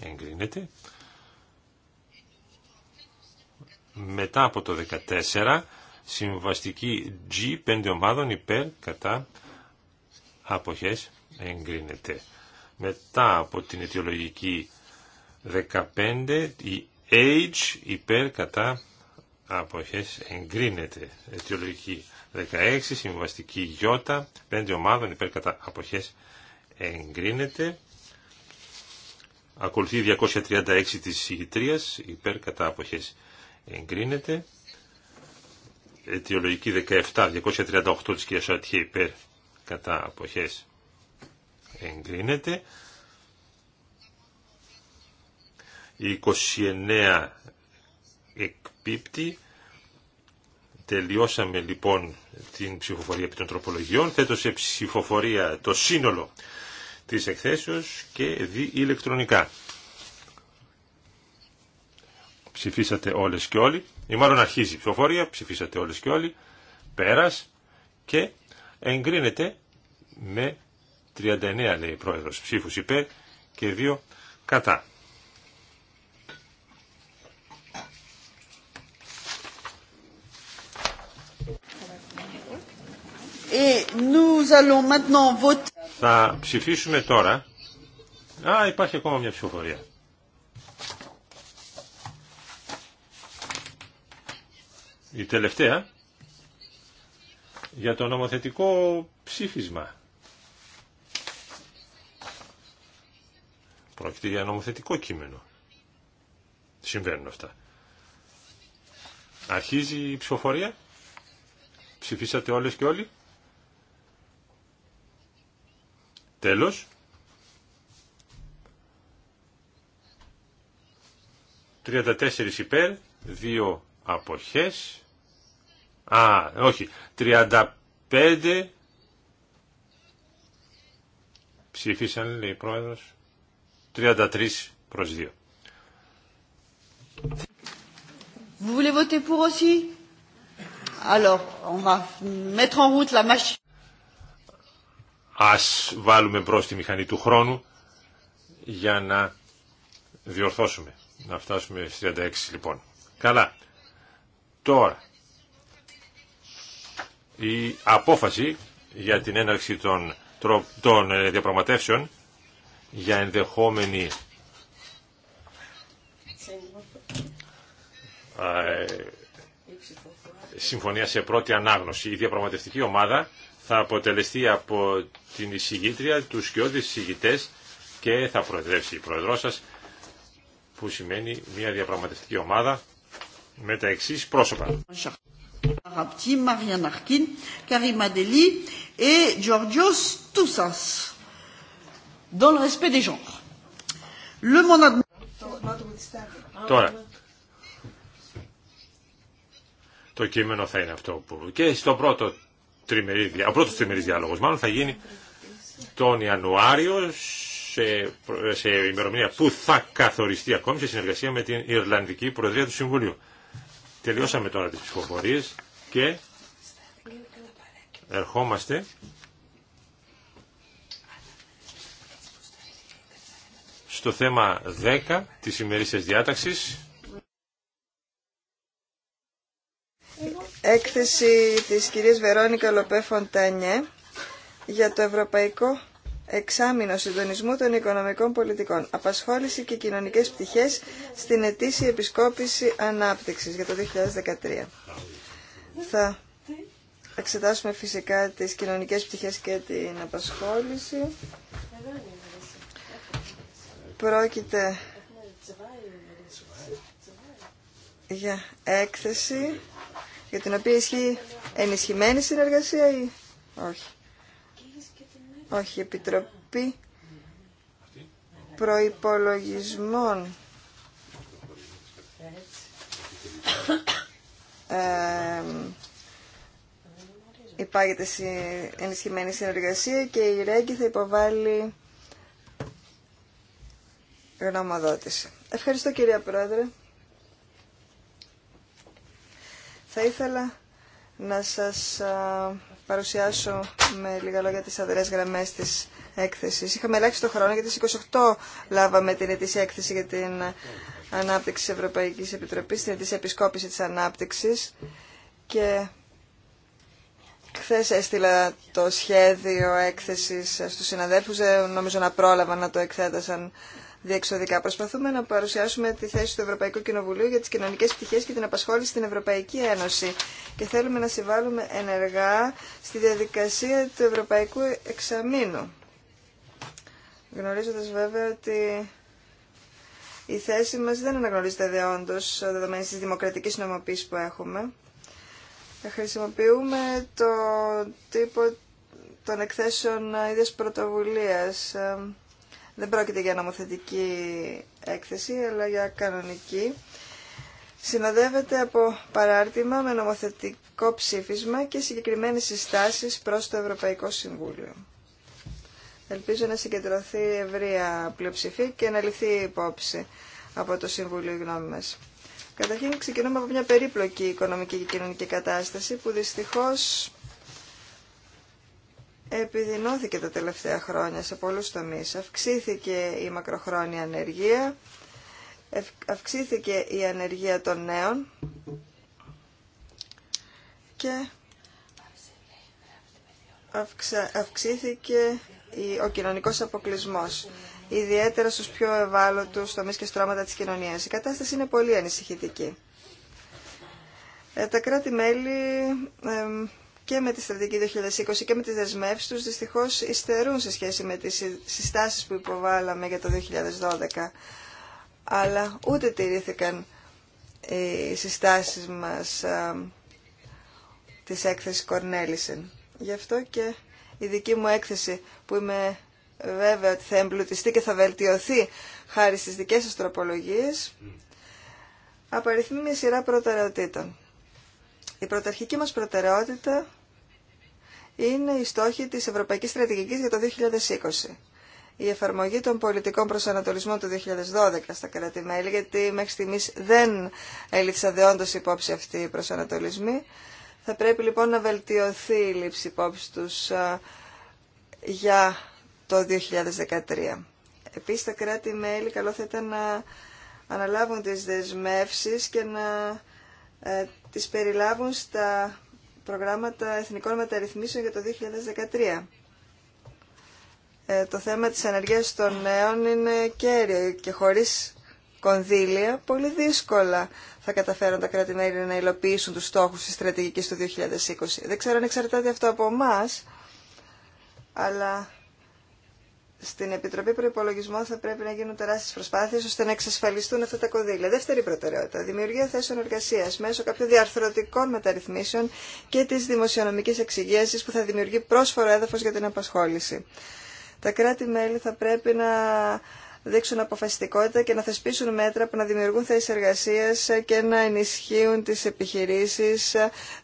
εγκρίνεται. Μετά από το 14, συμβαστική G, 5 ομάδων υπέρ, κατά, αποχές, εγκρίνεται. Μετά από την αιτιολογική 15, η H, υπέρ, κατά, αποχές, εγκρίνεται. Αιτιολογική 16, συμβαστική γιώτα, 5 ομάδων υπέρ κατά αποχές εγκρίνεται. Ακολουθεί 236 της ηγητρίας, υπέρ κατά αποχές εγκρίνεται. Αιτιολογική 17, 238 της κυρίας υπέρ κατά αποχές εγκρίνεται. 29 εκπίπτει Τελειώσαμε λοιπόν την ψηφοφορία επί των τροπολογιών. Θέτω σε ψηφοφορία το σύνολο της εκθέσεως και δι ηλεκτρονικά. Ψηφίσατε όλες και όλοι, ή μάλλον αρχίζει η ψηφοφορία, ψηφίσατε όλες και όλοι, πέρας και εγκρίνεται με 39 λέει πρόεδρος ψήφους υπέρ και 2 κατά. Θα ψηφίσουμε τώρα. Α, υπάρχει ακόμα μια ψηφοφορία. Η τελευταία για το νομοθετικό ψήφισμα. Πρόκειται για νομοθετικό κείμενο. Συμβαίνουν αυτά. Αρχίζει η ψηφοφορία. Ψηφίσατε όλες και όλοι. Τέλος. Τρίαντα υπέρ, δύο αποχές. Α, όχι, τριάντα πέντε. Ψήφισαν, λέει η πρόεδρος. Τριάντα προς δύο ας βάλουμε μπρος τη μηχανή του χρόνου για να διορθώσουμε, να φτάσουμε στις 36 λοιπόν. Καλά. Τώρα, η απόφαση για την έναρξη των, των ε, διαπραγματεύσεων για ενδεχόμενη ε, συμφωνία σε πρώτη ανάγνωση. Η διαπραγματευτική ομάδα θα αποτελεστεί από την εισηγήτρια, τους σκιώδεις εισηγητές και θα προεδρεύσει η πρόεδρός σας, που σημαίνει μια διαπραγματευτική ομάδα με τα εξή πρόσωπα. Αγαπητή Μαρία Ναρκίν, Καρή Μαντελή και Γιώργιος Τούσας. Dans le respect des genres. Le mandat Τώρα, το κείμενο θα είναι αυτό που και στο πρώτο τριμερή, ο πρώτος τριμερής διάλογος μάλλον θα γίνει τον Ιανουάριο σε, σε ημερομηνία που θα καθοριστεί ακόμη σε συνεργασία με την Ιρλανδική Προεδρία του Συμβουλίου. Τελειώσαμε τώρα τις ψηφοφορίες και ερχόμαστε στο θέμα 10 της ημερήσιας διάταξης έκθεση της κυρίας Βερόνικα Λοπέ Φοντανιέ για το Ευρωπαϊκό Εξάμεινο Συντονισμού των Οικονομικών Πολιτικών. Απασχόληση και κοινωνικές πτυχές στην ετήσια επισκόπηση ανάπτυξης για το 2013. Θα εξετάσουμε φυσικά τις κοινωνικές πτυχές και την απασχόληση. Πρόκειται για έκθεση για την οποία ισχύει ενισχυμένη συνεργασία ή όχι. Όχι, Επιτροπή Προϋπολογισμών. Ε, υπάγεται ενισχυμένη συνεργασία και η ΡΕΚΙ θα υποβάλει γνωμοδότηση. Ευχαριστώ κυρία Πρόεδρε. Θα ήθελα να σας παρουσιάσω με λίγα λόγια τις αδερές γραμμές της έκθεσης. Είχαμε ελάχιστο το χρόνο γιατί στις 28 λάβαμε την ετήσια έκθεση για την ανάπτυξη της Ευρωπαϊκής Επιτροπής, την ετήσια επισκόπηση της ανάπτυξης και χθε έστειλα το σχέδιο έκθεσης στους συναδέλφους, νομίζω να πρόλαβα να το εκθέτασαν διεξοδικά. Προσπαθούμε να παρουσιάσουμε τη θέση του Ευρωπαϊκού Κοινοβουλίου για τι κοινωνικέ πτυχέ και την απασχόληση στην Ευρωπαϊκή Ένωση και θέλουμε να συμβάλλουμε ενεργά στη διαδικασία του Ευρωπαϊκού Εξαμήνου. Γνωρίζοντα, βέβαια ότι η θέση μα δεν αναγνωρίζεται δεόντω δεδομένη τη δημοκρατική νομοποίηση που έχουμε. Χρησιμοποιούμε το τύπο των εκθέσεων ε, ίδιας πρωτοβουλίας ε, δεν πρόκειται για νομοθετική έκθεση, αλλά για κανονική. Συνοδεύεται από παράρτημα με νομοθετικό ψήφισμα και συγκεκριμένες συστάσεις προς το Ευρωπαϊκό Συμβούλιο. Ελπίζω να συγκεντρωθεί ευρεία πλειοψηφία και να ληφθεί υπόψη από το Συμβούλιο γνώμη μας. Καταρχήν ξεκινούμε από μια περίπλοκη οικονομική και κοινωνική κατάσταση που δυστυχώς επιδεινώθηκε τα τελευταία χρόνια σε πολλούς τομείς. Αυξήθηκε η μακροχρόνια ανεργία, αυξήθηκε η ανεργία των νέων και αυξήθηκε ο κοινωνικός αποκλεισμός, ιδιαίτερα στους πιο ευάλωτους τομείς και στρώματα της κοινωνίας. Η κατάσταση είναι πολύ ανησυχητική. Ε, τα κράτη-μέλη και με τη στρατηγική 2020 και με τις δεσμεύσεις τους δυστυχώς υστερούν σε σχέση με τις συστάσεις που υποβάλαμε για το 2012. Αλλά ούτε τηρήθηκαν οι συστάσεις μας α, της έκθεσης Κορνέλισεν. Γι' αυτό και η δική μου έκθεση που είμαι βέβαια ότι θα εμπλουτιστεί και θα βελτιωθεί χάρη στις δικές σας τροπολογίες απαριθμεί μια σειρά προτεραιοτήτων. Η πρωταρχική μας προτεραιότητα είναι οι στόχοι της Ευρωπαϊκής Στρατηγικής για το 2020. Η εφαρμογή των πολιτικών προσανατολισμών του 2012 στα κράτη-μέλη, γιατί μέχρι στιγμής δεν έληξαν δεόντως υπόψη αυτοί οι προσανατολισμοί, θα πρέπει λοιπόν να βελτιωθεί η λήψη υπόψη τους για το 2013. Επίσης τα κράτη-μέλη καλό θα ήταν να αναλάβουν τις δεσμεύσεις και να ε, τις περιλάβουν στα προγράμματα εθνικών μεταρρυθμίσεων για το 2013. Ε, το θέμα της ανεργίας των νέων είναι κέριο και χωρίς κονδύλια πολύ δύσκολα θα καταφέρουν τα κράτη-μέρη να υλοποιήσουν τους στόχους της στρατηγικής του 2020. Δεν ξέρω αν εξαρτάται αυτό από εμά, αλλά στην Επιτροπή Προπολογισμών θα πρέπει να γίνουν τεράστιε προσπάθειε ώστε να εξασφαλιστούν αυτά τα κονδύλια. Δεύτερη προτεραιότητα. Δημιουργία θέσεων εργασία μέσω κάποιων διαρθρωτικών μεταρρυθμίσεων και τη δημοσιονομική εξυγίαση που θα δημιουργεί πρόσφορο έδαφο για την απασχόληση. Τα κράτη-μέλη θα πρέπει να δείξουν αποφασιστικότητα και να θεσπίσουν μέτρα που να δημιουργούν θέσει εργασία και να ενισχύουν τι επιχειρήσει,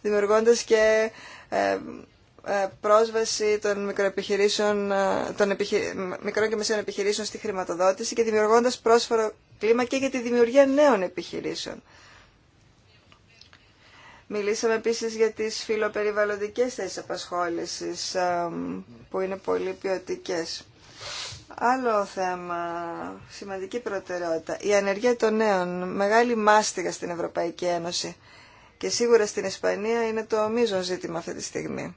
δημιουργώντα και ε, ε, πρόσβαση των, μικροεπιχειρήσεων, ε, των επιχει... μικρών και μεσαίων επιχειρήσεων στη χρηματοδότηση και δημιουργώντας πρόσφορο κλίμα και για τη δημιουργία νέων επιχειρήσεων. Μιλήσαμε επίσης για τις φιλοπεριβαλλοντικές θέσεις απασχόλησης ε, που είναι πολύ ποιοτικέ. Άλλο θέμα, σημαντική προτεραιότητα, η ανεργία των νέων, μεγάλη μάστιγα στην Ευρωπαϊκή Ένωση και σίγουρα στην Ισπανία είναι το μείζον ζήτημα αυτή τη στιγμή.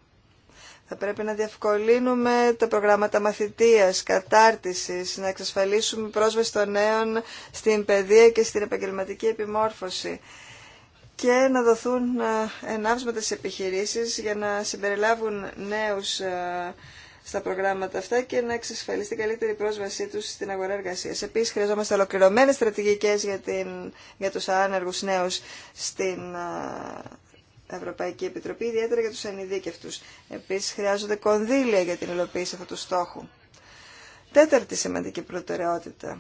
Θα πρέπει να διευκολύνουμε τα προγράμματα μαθητείας, κατάρτισης, να εξασφαλίσουμε πρόσβαση των νέων στην παιδεία και στην επαγγελματική επιμόρφωση και να δοθούν ε, ενάψματα σε επιχειρήσεις για να συμπεριλάβουν νέους ε, στα προγράμματα αυτά και να εξασφαλιστεί καλύτερη πρόσβασή τους στην αγορά εργασίας. Επίσης, χρειαζόμαστε ολοκληρωμένες στρατηγικές για, την, για τους άνεργους νέους στην ε, Ευρωπαϊκή Επιτροπή, ιδιαίτερα για τους ανειδίκευτους. Επίσης, χρειάζονται κονδύλια για την υλοποίηση αυτού του στόχου. Τέταρτη σημαντική προτεραιότητα.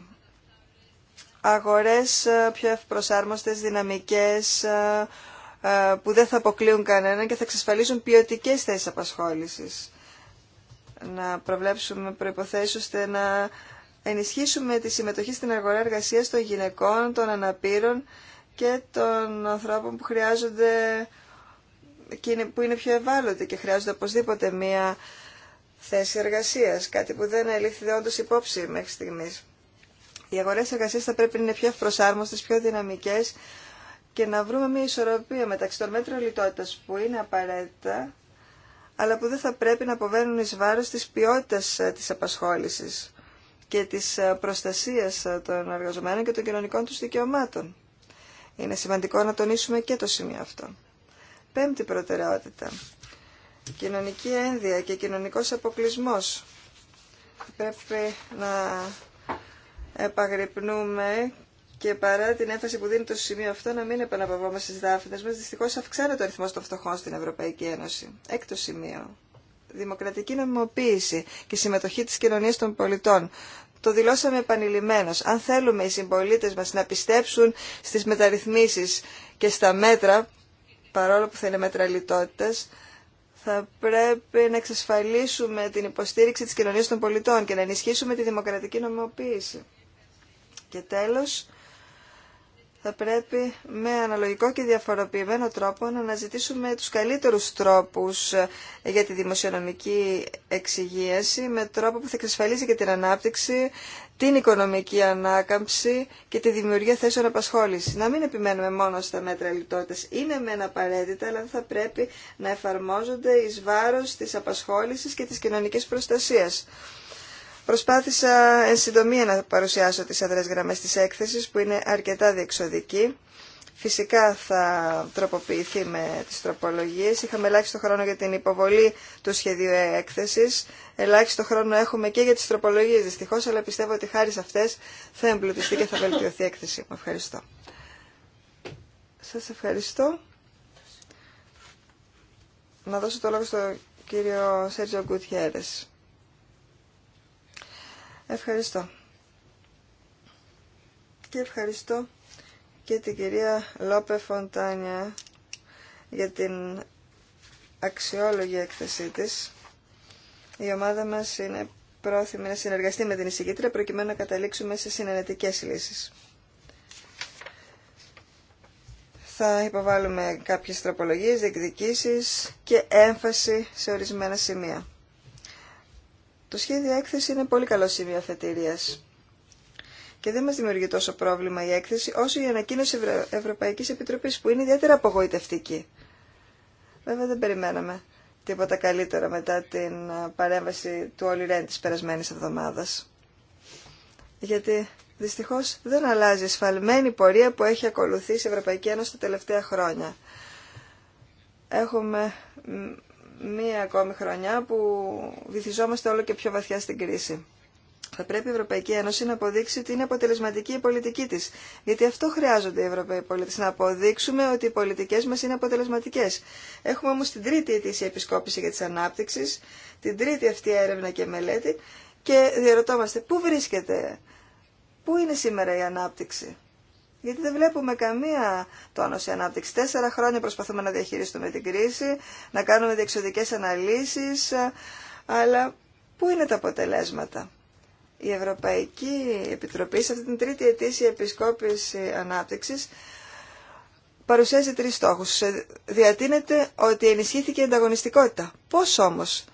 Αγορές ε, πιο ευπροσάρμοστες, δυναμικές, ε, ε, που δεν θα αποκλείουν κανέναν και θα εξασφαλίσουν ποιοτικέ θέσει απασχόλησης. Να προβλέψουμε προϋποθέσεις ώστε να ενισχύσουμε τη συμμετοχή στην αγορά εργασίας των γυναικών, των αναπήρων και των ανθρώπων που χρειάζονται που είναι πιο ευάλωτοι και χρειάζονται οπωσδήποτε μία θέση εργασία κάτι που δεν ελήφθη όντως υπόψη μέχρι στιγμή. Οι αγορέ εργασία θα πρέπει να είναι πιο προσάρμοστες, πιο δυναμικέ και να βρούμε μία ισορροπία μεταξύ των μέτρων λιτότητα που είναι απαραίτητα, αλλά που δεν θα πρέπει να αποβαίνουν ει βάρο τη ποιότητα ε, τη απασχόλησης και τη ε, προστασία ε, των εργαζομένων και των κοινωνικών του δικαιωμάτων. Είναι σημαντικό να τονίσουμε και το σημείο αυτό πέμπτη προτεραιότητα. Κοινωνική ένδυα και κοινωνικός αποκλεισμός. Πρέπει να επαγρυπνούμε και παρά την έμφαση που δίνει το σημείο αυτό να μην επαναπαυόμαστε στις δάφνες μας, δυστυχώς αυξάνεται ο αριθμός των φτωχών στην Ευρωπαϊκή Ένωση. Έκτο σημείο. Δημοκρατική νομιμοποίηση και συμμετοχή της κοινωνίας των πολιτών. Το δηλώσαμε επανειλημμένο. Αν θέλουμε οι συμπολίτε μα να πιστέψουν στι μεταρρυθμίσει και στα μέτρα παρόλο που θα είναι μέτρα λιτότητας, θα πρέπει να εξασφαλίσουμε την υποστήριξη της κοινωνίας των πολιτών και να ενισχύσουμε τη δημοκρατική νομιμοποίηση. Και τέλος, θα πρέπει με αναλογικό και διαφοροποιημένο τρόπο να αναζητήσουμε τους καλύτερους τρόπους ε, για τη δημοσιονομική εξυγίαση με τρόπο που θα εξασφαλίζει και την ανάπτυξη, την οικονομική ανάκαμψη και τη δημιουργία θέσεων απασχόλησης. Να μην επιμένουμε μόνο στα μέτρα λιτότητας. Είναι ένα απαραίτητα, αλλά θα πρέπει να εφαρμόζονται εις βάρος της απασχόλησης και της κοινωνικής προστασίας. Προσπάθησα εν συντομία να παρουσιάσω τις αδρές γραμμές της έκθεσης που είναι αρκετά διεξοδική. Φυσικά θα τροποποιηθεί με τις τροπολογίες. Είχαμε ελάχιστο χρόνο για την υποβολή του σχεδίου έκθεσης. Ελάχιστο χρόνο έχουμε και για τις τροπολογίες δυστυχώς, αλλά πιστεύω ότι χάρη σε αυτές θα εμπλουτιστεί και θα βελτιωθεί η έκθεση. Ευχαριστώ. Σας ευχαριστώ. Να δώσω το λόγο στον κύριο Σέρτζο Γκουτιέρες. Ευχαριστώ. Και ευχαριστώ και την κυρία Λόπε Φοντάνια για την αξιόλογη έκθεσή της. Η ομάδα μας είναι πρόθυμη να συνεργαστεί με την εισηγήτρια προκειμένου να καταλήξουμε σε συνενετικές λύσεις. Θα υποβάλουμε κάποιες τροπολογίες, διεκδικήσεις και έμφαση σε ορισμένα σημεία. Το σχέδιο έκθεση είναι πολύ καλό σημείο αφετηρία. Και δεν μας δημιουργεί τόσο πρόβλημα η έκθεση, όσο η ανακοίνωση Ευρω... Ευρωπαϊκής Επιτροπής, που είναι ιδιαίτερα απογοητευτική. Βέβαια δεν περιμέναμε τίποτα καλύτερα μετά την παρέμβαση του Όλη Ρέν της περασμένης εβδομάδας. Γιατί δυστυχώ δεν αλλάζει η πορεία που έχει ακολουθήσει η Ευρωπαϊκή Ένωση τα τελευταία χρόνια. Έχουμε μία ακόμη χρονιά που βυθιζόμαστε όλο και πιο βαθιά στην κρίση. Θα πρέπει η Ευρωπαϊκή Ένωση να αποδείξει ότι είναι αποτελεσματική η πολιτική της. Γιατί αυτό χρειάζονται οι Ευρωπαίοι πολίτε να αποδείξουμε ότι οι πολιτικές μας είναι αποτελεσματικές. Έχουμε όμω την τρίτη ετήσια επισκόπηση για τη ανάπτυξη, την τρίτη αυτή έρευνα και μελέτη και διαρωτόμαστε πού βρίσκεται, πού είναι σήμερα η ανάπτυξη. Γιατί δεν βλέπουμε καμία τόνωση ανάπτυξη. Τέσσερα χρόνια προσπαθούμε να διαχειριστούμε την κρίση, να κάνουμε διεξοδικές αναλύσεις, αλλά πού είναι τα αποτελέσματα. Η Ευρωπαϊκή Επιτροπή σε αυτή την τρίτη ετήσια επισκόπηση ανάπτυξης παρουσιάζει τρεις στόχους. Διατείνεται ότι ενισχύθηκε η ανταγωνιστικότητα. Πώς όμως,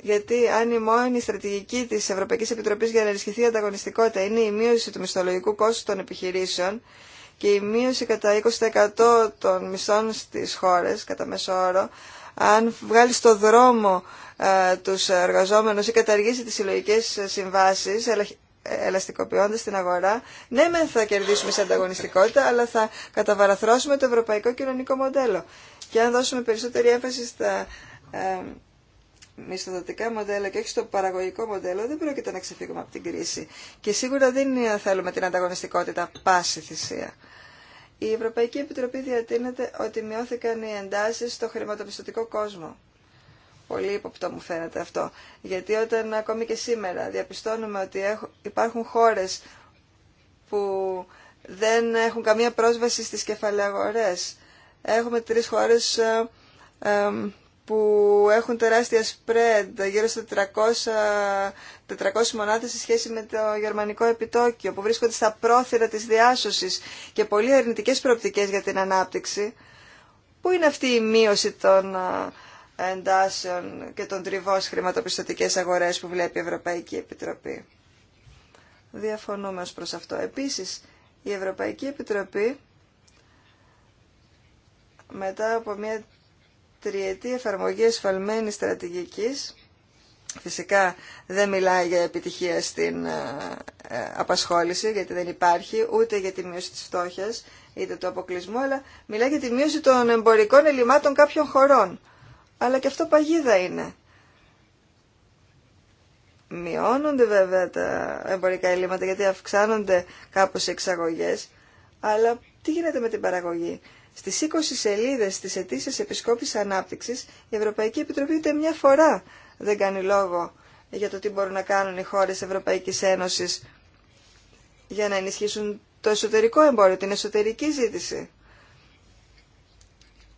γιατί αν η μόνη στρατηγική τη Ευρωπαϊκή Επιτροπή για να ενισχυθεί η ανταγωνιστικότητα είναι η μείωση του μισθολογικού κόστου των επιχειρήσεων και η μείωση κατά 20% των μισθών στις χώρες, κατά μέσο όρο, αν βγάλει στο δρόμο του ε, τους εργαζόμενους ή καταργήσει τις συλλογικέ συμβάσεις, ελαστικοποιώντα ελαστικοποιώντας την αγορά, ναι μεν θα κερδίσουμε σε ανταγωνιστικότητα, αλλά θα καταβαραθρώσουμε το ευρωπαϊκό κοινωνικό μοντέλο. Και αν δώσουμε περισσότερη έμφαση στα ε, μισθοδοτικά μοντέλα και όχι στο παραγωγικό μοντέλο, δεν πρόκειται να ξεφύγουμε από την κρίση. Και σίγουρα δεν θέλουμε την ανταγωνιστικότητα πάση θυσία. Η Ευρωπαϊκή Επιτροπή διατείνεται ότι μειώθηκαν οι εντάσεις στο χρηματοπιστωτικό κόσμο. Πολύ υποπτό μου φαίνεται αυτό. Γιατί όταν ακόμη και σήμερα διαπιστώνουμε ότι υπάρχουν χώρες που δεν έχουν καμία πρόσβαση στις κεφαλαιαγορές. Έχουμε τρεις χώρες ε, ε, που έχουν τεράστια spread, γύρω στα 400, 400 μονάδες σε σχέση με το γερμανικό επιτόκιο, που βρίσκονται στα πρόθυρα της διάσωσης και πολύ αρνητικές προοπτικές για την ανάπτυξη. Πού είναι αυτή η μείωση των ε, εντάσεων και των τριβών χρηματοπιστωτικές αγορές που βλέπει η Ευρωπαϊκή Επιτροπή. Διαφωνούμε ως προς αυτό. Επίσης, η Ευρωπαϊκή Επιτροπή μετά από μια τριετή εφαρμογή εσφαλμένης στρατηγικής Φυσικά δεν μιλάει για επιτυχία στην ε, ε, απασχόληση, γιατί δεν υπάρχει, ούτε για τη μείωση της φτώχειας, είτε το αποκλεισμό αλλά μιλάει για τη μείωση των εμπορικών ελλημάτων κάποιων χωρών. Αλλά και αυτό παγίδα είναι. Μειώνονται βέβαια τα εμπορικά ελλείμματα, γιατί αυξάνονται κάπως οι εξαγωγές, αλλά τι γίνεται με την παραγωγή. Στις 20 σελίδες της ετήσιας επισκόπης ανάπτυξης, η Ευρωπαϊκή Επιτροπή ούτε μια φορά δεν κάνει λόγο για το τι μπορούν να κάνουν οι χώρες Ευρωπαϊκής Ένωσης για να ενισχύσουν το εσωτερικό εμπόριο, την εσωτερική ζήτηση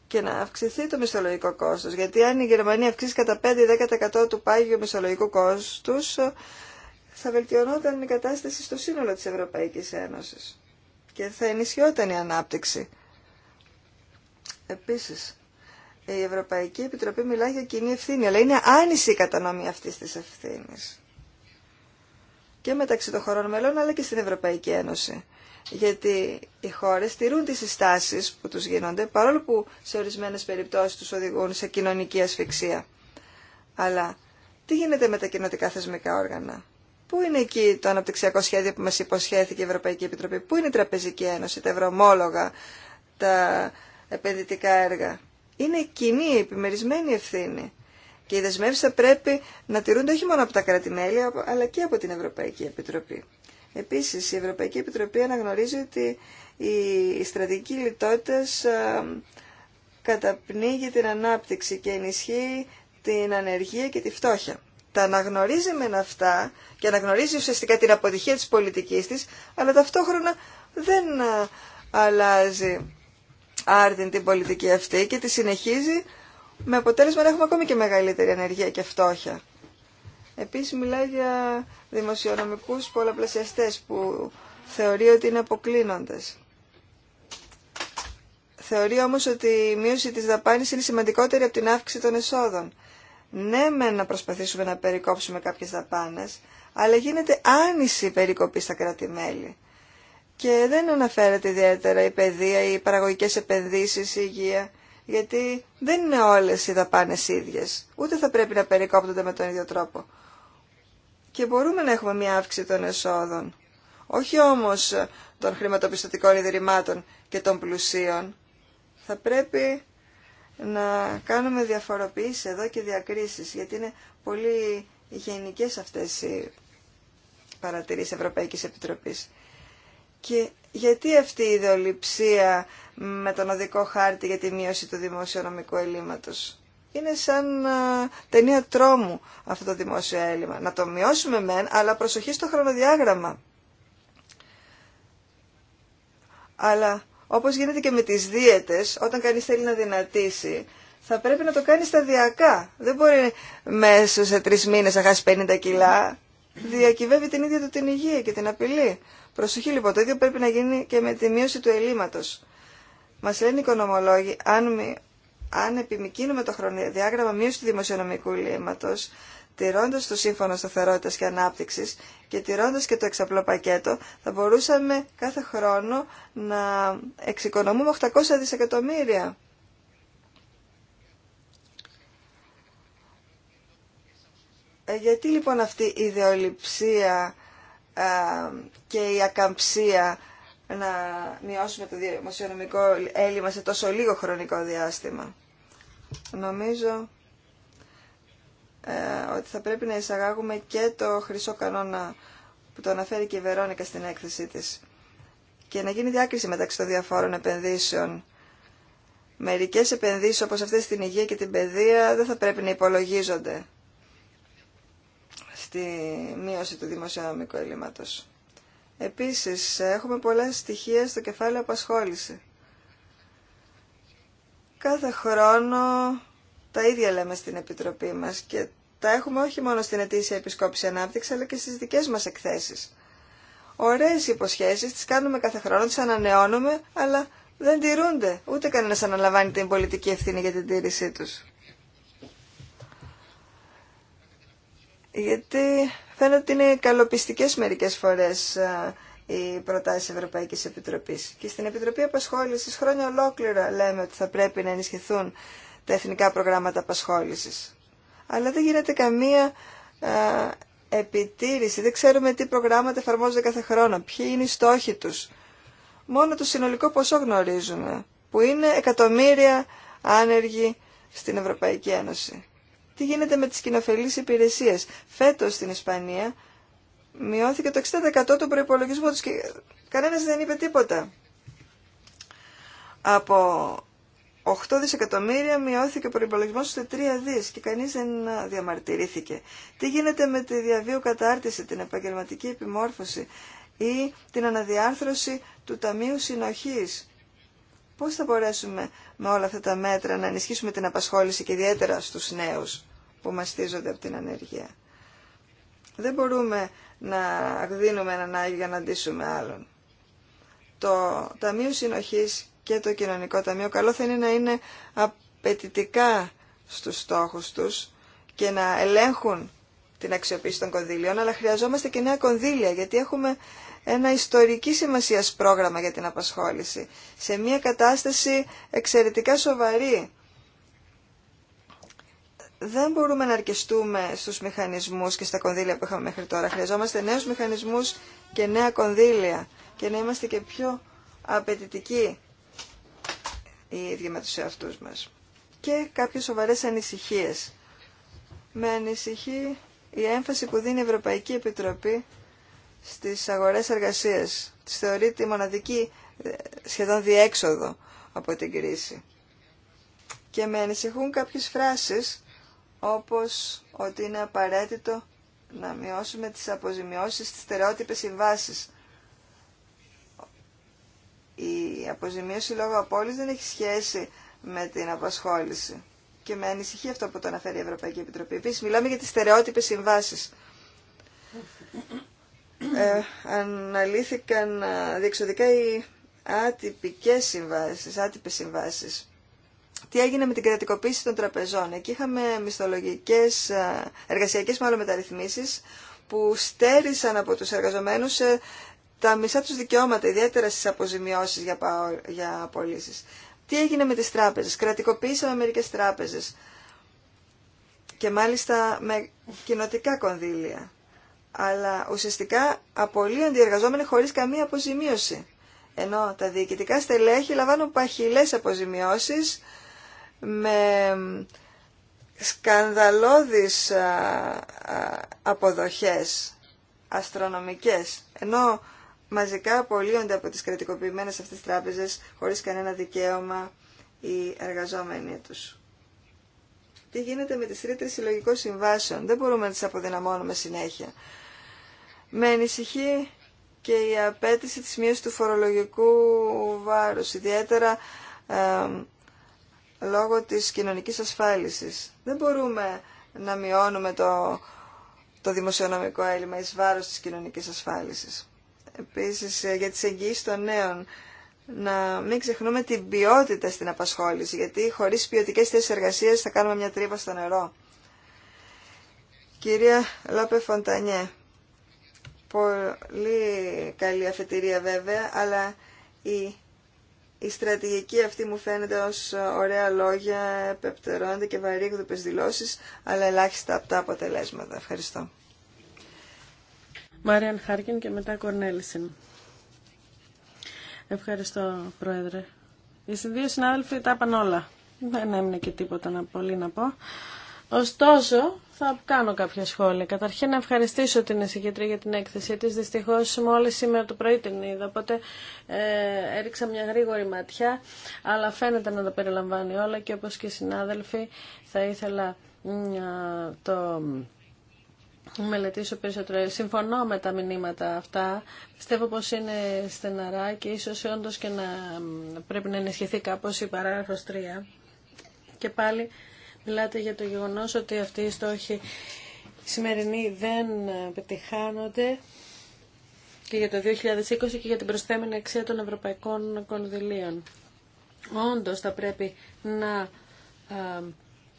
και να αυξηθεί το μισθολογικό κόστος. Γιατί αν η Γερμανία αυξήσει κατά 5-10% του πάγιου μισθολογικού κόστους, θα βελτιωνόταν η κατάσταση στο σύνολο της Ευρωπαϊκής Ένωσης και θα ενισχυόταν η ανάπτυξη. Επίση, η Ευρωπαϊκή Επιτροπή μιλάει για κοινή ευθύνη, αλλά είναι άνηση η κατανομή αυτή τη ευθύνη. Και μεταξύ των χωρών μελών, αλλά και στην Ευρωπαϊκή Ένωση. Γιατί οι χώρες τηρούν τις συστάσεις που τους γίνονται, παρόλο που σε ορισμένες περιπτώσεις τους οδηγούν σε κοινωνική ασφυξία. Αλλά τι γίνεται με τα κοινοτικά θεσμικά όργανα. Πού είναι εκεί το αναπτυξιακό σχέδιο που μας υποσχέθηκε η Ευρωπαϊκή Επιτροπή. Πού είναι η Τραπεζική Ένωση, τα ευρωμόλογα, τα επενδυτικά έργα. Είναι κοινή, επιμερισμένη ευθύνη. Και οι δεσμεύσει θα πρέπει να τηρούνται όχι μόνο από τα κράτη-μέλη, αλλά και από την Ευρωπαϊκή Επιτροπή. Επίση, η Ευρωπαϊκή Επιτροπή αναγνωρίζει ότι η στρατηγική λιτότητα καταπνίγει την ανάπτυξη και ενισχύει την ανεργία και τη φτώχεια. Τα αναγνωρίζει μεν αυτά και αναγνωρίζει ουσιαστικά την αποτυχία της πολιτικής της, αλλά ταυτόχρονα δεν αλλάζει άρδιν την πολιτική αυτή και τη συνεχίζει με αποτέλεσμα να έχουμε ακόμη και μεγαλύτερη ανεργία και φτώχεια. Επίσης μιλάει για δημοσιονομικούς πολλαπλασιαστές που θεωρεί ότι είναι αποκλίνοντες. Θεωρεί όμως ότι η μείωση της δαπάνης είναι σημαντικότερη από την αύξηση των εσόδων. Ναι με να προσπαθήσουμε να περικόψουμε κάποιες δαπάνες, αλλά γίνεται άνηση περικοπή στα κρατη και δεν αναφέρεται ιδιαίτερα η παιδεία, οι παραγωγικές επενδύσεις, η υγεία, γιατί δεν είναι όλες οι δαπάνες ίδιες, ούτε θα πρέπει να περικόπτονται με τον ίδιο τρόπο. Και μπορούμε να έχουμε μια αύξηση των εσόδων, όχι όμως των χρηματοπιστωτικών ιδρυμάτων και των πλουσίων. Θα πρέπει να κάνουμε διαφοροποίηση εδώ και διακρίσεις, γιατί είναι πολύ γενικές αυτές οι παρατηρήσεις Ευρωπαϊκής Επιτροπής. Και γιατί αυτή η ιδεολειψία με τον οδικό χάρτη για τη μείωση του δημοσιονομικού ελλείμματος. Είναι σαν ταινία τρόμου αυτό το δημόσιο έλλειμμα. Να το μειώσουμε μεν, αλλά προσοχή στο χρονοδιάγραμμα. Αλλά όπως γίνεται και με τις δίαιτες, όταν κανείς θέλει να δυνατήσει, θα πρέπει να το κάνει σταδιακά. Δεν μπορεί μέσα σε τρεις μήνες να χάσει 50 κιλά διακυβεύει την ίδια του την υγεία και την απειλή. Προσοχή λοιπόν, το ίδιο πρέπει να γίνει και με τη μείωση του ελλείμματο. Μα λένε οι οικονομολόγοι, αν, αν επιμηκύνουμε το χρονοδιάγραμμα μείωση του δημοσιονομικού ελλείμματο, τηρώντα το σύμφωνο σταθερότητα και ανάπτυξη και τηρώντα και το εξαπλό πακέτο, θα μπορούσαμε κάθε χρόνο να εξοικονομούμε 800 δισεκατομμύρια Ε, γιατί λοιπόν αυτή η ιδεολειψία ε, και η ακαμψία να μειώσουμε το δημοσιονομικό έλλειμμα σε τόσο λίγο χρονικό διάστημα. Νομίζω ε, ότι θα πρέπει να εισαγάγουμε και το χρυσό κανόνα που το αναφέρει και η Βερόνικα στην έκθεσή της και να γίνει διάκριση μεταξύ των διαφόρων επενδύσεων. Μερικές επενδύσεις όπως αυτές στην υγεία και την παιδεία δεν θα πρέπει να υπολογίζονται στη μείωση του δημοσιονομικού ελλείμματος. Επίσης, έχουμε πολλά στοιχεία στο κεφάλαιο απασχόληση. Κάθε χρόνο τα ίδια λέμε στην Επιτροπή μας και τα έχουμε όχι μόνο στην ετήσια επισκόπηση ανάπτυξη, αλλά και στις δικές μας εκθέσεις. Ωραίες υποσχέσεις, τις κάνουμε κάθε χρόνο, τις ανανεώνουμε, αλλά δεν τηρούνται. Ούτε κανένας αναλαμβάνει την πολιτική ευθύνη για την τήρησή τους. γιατί φαίνεται ότι είναι καλοπιστικές μερικές φορές ε, οι προτάσει Ευρωπαϊκής Επιτροπής. Και στην Επιτροπή Απασχόλησης χρόνια ολόκληρα λέμε ότι θα πρέπει να ενισχυθούν τα εθνικά προγράμματα απασχόλησης. Αλλά δεν γίνεται καμία ε, επιτήρηση. Δεν ξέρουμε τι προγράμματα εφαρμόζονται κάθε χρόνο. Ποιοι είναι οι στόχοι του. Μόνο το συνολικό ποσό γνωρίζουμε. Που είναι εκατομμύρια άνεργοι στην Ευρωπαϊκή Ένωση τι γίνεται με τις κοινοφελείς υπηρεσίες. Φέτος στην Ισπανία μειώθηκε το 60% του προϋπολογισμού τους και κανένας δεν είπε τίποτα. Από 8 δισεκατομμύρια μειώθηκε ο προπολογισμό σε 3 δις και κανείς δεν διαμαρτυρήθηκε. Τι γίνεται με τη διαβίου κατάρτιση, την επαγγελματική επιμόρφωση ή την αναδιάρθρωση του Ταμείου Συνοχής. Πώς θα μπορέσουμε με όλα αυτά τα μέτρα να ενισχύσουμε την απασχόληση και ιδιαίτερα στους νέους που μαστίζονται από την ανεργία. Δεν μπορούμε να δίνουμε έναν Άγιο για να αντίσουμε άλλον. Το Ταμείο Συνοχής και το Κοινωνικό Ταμείο καλό θα είναι να είναι απαιτητικά στους στόχους τους και να ελέγχουν την αξιοποίηση των κονδύλιων, αλλά χρειαζόμαστε και νέα κονδύλια, γιατί έχουμε ένα ιστορική σημασία πρόγραμμα για την απασχόληση, σε μια κατάσταση εξαιρετικά σοβαρή δεν μπορούμε να αρκεστούμε στους μηχανισμούς και στα κονδύλια που είχαμε μέχρι τώρα. Χρειαζόμαστε νέους μηχανισμούς και νέα κονδύλια και να είμαστε και πιο απαιτητικοί οι ίδιοι με τους εαυτούς μας. Και κάποιες σοβαρές ανησυχίες. Με ανησυχεί η έμφαση που δίνει η Ευρωπαϊκή Επιτροπή στις αγορές εργασίας. Τις θεωρεί τη μοναδική ε, σχεδόν διέξοδο από την κρίση. Και με ανησυχούν κάποιες φράσεις όπως ότι είναι απαραίτητο να μειώσουμε τις αποζημιώσεις στις στερεότυπες συμβάσεις. Η αποζημίωση λόγω απόλυση δεν έχει σχέση με την απασχόληση. Και με ανησυχεί αυτό που το αναφέρει η Ευρωπαϊκή Επιτροπή. Επίσης, μιλάμε για τις στερεότυπες συμβάσεις. Ε, αναλύθηκαν ε, διεξοδικά οι άτυπικές συμβάσεις, άτυπες συμβάσεις τι έγινε με την κρατικοποίηση των τραπεζών. Εκεί είχαμε μισθολογικές, ε, εργασιακές μάλλον μεταρρυθμίσεις που στέρισαν από τους εργαζομένους τα μισά τους δικαιώματα, ιδιαίτερα στις αποζημιώσεις για, για Τι έγινε με τις τράπεζες. Κρατικοποίησαμε μερικές τράπεζες και μάλιστα με κοινοτικά κονδύλια. Αλλά ουσιαστικά απολύονται οι εργαζόμενοι χωρίς καμία αποζημίωση. Ενώ τα διοικητικά στελέχη λαμβάνουν παχυλές αποζημιώσεις με σκανδαλώδεις αποδοχές αστρονομικές, ενώ μαζικά απολύονται από τις κρατικοποιημένες αυτές τράπεζες χωρίς κανένα δικαίωμα οι εργαζόμενοι τους. Τι γίνεται με τις ρήτρες συλλογικών συμβάσεων. Δεν μπορούμε να τις αποδυναμώνουμε συνέχεια. Με ανησυχεί και η απέτηση της μείωσης του φορολογικού βάρους, ιδιαίτερα λόγω της κοινωνικής ασφάλισης. Δεν μπορούμε να μειώνουμε το, το δημοσιονομικό έλλειμμα εις βάρος της κοινωνικής ασφάλισης. Επίσης, ε, για τις εγγύησεις των νέων, να μην ξεχνούμε την ποιότητα στην απασχόληση, γιατί χωρίς ποιοτικέ θέσει εργασία θα κάνουμε μια τρύπα στο νερό. Κυρία Λόπε Φοντανιέ, πολύ καλή αφετηρία βέβαια, αλλά η η στρατηγική αυτή μου φαίνεται ως ε, ωραία λόγια, πεπτερώνεται και βαρύγδουπες δηλώσεις, αλλά ελάχιστα από τα αποτελέσματα. Ευχαριστώ. Μάριαν Χάρκιν και μετά Κορνέλισεν. Ευχαριστώ, Πρόεδρε. Οι δύο συνάδελφοι τα είπαν όλα. Δεν έμεινε και τίποτα να πολύ να πω. Ωστόσο, θα κάνω κάποια σχόλια. Καταρχήν να ευχαριστήσω την εισηγήτρια για την έκθεσή της. Δυστυχώ, μόλι σήμερα το πρωί την είδα, οπότε ε, έριξα μια γρήγορη ματιά, αλλά φαίνεται να τα περιλαμβάνει όλα και όπως και οι συνάδελφοι θα ήθελα να το μελετήσω περισσότερο. Συμφωνώ με τα μηνύματα αυτά. Πιστεύω πως είναι στεναρά και ίσω όντω και να πρέπει να ενισχυθεί κάπω η παράγραφο 3. Και πάλι Μιλάτε για το γεγονός ότι αυτοί οι στόχοι σημερινοί δεν ε, πετυχάνονται και για το 2020 και για την προσθέμενη αξία των ευρωπαϊκών κονδυλίων. Όντως θα πρέπει να ε,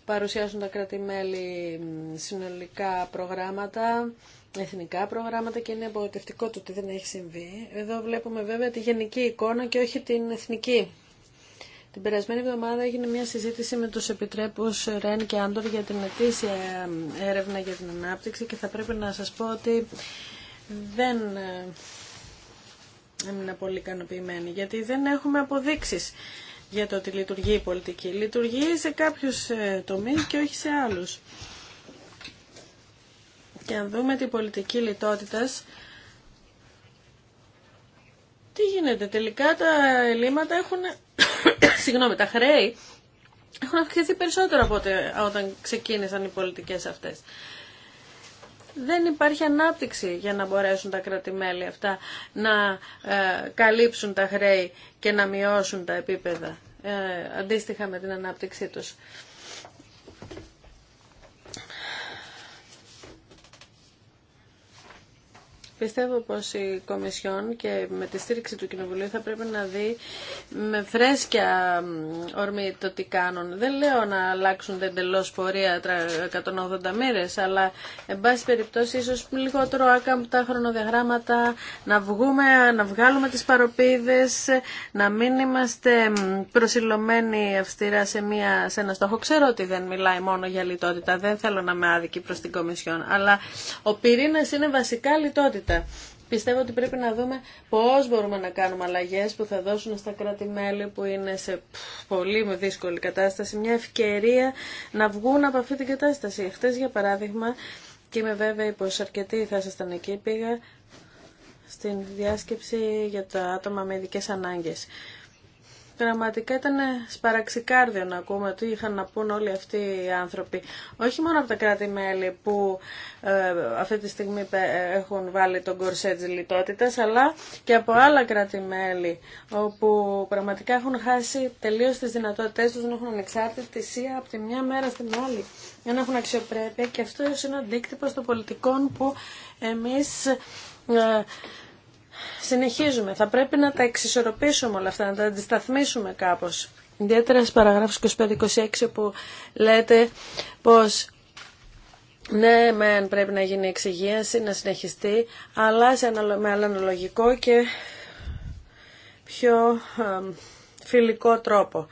παρουσιάσουν τα κράτη-μέλη συνολικά προγράμματα, εθνικά προγράμματα και είναι απογοητευτικό το ότι δεν έχει συμβεί. Εδώ βλέπουμε βέβαια τη γενική εικόνα και όχι την εθνική. Την περασμένη εβδομάδα έγινε μια συζήτηση με τους επιτρέπους Ρεν και Άντορ για την ετήσια ε, έρευνα για την ανάπτυξη και θα πρέπει να σας πω ότι δεν ε, έμεινα πολύ ικανοποιημένη γιατί δεν έχουμε αποδείξεις για το ότι λειτουργεί η πολιτική. Λειτουργεί σε κάποιους ε, τομείς και όχι σε άλλους. Και αν δούμε την πολιτική λιτότητα. τι γίνεται, τελικά τα ελλείμματα έχουν συγγνώμη, τα χρέη έχουν αυξηθεί περισσότερο από όταν ξεκίνησαν οι πολιτικές αυτές. Δεν υπάρχει ανάπτυξη για να μπορέσουν τα κράτη-μέλη αυτά να ε, καλύψουν τα χρέη και να μειώσουν τα επίπεδα ε, αντίστοιχα με την ανάπτυξή τους. Πιστεύω πως η Κομισιόν και με τη στήριξη του Κοινοβουλίου θα πρέπει να δει με φρέσκια ορμή το τι κάνουν. Δεν λέω να αλλάξουν εντελώ πορεία 180 μέρες, αλλά εν πάση περιπτώσει ίσως λιγότερο τα χρονοδιαγράμματα, να, βγούμε, να βγάλουμε τις παροπίδες, να μην είμαστε προσιλωμένοι αυστηρά σε, μια, σε ένα στόχο. Ξέρω ότι δεν μιλάει μόνο για λιτότητα, δεν θέλω να είμαι άδικη προς την Κομισιόν, αλλά ο πυρήνα είναι βασικά λιτότητα Πιστεύω ότι πρέπει να δούμε πώς μπορούμε να κάνουμε αλλαγές που θα δώσουν στα κράτη-μέλη που είναι σε πολύ δύσκολη κατάσταση μια ευκαιρία να βγουν από αυτή την κατάσταση. Χτες για παράδειγμα, και είμαι βέβαιη πως αρκετοί θα ήσασταν εκεί, πήγα στην διάσκεψη για τα άτομα με ειδικές ανάγκες. Πραγματικά ήταν σπαραξικάρδιο να ακούμε τι είχαν να πούν όλοι αυτοί οι άνθρωποι. Όχι μόνο από τα κράτη-μέλη που ε, αυτή τη στιγμή έχουν βάλει τον κορσέ τη αλλά και από άλλα κράτη-μέλη όπου πραγματικά έχουν χάσει τελείως τις δυνατότητές τους, να έχουν ανεξάρτητη σία από τη μια μέρα στην άλλη. Δεν έχουν αξιοπρέπεια και αυτό είναι ο των πολιτικών που εμεί. Ε, συνεχίζουμε. Θα πρέπει να τα εξισορροπήσουμε όλα αυτά, να τα αντισταθμίσουμε κάπως. Ιδιαίτερα στις παραγράφους 25-26 που λέτε πως ναι, μεν πρέπει να γίνει εξυγίαση, να συνεχιστεί, αλλά σε με αναλογικό και πιο φιλικό τρόπο.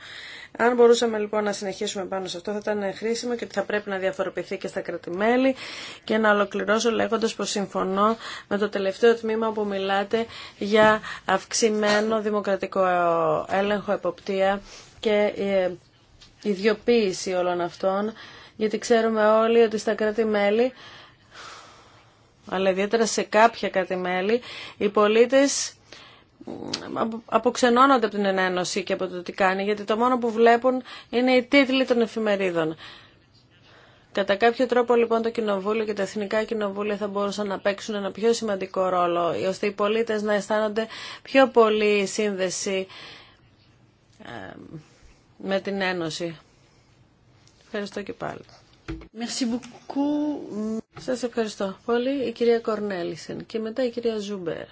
Αν μπορούσαμε λοιπόν να συνεχίσουμε πάνω σε αυτό θα ήταν χρήσιμο και ότι θα πρέπει να διαφοροποιηθεί και στα κρατημέλη και να ολοκληρώσω λέγοντας πως συμφωνώ με το τελευταίο τμήμα που μιλάτε για αυξημένο δημοκρατικό έλεγχο, εποπτεία και ε, ιδιοποίηση όλων αυτών γιατί ξέρουμε όλοι ότι στα κρατημέλη αλλά ιδιαίτερα σε καποια κρατημέλη οι πολίτες αποξενώνονται από την Ενένωση και από το τι κάνει, γιατί το μόνο που βλέπουν είναι οι τίτλοι των εφημερίδων. Κατά κάποιο τρόπο λοιπόν το Κοινοβούλιο και τα Εθνικά Κοινοβούλια θα μπορούσαν να παίξουν ένα πιο σημαντικό ρόλο, ώστε οι πολίτες να αισθάνονται πιο πολύ σύνδεση με την Ένωση. Ευχαριστώ και πάλι. Merci Σας ευχαριστώ πολύ. Η κυρία Κορνέλισεν και μετά η κυρία Ζούμπερα.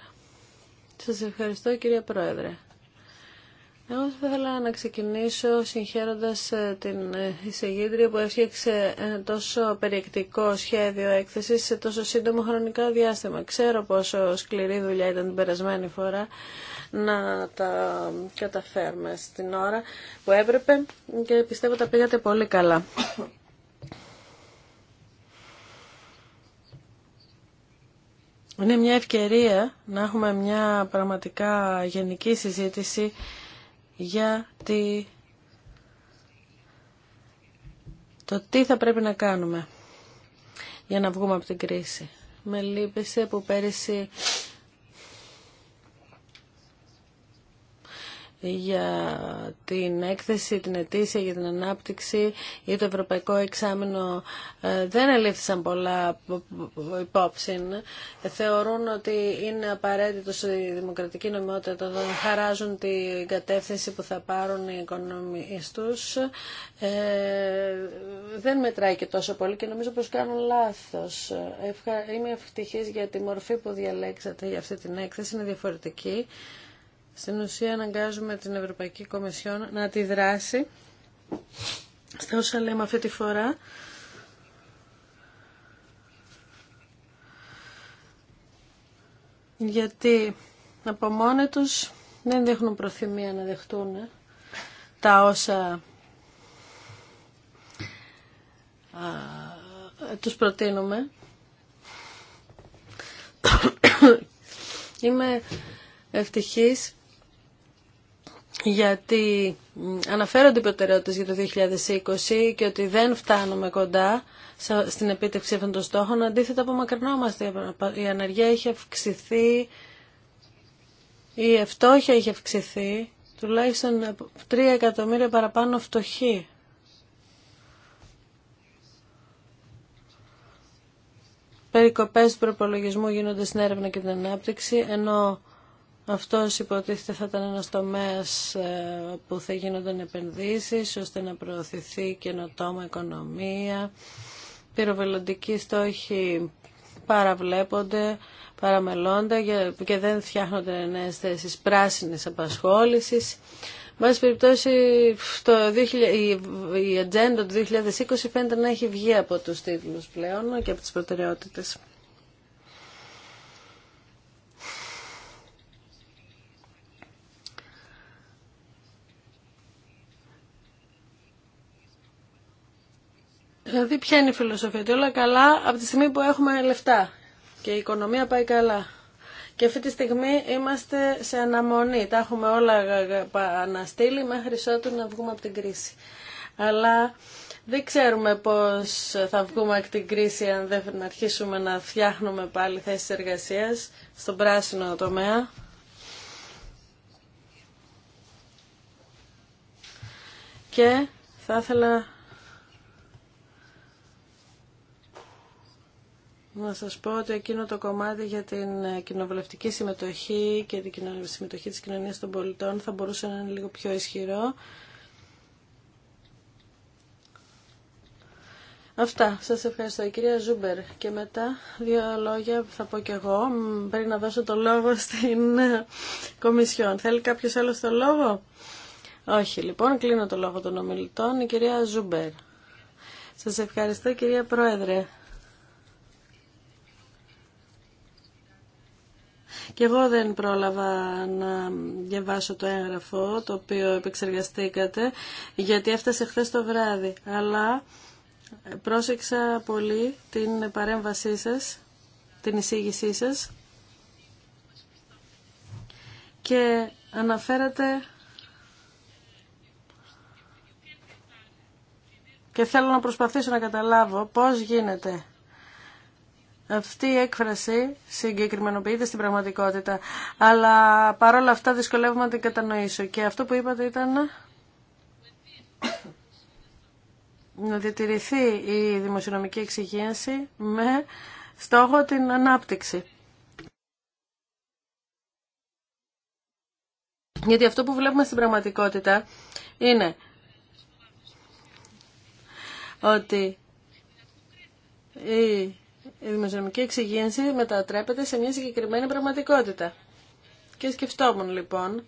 Σας ευχαριστώ κυρία Πρόεδρε. Εγώ θα ήθελα να ξεκινήσω συγχαίροντας ε, την ε, εισηγήτρια που έφτιαξε ε, τόσο περιεκτικό σχέδιο έκθεσης σε τόσο σύντομο χρονικά διάστημα. Ξέρω πόσο σκληρή δουλειά ήταν την περασμένη φορά να τα καταφέρουμε στην ώρα που έπρεπε και πιστεύω τα πήγατε πολύ καλά. Είναι μια ευκαιρία να έχουμε μια πραγματικά γενική συζήτηση για τη... το τι θα πρέπει να κάνουμε για να βγούμε από την κρίση. Με λύπησε που πέρυσι για την έκθεση, την αιτήσια για την ανάπτυξη ή το ευρωπαϊκό εξάμεινο ε, δεν ελήφθησαν πολλά υπόψη. Θεωρούν ότι είναι απαραίτητο η δημοκρατική νομιμότητα να χαράζουν την κατεύθυνση που θα πάρουν οι οικονομίες τους. Ε, δεν μετράει και τόσο πολύ και νομίζω πως κάνουν λάθος. Είμαι ευτυχής για τη μορφή που διαλέξατε για αυτή την έκθεση, είναι διαφορετική. Στην ουσία αναγκάζουμε την Ευρωπαϊκή Κομισιόν να τη δράσει στα όσα λέμε αυτή τη φορά. Γιατί από μόνοι τους δεν δείχνουν προθυμία να δεχτούν ε, τα όσα τους προτείνουμε. Είμαι ευτυχής γιατί αναφέρονται οι προτεραιότητε για το 2020 και ότι δεν φτάνουμε κοντά στην επίτευξη αυτών των στόχων. Αντίθετα, απομακρυνόμαστε. Η ανεργία έχει αυξηθεί, η ευτόχεια έχει αυξηθεί, τουλάχιστον 3 εκατομμύρια παραπάνω φτωχοί. Περικοπές του προπολογισμού γίνονται στην έρευνα και την ανάπτυξη, ενώ αυτός υποτίθεται θα ήταν ένας τομέας ε, που θα γίνονταν επενδύσεις ώστε να προωθηθεί καινοτόμα οικονομία. Πυροβελοντικοί στόχοι παραβλέπονται, παραμελώνται και δεν φτιάχνονται νέε θέσεις πράσινης απασχόλησης. Μας περιπτώσει το 2000, η ατζέντα του 2020 φαίνεται να έχει βγει από τους τίτλους πλέον και από τις προτεραιότητες. Δηλαδή ποια είναι η φιλοσοφία, ότι όλα καλά από τη στιγμή που έχουμε λεφτά και η οικονομία πάει καλά. Και αυτή τη στιγμή είμαστε σε αναμονή, τα έχουμε όλα αναστείλει μέχρι ότου να βγούμε από την κρίση. Αλλά δεν ξέρουμε πώς θα βγούμε από την κρίση αν δεν αρχίσουμε να φτιάχνουμε πάλι θέσεις εργασίας στον πράσινο τομέα. Και θα ήθελα Να σας πω ότι εκείνο το κομμάτι για την κοινοβουλευτική συμμετοχή και την συμμετοχή της κοινωνίας των πολιτών θα μπορούσε να είναι λίγο πιο ισχυρό. Αυτά. Σας ευχαριστώ. κυρία Ζούμπερ. Και μετά δύο λόγια που θα πω κι εγώ πριν να δώσω το λόγο στην Κομισιόν. Θέλει κάποιος άλλος το λόγο? Όχι. Λοιπόν, κλείνω το λόγο των ομιλητών. Η κυρία Ζούμπερ. Σας ευχαριστώ κυρία Πρόεδρε. Και εγώ δεν πρόλαβα να διαβάσω το έγγραφο το οποίο επεξεργαστήκατε γιατί έφτασε χθε το βράδυ. Αλλά πρόσεξα πολύ την παρέμβασή σας, την εισήγησή σας και αναφέρατε και θέλω να προσπαθήσω να καταλάβω πώς γίνεται αυτή η έκφραση συγκεκριμενοποιείται στην πραγματικότητα, αλλά παρόλα αυτά δυσκολεύομαι να την κατανοήσω. Και αυτό που είπατε ήταν να διατηρηθεί η δημοσιονομική εξυγίανση με στόχο την ανάπτυξη. Γιατί αυτό που βλέπουμε στην πραγματικότητα είναι ότι η η δημοσιονομική εξυγίανση μετατρέπεται σε μια συγκεκριμένη πραγματικότητα. Και σκεφτόμουν λοιπόν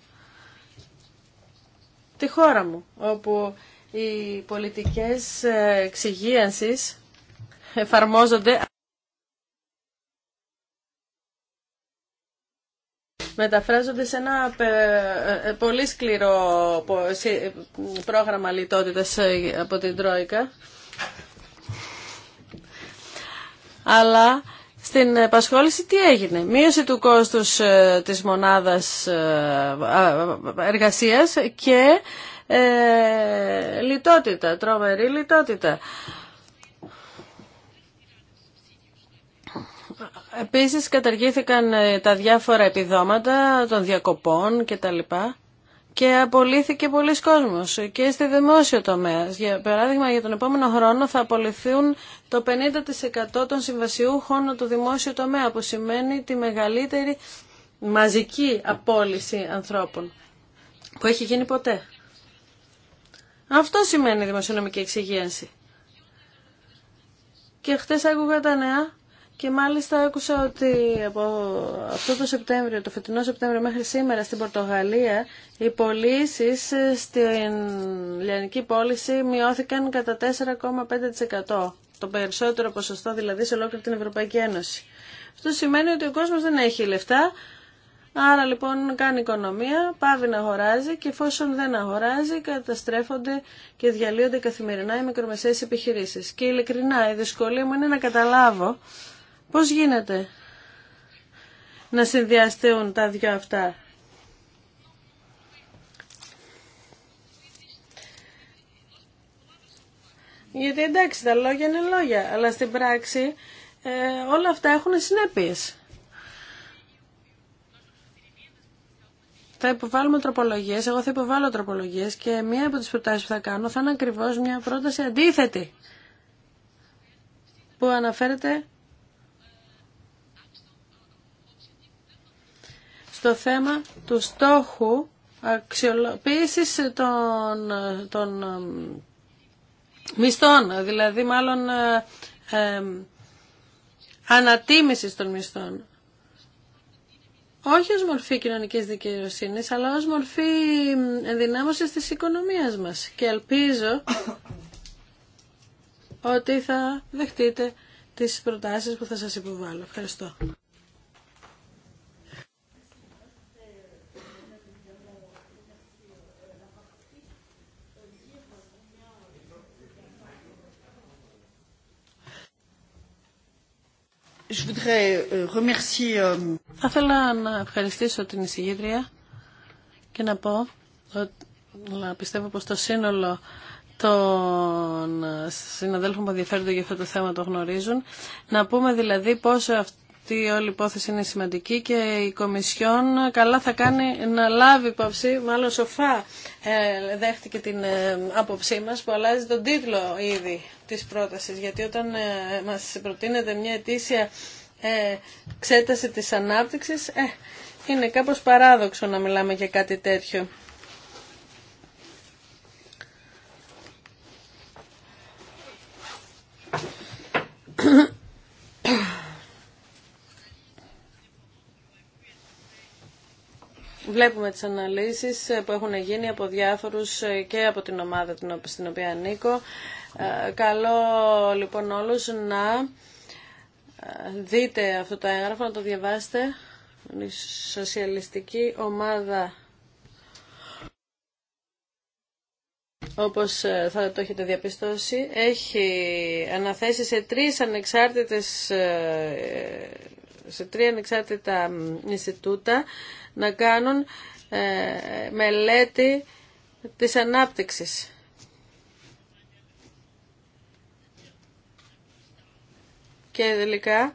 τη χώρα μου, όπου οι πολιτικές εξυγίανσης εφαρμόζονται μεταφράζονται σε ένα ε, ε, πολύ σκληρό πρόγραμμα λιτότητας ε, από την Τρόικα αλλά στην επασχόληση τι έγινε. Μείωση του κόστους ε, της μονάδας ε, εργασίας και ε, λιτότητα, τρομερή λιτότητα. Επίσης καταργήθηκαν τα διάφορα επιδόματα των διακοπών και τα λοιπά και απολύθηκε πολλοί κόσμος και στη δημόσιο τομέα. Για παράδειγμα, για τον επόμενο χρόνο θα απολυθούν το 50% των συμβασιούχων του δημόσιου τομέα, που σημαίνει τη μεγαλύτερη μαζική απόλυση ανθρώπων που έχει γίνει ποτέ. Αυτό σημαίνει δημοσιονομική εξυγίανση. Και χτες άκουγα τα νέα και μάλιστα άκουσα ότι από αυτό το Σεπτέμβριο, το φετινό Σεπτέμβριο μέχρι σήμερα στην Πορτογαλία, οι πωλήσει ε, στην λιανική πώληση μειώθηκαν κατά 4,5%. Το περισσότερο ποσοστό δηλαδή σε ολόκληρη την Ευρωπαϊκή Ένωση. Αυτό σημαίνει ότι ο κόσμος δεν έχει λεφτά, άρα λοιπόν κάνει οικονομία, πάβει να αγοράζει και εφόσον δεν αγοράζει καταστρέφονται και διαλύονται καθημερινά οι μικρομεσαίες επιχειρήσεις. Και ειλικρινά η δυσκολία μου είναι να καταλάβω Πώς γίνεται να συνδυαστούν τα δυο αυτά. Γιατί εντάξει τα λόγια είναι λόγια, αλλά στην πράξη ε, όλα αυτά έχουν συνέπειες. Θα υποβάλουμε τροπολογίες, εγώ θα υποβάλω τροπολογίες και μία από τις προτάσεις που θα κάνω θα είναι ακριβώς μια πρόταση αντίθετη που αναφέρεται στο θέμα του στόχου αξιοποίησης των, των μισθών, δηλαδή μάλλον ε, των μισθών. Όχι ως μορφή κοινωνικής δικαιοσύνης, αλλά ως μορφή ενδυνάμωσης της οικονομίας μας. Και ελπίζω ότι θα δεχτείτε τις προτάσεις που θα σας υποβάλω. Ευχαριστώ. Euh, euh, Θα ήθελα να ευχαριστήσω την εισηγήτρια και να πω ότι πιστεύω πως το σύνολο των συναδέλφων που ενδιαφέρονται για αυτό το θέμα το γνωρίζουν. Να πούμε δηλαδή πόσο αυτό αυτή η όλη υπόθεση είναι σημαντική και η Κομισιόν καλά θα κάνει να λάβει υπόψη, μάλλον σοφά ε, δέχτηκε την ε, άποψή μας που αλλάζει τον τίτλο ήδη της πρότασης, γιατί όταν ε, μας προτείνεται μια ετήσια ξέταση της ανάπτυξης, ε, είναι κάπως παράδοξο να μιλάμε για κάτι τέτοιο. Βλέπουμε τις αναλύσεις ε, που έχουν γίνει από διάφορους ε, και από την ομάδα στην οποία ανήκω. Ε, καλό λοιπόν όλους να δείτε αυτό το έγγραφο, να το διαβάσετε. Η σοσιαλιστική ομάδα όπως θα το έχετε διαπιστώσει, έχει αναθέσει σε τρεις ανεξάρτητες σε τρία ανεξάρτητα Ινστιτούτα να κάνουν ε, μελέτη της ανάπτυξης. Και τελικά,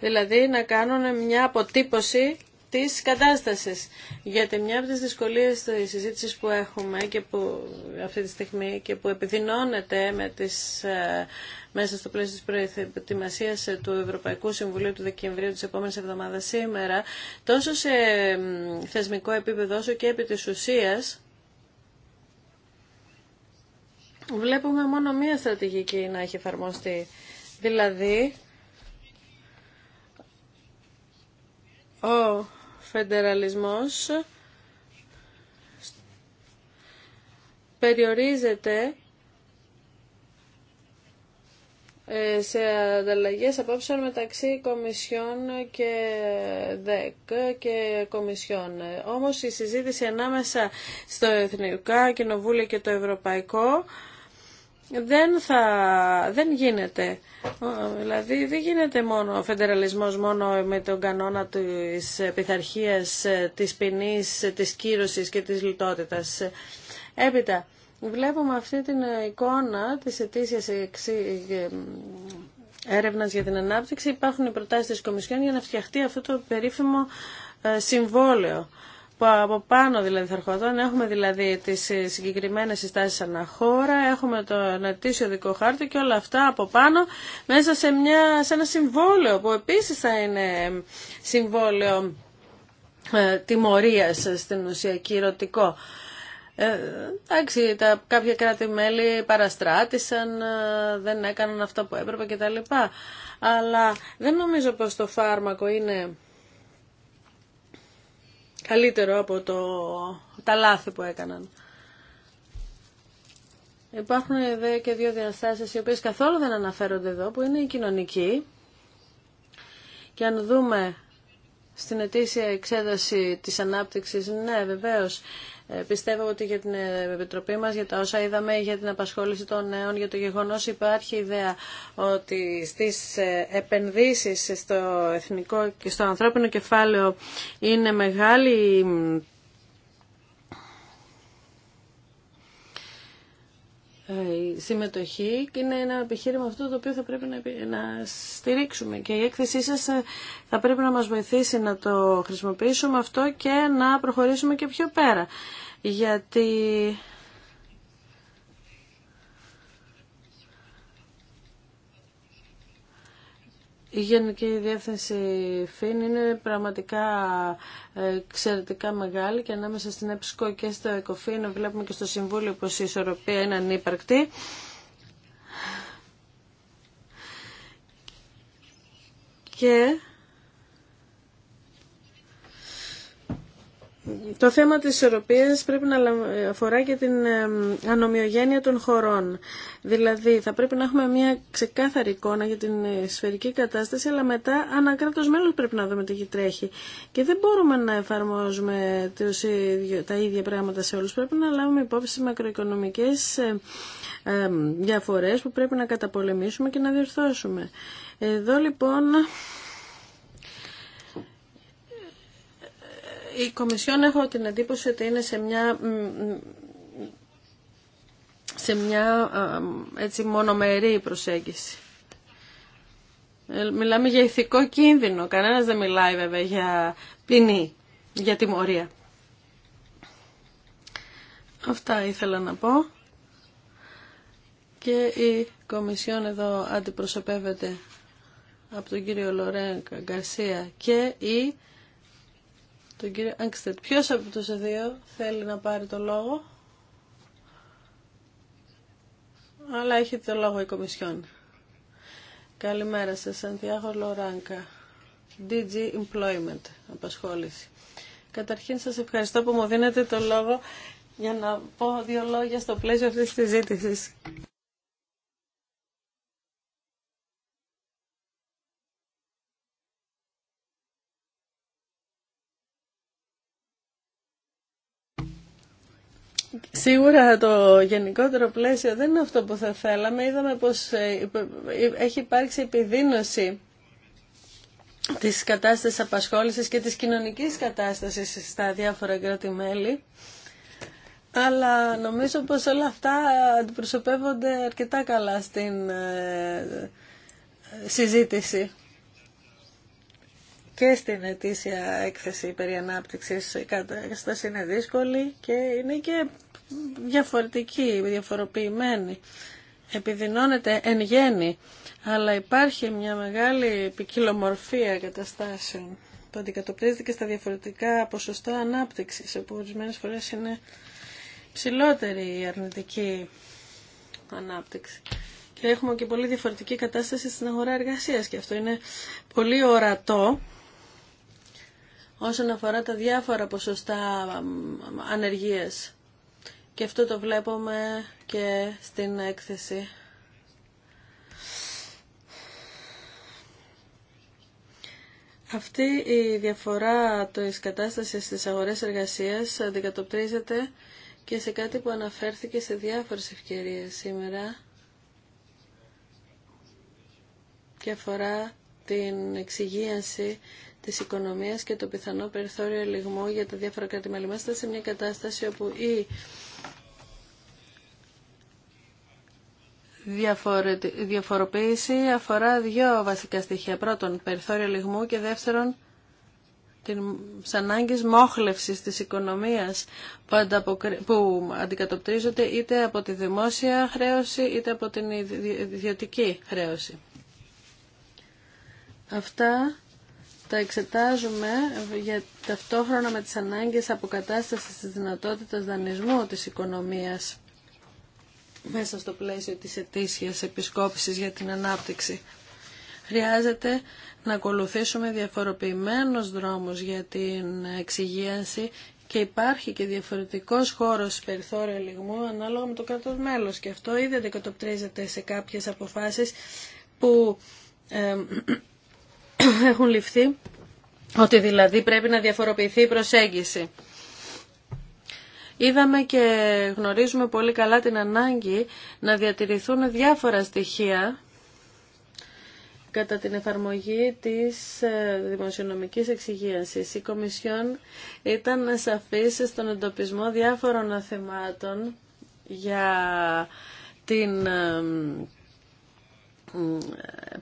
δηλαδή να κάνουν μια αποτύπωση τη της Γιατί μια από τις δυσκολίες τη συζήτηση που έχουμε και που αυτή τη στιγμή και που επιδεινώνεται με τις, ε, μέσα στο πλαίσιο της προετοιμασίας ε, του Ευρωπαϊκού Συμβουλίου του Δεκεμβρίου της επόμενης εβδομάδας σήμερα, τόσο σε θεσμικό επίπεδο όσο και επί τη ουσία. βλέπουμε μόνο μία στρατηγική να έχει εφαρμοστεί. Δηλαδή, ο φεντεραλισμός περιορίζεται ε, σε ανταλλαγές απόψεων μεταξύ Κομισιών και ΔΕΚ και Κομισιών. Όμως η συζήτηση ανάμεσα στο Εθνικά Κοινοβούλιο και το Ευρωπαϊκό δεν, θα, δεν γίνεται. Δηλαδή δεν γίνεται μόνο ο φεντεραλισμός μόνο με τον κανόνα της πειθαρχία, της ποινή, της κύρωσης και της λιτότητας. Έπειτα, βλέπουμε αυτή την εικόνα της ετήσιας έρευνας για την ανάπτυξη. Υπάρχουν οι προτάσεις της Κομισιόν για να φτιαχτεί αυτό το περίφημο ε, συμβόλαιο από πάνω δηλαδή θα ερχόταν. Έχουμε δηλαδή τις συγκεκριμένες συστάσεις αναχώρα, έχουμε το αναρτήσιο δικό χάρτη και όλα αυτά από πάνω μέσα σε, μια, σε ένα συμβόλαιο που επίσης θα είναι συμβόλαιο ε, τιμωρίας στην ουσία κυρωτικό. Ε, εντάξει, τα, κάποια κράτη-μέλη παραστράτησαν, ε, δεν έκαναν αυτό που έπρεπε κτλ. Αλλά δεν νομίζω πως το φάρμακο είναι καλύτερο από το, τα λάθη που έκαναν. Υπάρχουν εδώ και δύο διαστάσεις οι οποίες καθόλου δεν αναφέρονται εδώ που είναι η κοινωνική και αν δούμε στην ετήσια εξέταση της ανάπτυξης, ναι βεβαίως ε, πιστεύω ότι για την ε, Επιτροπή μας, για τα όσα είδαμε, για την απασχόληση των νέων, για το γεγονός υπάρχει ιδέα ότι στις ε, επενδύσεις στο εθνικό και στο ανθρώπινο κεφάλαιο είναι μεγάλη Ε, η συμμετοχή είναι ένα επιχείρημα αυτό το οποίο θα πρέπει να, στηρίξουμε και η έκθεσή σας ε, θα πρέπει να μας βοηθήσει να το χρησιμοποιήσουμε αυτό και να προχωρήσουμε και πιο πέρα γιατί Η Γενική Διεύθυνση ΦΙΝ είναι πραγματικά ε, εξαιρετικά μεγάλη και ανάμεσα στην ΕΠΣΚΟ και στο ΕΚΟΦΗΝ βλέπουμε και στο Συμβούλιο πως η ισορροπία είναι ανύπαρκτη. Και Το θέμα της ισορροπίας πρέπει να αφορά και την ανομοιογένεια των χωρών. Δηλαδή θα πρέπει να έχουμε μια ξεκάθαρη εικόνα για την ε, σφαιρική κατάσταση, αλλά μετά ανακράτως μέλος πρέπει να δούμε τι τρέχει. Και δεν μπορούμε να εφαρμόζουμε τα ίδια πράγματα σε όλους. Πρέπει να λάβουμε υπόψη μακροοικονομικές ε, διαφορές που πρέπει να καταπολεμήσουμε και να διορθώσουμε. Εδώ λοιπόν η Κομισιόν έχω την εντύπωση ότι είναι σε μια σε μια έτσι μονομερή προσέγγιση. Ε, μιλάμε για ηθικό κίνδυνο. Κανένας δεν μιλάει βέβαια για ποινή, για τιμωρία. Αυτά ήθελα να πω. Και η Κομισιόν εδώ αντιπροσωπεύεται από τον κύριο Λορέν Γκαρσία και η τον κύριο Άγκστετ. Ποιος από τους δύο θέλει να πάρει το λόγο. Αλλά έχει το λόγο η Κομισιόν. Καλημέρα σας, Σαντιάχο Λοράνκα. DG Employment, απασχόληση. Καταρχήν σας ευχαριστώ που μου δίνετε το λόγο για να πω δύο λόγια στο πλαίσιο αυτής της συζήτησης. Σίγουρα το γενικότερο πλαίσιο δεν είναι αυτό που θα θέλαμε. Είδαμε πως ε, έχει υπάρξει επιδείνωση της κατάστασης απασχόλησης και της κοινωνικής κατάστασης στα διάφορα κράτη-μέλη. Αλλά νομίζω πως όλα αυτά αντιπροσωπεύονται αρκετά καλά στην ε, συζήτηση και στην ετήσια έκθεση περί ανάπτυξης η κατάσταση είναι δύσκολη και είναι και διαφορετική, διαφοροποιημένη. Επιδεινώνεται εν γέννη, αλλά υπάρχει μια μεγάλη ποικιλομορφία καταστάσεων που αντικατοπτρίζεται και στα διαφορετικά ποσοστά ανάπτυξης, όπου ορισμένε φορές είναι ψηλότερη η αρνητική ανάπτυξη. Και έχουμε και πολύ διαφορετική κατάσταση στην αγορά εργασίας και αυτό είναι πολύ ορατό όσον αφορά τα διάφορα ποσοστά ανεργίας. Και αυτό το βλέπουμε και στην έκθεση. Αυτή η διαφορά της κατάστασης στις αγορές εργασίας αντικατοπτρίζεται και σε κάτι που αναφέρθηκε σε διάφορες ευκαιρίες σήμερα και αφορά την εξυγίανση της οικονομίας και το πιθανό περιθώριο ελιγμό για τα διάφορα σε μια κατάσταση όπου ή διαφορετι... διαφοροποίηση αφορά δύο βασικά στοιχεία. Πρώτον, περιθώριο λιγμού και δεύτερον, την ανάγκες μόχλευσης της οικονομίας που αντικατοπτρίζονται είτε από τη δημόσια χρέωση είτε από την ιδιωτική χρέωση. Αυτά τα εξετάζουμε για ταυτόχρονα με τις ανάγκες αποκατάστασης της δυνατότητας δανεισμού της οικονομίας μέσα στο πλαίσιο της ετήσιας επισκόπησης για την ανάπτυξη. Χρειάζεται να ακολουθήσουμε διαφοροποιημένους δρόμους για την εξυγίανση και υπάρχει και διαφορετικός χώρος περιθώριο λιγμού ανάλογα με το κράτος μέλος και αυτό ήδη αντικατοπτρίζεται σε κάποιες αποφάσεις που ε, έχουν ληφθεί ότι δηλαδή πρέπει να διαφοροποιηθεί η προσέγγιση. Είδαμε και γνωρίζουμε πολύ καλά την ανάγκη να διατηρηθούν διάφορα στοιχεία κατά την εφαρμογή της ε, δημοσιονομικής εξυγίανσης. Η Κομισιόν ήταν σαφής στον εντοπισμό διάφορων θεμάτων για την ε,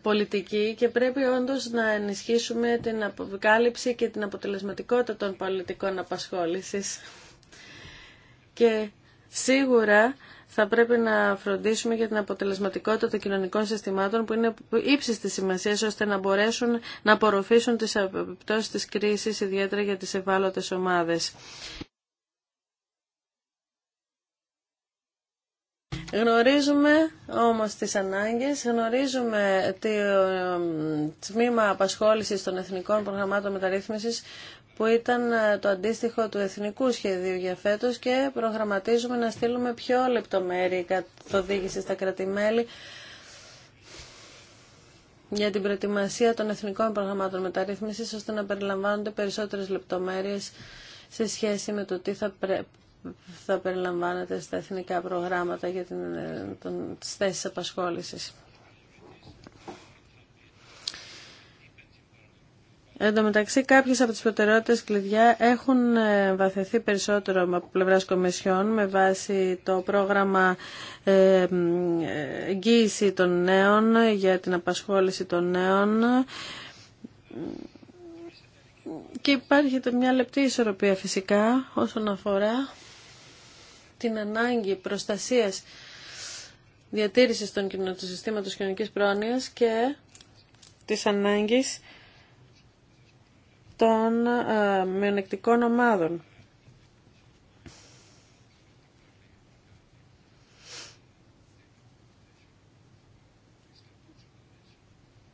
πολιτική και πρέπει όντως να ενισχύσουμε την αποκάλυψη και την αποτελεσματικότητα των πολιτικών απασχόλησης και σίγουρα θα πρέπει να φροντίσουμε για την αποτελεσματικότητα των κοινωνικών συστημάτων που είναι ύψης της σημασίας ώστε να μπορέσουν να απορροφήσουν τις επιπτώσεις της κρίσης ιδιαίτερα για τις ευάλωτες ομάδες. Γνωρίζουμε όμως τις ανάγκες, γνωρίζουμε το ε, τμήμα απασχόλησης των εθνικών προγραμμάτων μεταρρύθμισης που ήταν ε, το αντίστοιχο του εθνικού σχεδίου για φέτο και προγραμματίζουμε να στείλουμε πιο λεπτομέρη καθοδήγηση στα κρατημέλη για την προετοιμασία των εθνικών προγραμμάτων μεταρρύθμισης ώστε να περιλαμβάνονται περισσότερες λεπτομέρειες σε σχέση με το τι θα, θα περιλαμβάνεται στα εθνικά προγράμματα για ε, τον... τις θέσεις απασχόλησης. Εν τω μεταξύ, κάποιε από τι προτεραιότητε κλειδιά έχουν ε, βαθεθεί περισσότερο από πλευρά κομισιών με βάση το πρόγραμμα ε, εγγύηση των νέων για την απασχόληση των νέων. Και υπάρχει μια λεπτή ισορροπία φυσικά όσον αφορά την ανάγκη προστασίας διατήρησης των κοινωνικών συστήματος κοινωνικής πρόνοιας και της ανάγκης των ε, μειονεκτικών ομάδων.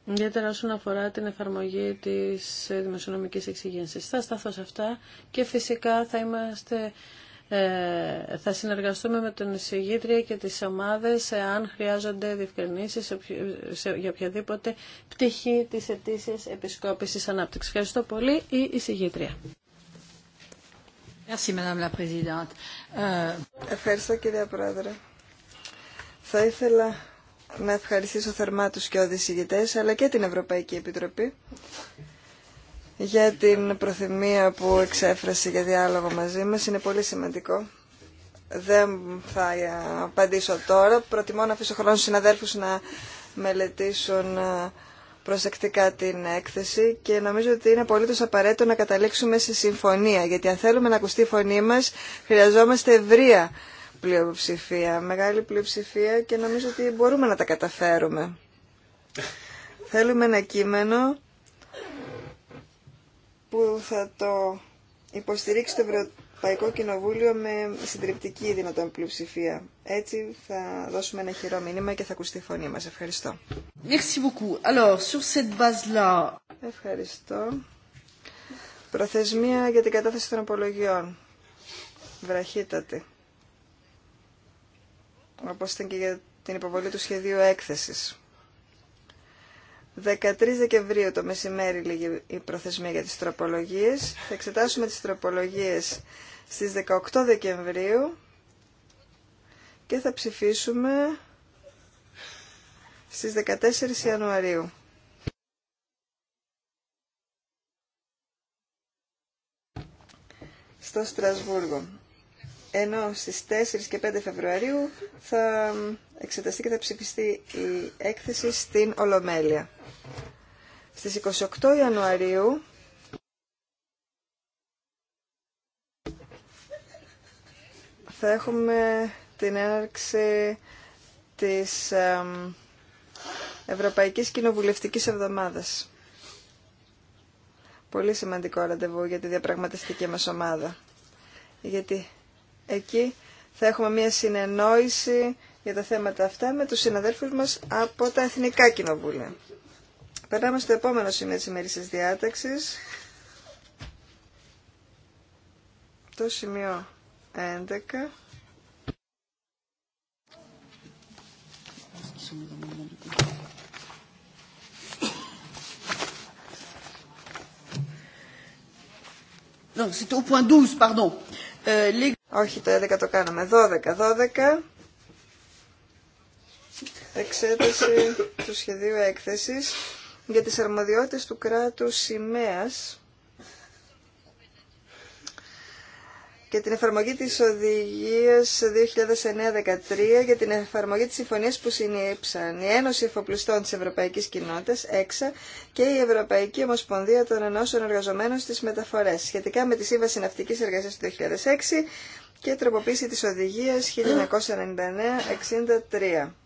Ιδιαίτερα όσον αφορά την εφαρμογή της δημοσιονομικής εξυγένσης. Θα σταθώ σε αυτά και φυσικά θα είμαστε ε, θα συνεργαστούμε με τον εισηγήτρια και τις ομάδες αν χρειάζονται διευκρινήσεις για οποιαδήποτε πτυχή της ετήσιας επισκόπησης ανάπτυξης. Ευχαριστώ πολύ η εισηγήτρια. Ε, Ευχαριστώ κυρία Πρόεδρε. Θα ήθελα να ευχαριστήσω θερμά τους και οδησηγητές αλλά και την Ευρωπαϊκή Επιτροπή για την προθυμία που εξέφρασε για διάλογο μαζί μας. Είναι πολύ σημαντικό. Δεν θα απαντήσω τώρα. Προτιμώ να αφήσω χρόνο στους συναδέλφους να μελετήσουν ε, προσεκτικά την έκθεση και νομίζω ότι είναι απολύτω απαραίτητο να καταλήξουμε σε συμφωνία. Γιατί αν θέλουμε να ακουστεί η φωνή μας, χρειαζόμαστε ευρεία πλειοψηφία, μεγάλη πλειοψηφία και νομίζω ότι μπορούμε να τα καταφέρουμε. Θέλουμε ένα κείμενο που θα το υποστηρίξει το Ευρωπαϊκό Κοινοβούλιο με συντριπτική δυνατόν πλειοψηφία. Έτσι θα δώσουμε ένα χειρό μήνυμα και θα ακουστεί η φωνή μας. Ευχαριστώ. Ευχαριστώ. Προθεσμία για την κατάθεση των απολογιών. Βραχύτατη. Όπως ήταν και για την υποβολή του σχεδίου έκθεσης. 13 Δεκεμβρίου το μεσημέρι λίγη η προθεσμία για τις τροπολογίες. Θα εξετάσουμε τις τροπολογίες στις 18 Δεκεμβρίου και θα ψηφίσουμε στις 14 Ιανουαρίου. Στο Στρασβούργο. Ενώ στις 4 και 5 Φεβρουαρίου θα εξεταστεί και θα ψηφιστεί η έκθεση στην Ολομέλεια. Στις 28 Ιανουαρίου θα έχουμε την έναρξη της Ευρωπαϊκής Κοινοβουλευτικής Εβδομάδας. Πολύ σημαντικό ραντεβού για τη διαπραγματευτική μας ομάδα. Γιατί εκεί θα έχουμε μια συνεννόηση για τα θέματα αυτά με τους συναδέλφους μας από τα Εθνικά Κοινοβούλια. Περνάμε στο επόμενο σημείο της ημερήσης διάταξης. Το σημείο 11. au point 12, pardon. Euh, Όχι, το 11 το κάναμε. 12, 12 εξέταση του σχεδίου έκθεσης για τις αρμοδιότητες του κράτους σημαία και την εφαρμογή της οδηγίας 2009-13 για την εφαρμογή της συμφωνίας που συνήψαν η Ένωση Εφοπλιστών της Ευρωπαϊκής Κοινότητας, ΕΞΑ, και η Ευρωπαϊκή Ομοσπονδία των Ενώσεων Εργαζομένων στις Μεταφορές, σχετικά με τη Σύμβαση Ναυτικής Εργασίας του 2006 και τροποποίηση της οδηγίας 1999-63.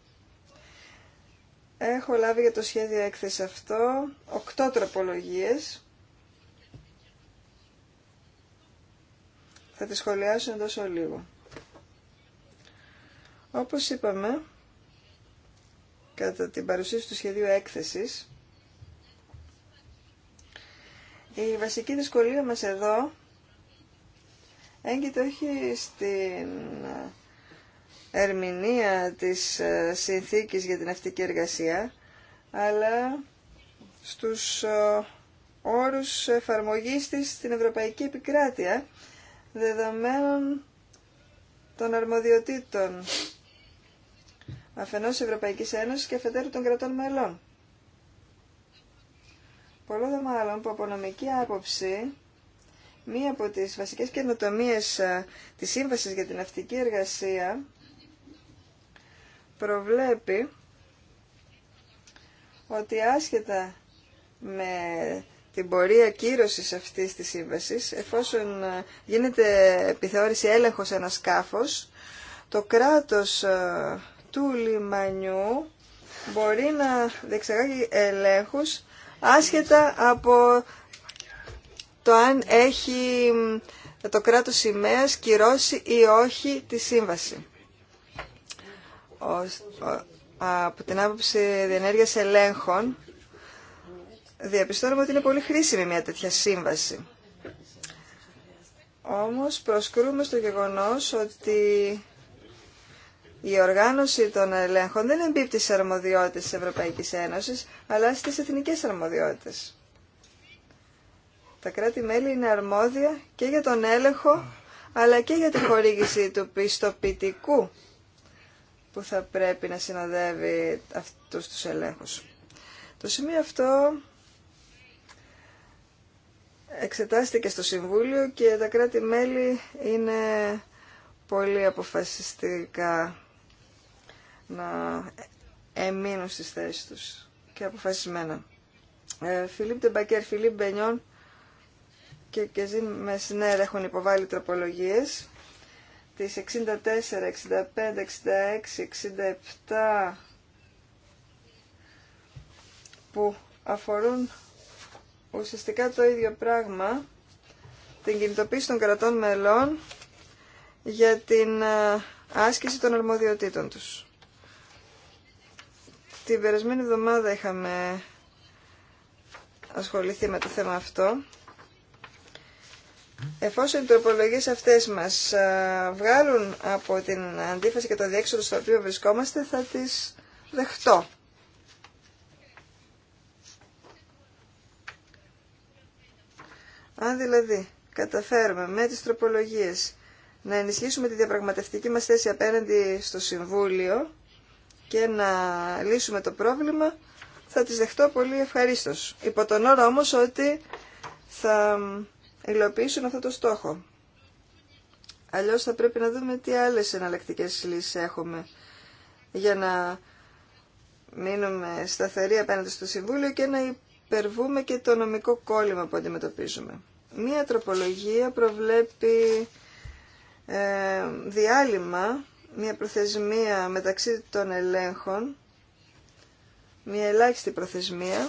Έχω λάβει για το σχέδιο έκθεση αυτό οκτώ τροπολογίες. Θα τις σχολιάσω εντός ολίγου. Όπως είπαμε, κατά την παρουσίαση του σχεδίου έκθεσης, η βασική δυσκολία μας εδώ έγκυται όχι στην ερμηνεία της ε, συνθήκης για την αυτική εργασία, αλλά στους ε, όρους εφαρμογής της στην Ευρωπαϊκή Επικράτεια, δεδομένων των αρμοδιοτήτων αφενός Ευρωπαϊκής Ένωσης και αφετέρου των κρατών μελών. Πολλό δε μάλλον που από νομική άποψη μία από τις βασικές καινοτομίες ε, της Σύμβασης για την Αυτική Εργασία προβλέπει ότι άσχετα με την πορεία κύρωσης αυτής της σύμβασης, εφόσον γίνεται επιθεώρηση έλεγχος ένα σκάφος, το κράτος ε, του λιμανιού μπορεί να δεξαγάγει ελέγχους άσχετα από το αν έχει ε, το κράτος σημαίας κυρώσει ή όχι τη σύμβαση από την άποψη διενέργειας ελέγχων διαπιστώνουμε ότι είναι πολύ χρήσιμη μια τέτοια σύμβαση. Όμως προσκρούμε στο γεγονός ότι η οργάνωση των ελέγχων δεν εμπίπτει σε αρμοδιότητες της Ευρωπαϊκής Ένωσης, αλλά στις εθνικές αρμοδιότητες. Τα κράτη-μέλη είναι αρμόδια και για τον έλεγχο, αλλά και για τη χορήγηση του πιστοποιητικού που θα πρέπει να συνοδεύει αυτούς τους ελέγχους. Το σημείο αυτό εξετάστηκε στο Συμβούλιο και τα κράτη-μέλη είναι πολύ αποφασιστικά να εμείνουν στις θέσεις τους και αποφασισμένα. Ε, Φιλίπ Τεμπακέρ, Φιλίπ Μπενιόν και Κεζίν Μεσνέρ έχουν υποβάλει τροπολογίες τις 64, 65, 66, 67 που αφορούν ουσιαστικά το ίδιο πράγμα, την κινητοποίηση των κρατών μελών για την ε, άσκηση των αρμοδιοτήτων τους. Την περασμένη εβδομάδα είχαμε ασχοληθεί με το θέμα αυτό Εφόσον οι τροπολογίες αυτές μας βγάλουν από την αντίφαση και το διέξοδο στο οποίο βρισκόμαστε, θα τις δεχτώ. Αν δηλαδή καταφέρουμε με τις τροπολογίες να ενισχύσουμε τη διαπραγματευτική μας θέση απέναντι στο Συμβούλιο και να λύσουμε το πρόβλημα, θα τις δεχτώ πολύ ευχαρίστως. Υπό τον όμως ότι θα υλοποιήσουν αυτό το στόχο. Αλλιώς θα πρέπει να δούμε τι άλλες εναλλακτικέ λύσεις έχουμε για να μείνουμε σταθεροί απέναντι στο Συμβούλιο και να υπερβούμε και το νομικό κόλλημα που αντιμετωπίζουμε. Μία τροπολογία προβλέπει ε, διάλειμμα, μία προθεσμία μεταξύ των ελέγχων, μία ελάχιστη προθεσμία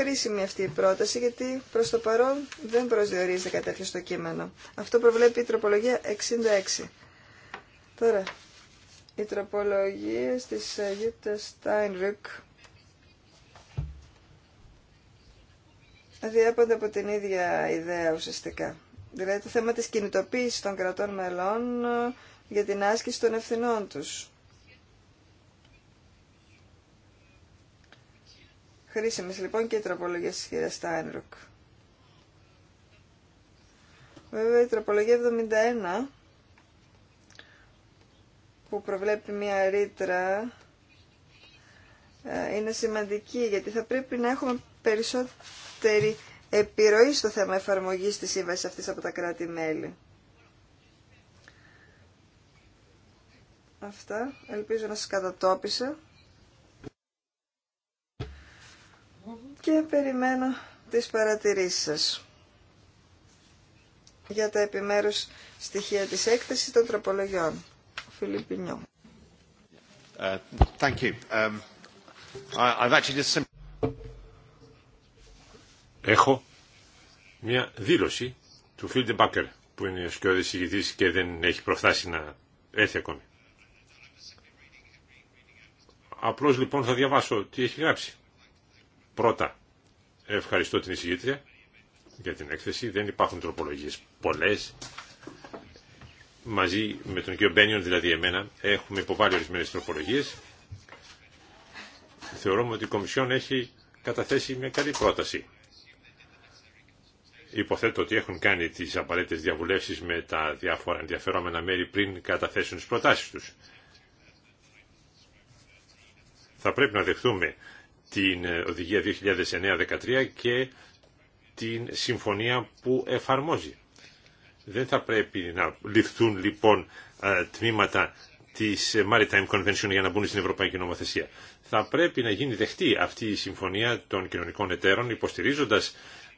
χρήσιμη αυτή η πρόταση γιατί προς το παρόν δεν προσδιορίζεται κάτι στο κείμενο. Αυτό προβλέπει η τροπολογία 66. Τώρα, οι τροπολογίε τη Αγίπτα Στάινρικ διέπονται από την ίδια ιδέα ουσιαστικά. Δηλαδή το θέμα της κινητοποίησης των κρατών μελών για την άσκηση των ευθυνών τους. Χρήσιμες λοιπόν και οι τροπολογίες της κυρίας Στάινρουκ. Βέβαια η τροπολογία 71 που προβλέπει μια ρήτρα ε, είναι σημαντική γιατί θα πρέπει να έχουμε περισσότερη επιρροή στο θέμα εφαρμογής της σύμβασης αυτής από τα κράτη-μέλη. Αυτά. Ελπίζω να σας κατατόπισα. και περιμένω τις παρατηρήσεις σας για τα επιμέρους στοιχεία της έκθεσης των τροπολογιών. Φιλιππινιό. Um, Έχω μια δήλωση του Φίλντε Μπάκερ που είναι ο σκιώδης ηγητής και δεν έχει προφτάσει να έρθει ακόμη. Απλώς λοιπόν θα διαβάσω τι έχει γράψει. Πρώτα, ευχαριστώ την εισηγήτρια για την έκθεση. Δεν υπάρχουν τροπολογίες πολλές. Μαζί με τον κύριο Μπένιον, δηλαδή εμένα, έχουμε υποβάλει ορισμένε τροπολογίες. Θεωρούμε ότι η Κομισιόν έχει καταθέσει μια καλή πρόταση. Υποθέτω ότι έχουν κάνει τις απαραίτητες διαβουλεύσεις με τα διάφορα ενδιαφερόμενα μέρη πριν καταθέσουν τις προτάσεις τους. Θα πρέπει να δεχτούμε την ε, Οδηγία 2009-13 και την συμφωνία που εφαρμόζει. Δεν θα πρέπει να ληφθούν λοιπόν ε, τμήματα της Maritime Convention για να μπουν στην Ευρωπαϊκή Νομοθεσία. Θα πρέπει να γίνει δεχτή αυτή η συμφωνία των κοινωνικών εταίρων υποστηρίζοντας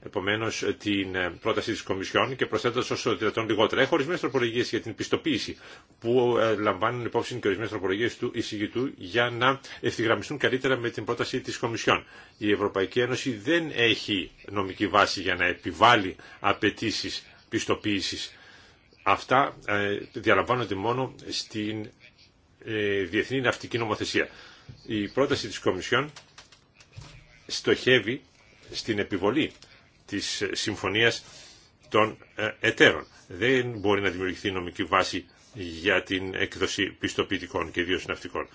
επομένω την ε, πρόταση τη Κομισιόν και προσθέτοντα όσο δυνατόν λιγότερα. Έχω ορισμένε τροπολογίε για την πιστοποίηση που ε, λαμβάνουν υπόψη και ορισμένε τροπολογίε του εισηγητού για να ευθυγραμμιστούν καλύτερα με την πρόταση τη Κομισιόν. Η Ευρωπαϊκή Ένωση δεν έχει νομική βάση για να επιβάλλει απαιτήσει πιστοποίηση. Αυτά ε, διαλαμβάνονται μόνο στην διεθνή ναυτική νομοθεσία. Η πρόταση της Κομισιόν στοχεύει στην επιβολή της συμφωνίας των ε, εταίρων. Δεν μπορεί να δημιουργηθεί νομική βάση για την έκδοση πιστοποιητικών και ιδίως ναυτικών.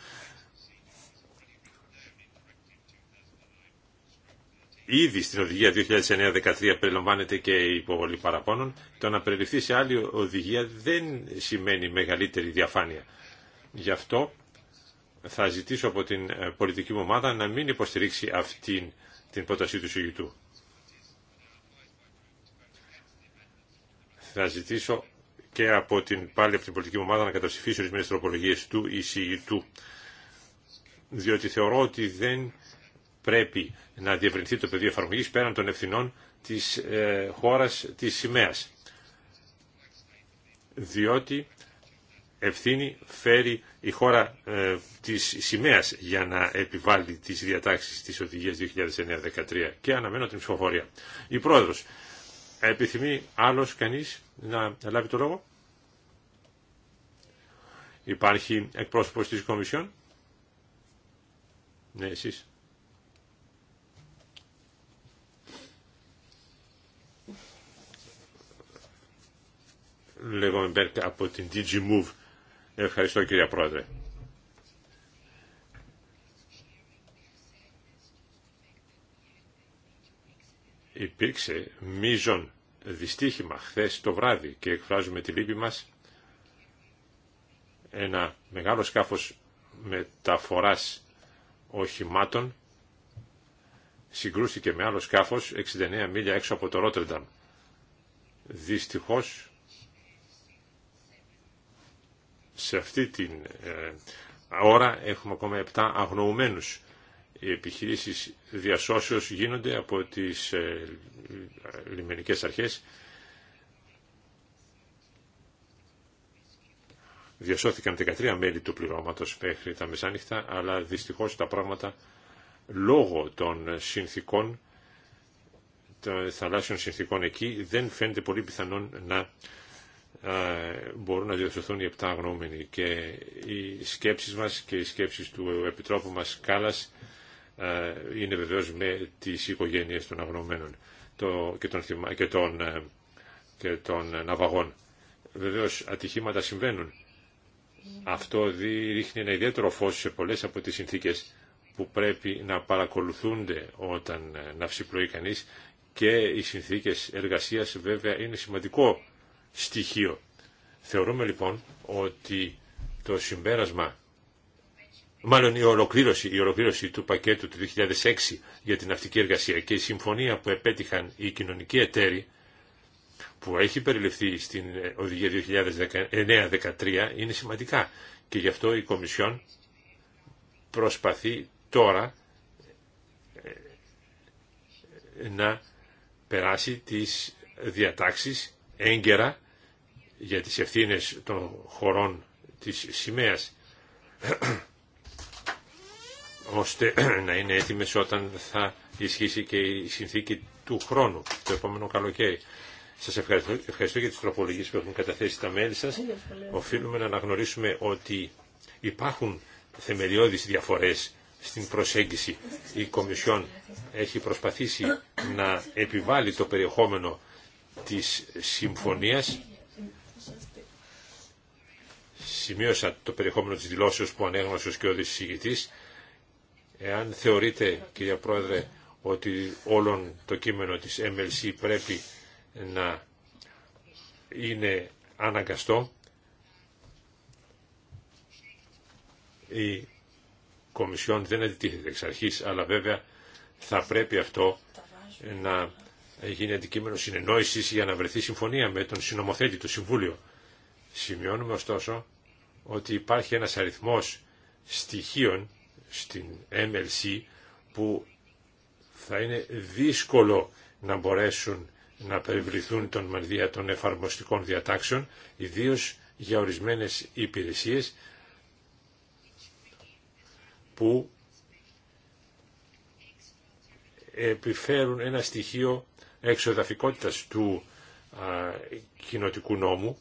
Ήδη στην οδηγία 2009-13 περιλαμβάνεται και η υποβολή παραπώνων. Το να περιληφθεί σε άλλη οδηγία δεν σημαίνει μεγαλύτερη διαφάνεια. Γι' αυτό θα ζητήσω από την ε, πολιτική μου ομάδα να μην υποστηρίξει αυτή την πρότασή του συγητού. να ζητήσω και από την, πάλι από την πολιτική ομάδα να καταψηφίσει ορισμένε τροπολογίε του εισηγητού. Διότι θεωρώ ότι δεν πρέπει να διευρυνθεί το πεδίο εφαρμογή πέραν των ευθυνών τη ε, χώρα τη σημαία. Διότι ευθύνη φέρει η χώρα ε, της σημαίας για να επιβάλλει τις διατάξεις της οδηγίας 2009-13 και αναμένω την ψηφοφορία. Η πρόεδρος, Επιθυμεί άλλος κανείς να λάβει το λόγο. Υπάρχει εκπρόσωπος της Κομισιόν. Ναι, εσείς. Λέγομαι Μπέρκ από την DG Move. Ευχαριστώ κυρία Πρόεδρε. υπήρξε μείζον δυστύχημα χθες το βράδυ και εκφράζουμε τη λύπη μας ένα μεγάλο σκάφος μεταφοράς οχημάτων συγκρούστηκε με άλλο σκάφος 69 μίλια έξω από το Ρότερνταμ. Δυστυχώς σε αυτή την ε, ώρα έχουμε ακόμα 7 αγνοωμένους οι επιχειρήσεις διασώσεως γίνονται από τις ε, λιμενικές αρχές. Διασώθηκαν 13 μέλη του πληρώματος μέχρι τα μεσάνυχτα, αλλά δυστυχώς τα πράγματα λόγω των συνθήκων, των θαλάσσιων συνθήκων εκεί, δεν φαίνεται πολύ πιθανόν να ε, μπορούν να διασωθούν οι 7 Και οι σκέψεις μας και οι σκέψεις του Επιτρόπου μας Κάλλας ε, είναι βεβαίως με τις οικογένειες των αγνωμένων και των, και των, ε, και των ε, ναυαγών. Βεβαίως ατυχήματα συμβαίνουν. Αυτό ρίχνει ένα ιδιαίτερο φως σε πολλές από τις συνθήκες που πρέπει να παρακολουθούνται όταν ναυσιπλοεί κανείς και οι συνθήκες εργασίας βέβαια είναι σημαντικό στοιχείο. Θεωρούμε λοιπόν ότι το συμπέρασμα μάλλον η ολοκλήρωση, η ολοκλήρωση του πακέτου του 2006 για την ναυτική εργασία και η συμφωνία που επέτυχαν οι κοινωνικοί εταίροι που έχει περιληφθεί στην οδηγία 2019-2013 είναι σημαντικά και γι' αυτό η Κομισιόν προσπαθεί τώρα ε, να περάσει τις διατάξεις έγκαιρα για τις ευθύνες των χωρών της σημαίας ώστε να είναι έτοιμες όταν θα ισχύσει και η συνθήκη του χρόνου, το επόμενο καλοκαίρι. Σας ευχαριστώ, ευχαριστώ για τις τροπολογίες που έχουν καταθέσει τα μέλη σας. Οφείλουμε να αναγνωρίσουμε ότι υπάρχουν θεμελιώδεις διαφορές στην προσέγγιση. Η Κομισιόν έχει προσπαθήσει να επιβάλλει το περιεχόμενο της συμφωνίας. Σημείωσα το περιεχόμενο της δηλώσεως που ανέγνωσε ο σκιώδης Εάν θεωρείτε, κυρία Πρόεδρε, ότι όλον το κείμενο της MLC πρέπει να είναι αναγκαστό, η Κομισιόν δεν αντιτίθεται εξ αρχής, αλλά βέβαια θα πρέπει αυτό να γίνει αντικείμενο συνεννόησης για να βρεθεί συμφωνία με τον συνομοθέτη, το Συμβούλιο. Σημειώνουμε ωστόσο ότι υπάρχει ένας αριθμός στοιχείων στην MLC που θα είναι δύσκολο να μπορέσουν να περιβληθούν τον μανδύα των εφαρμοστικών διατάξεων, ιδίως για ορισμένες υπηρεσίες που επιφέρουν ένα στοιχείο εξοδαφικότητας του α, κοινοτικού νόμου,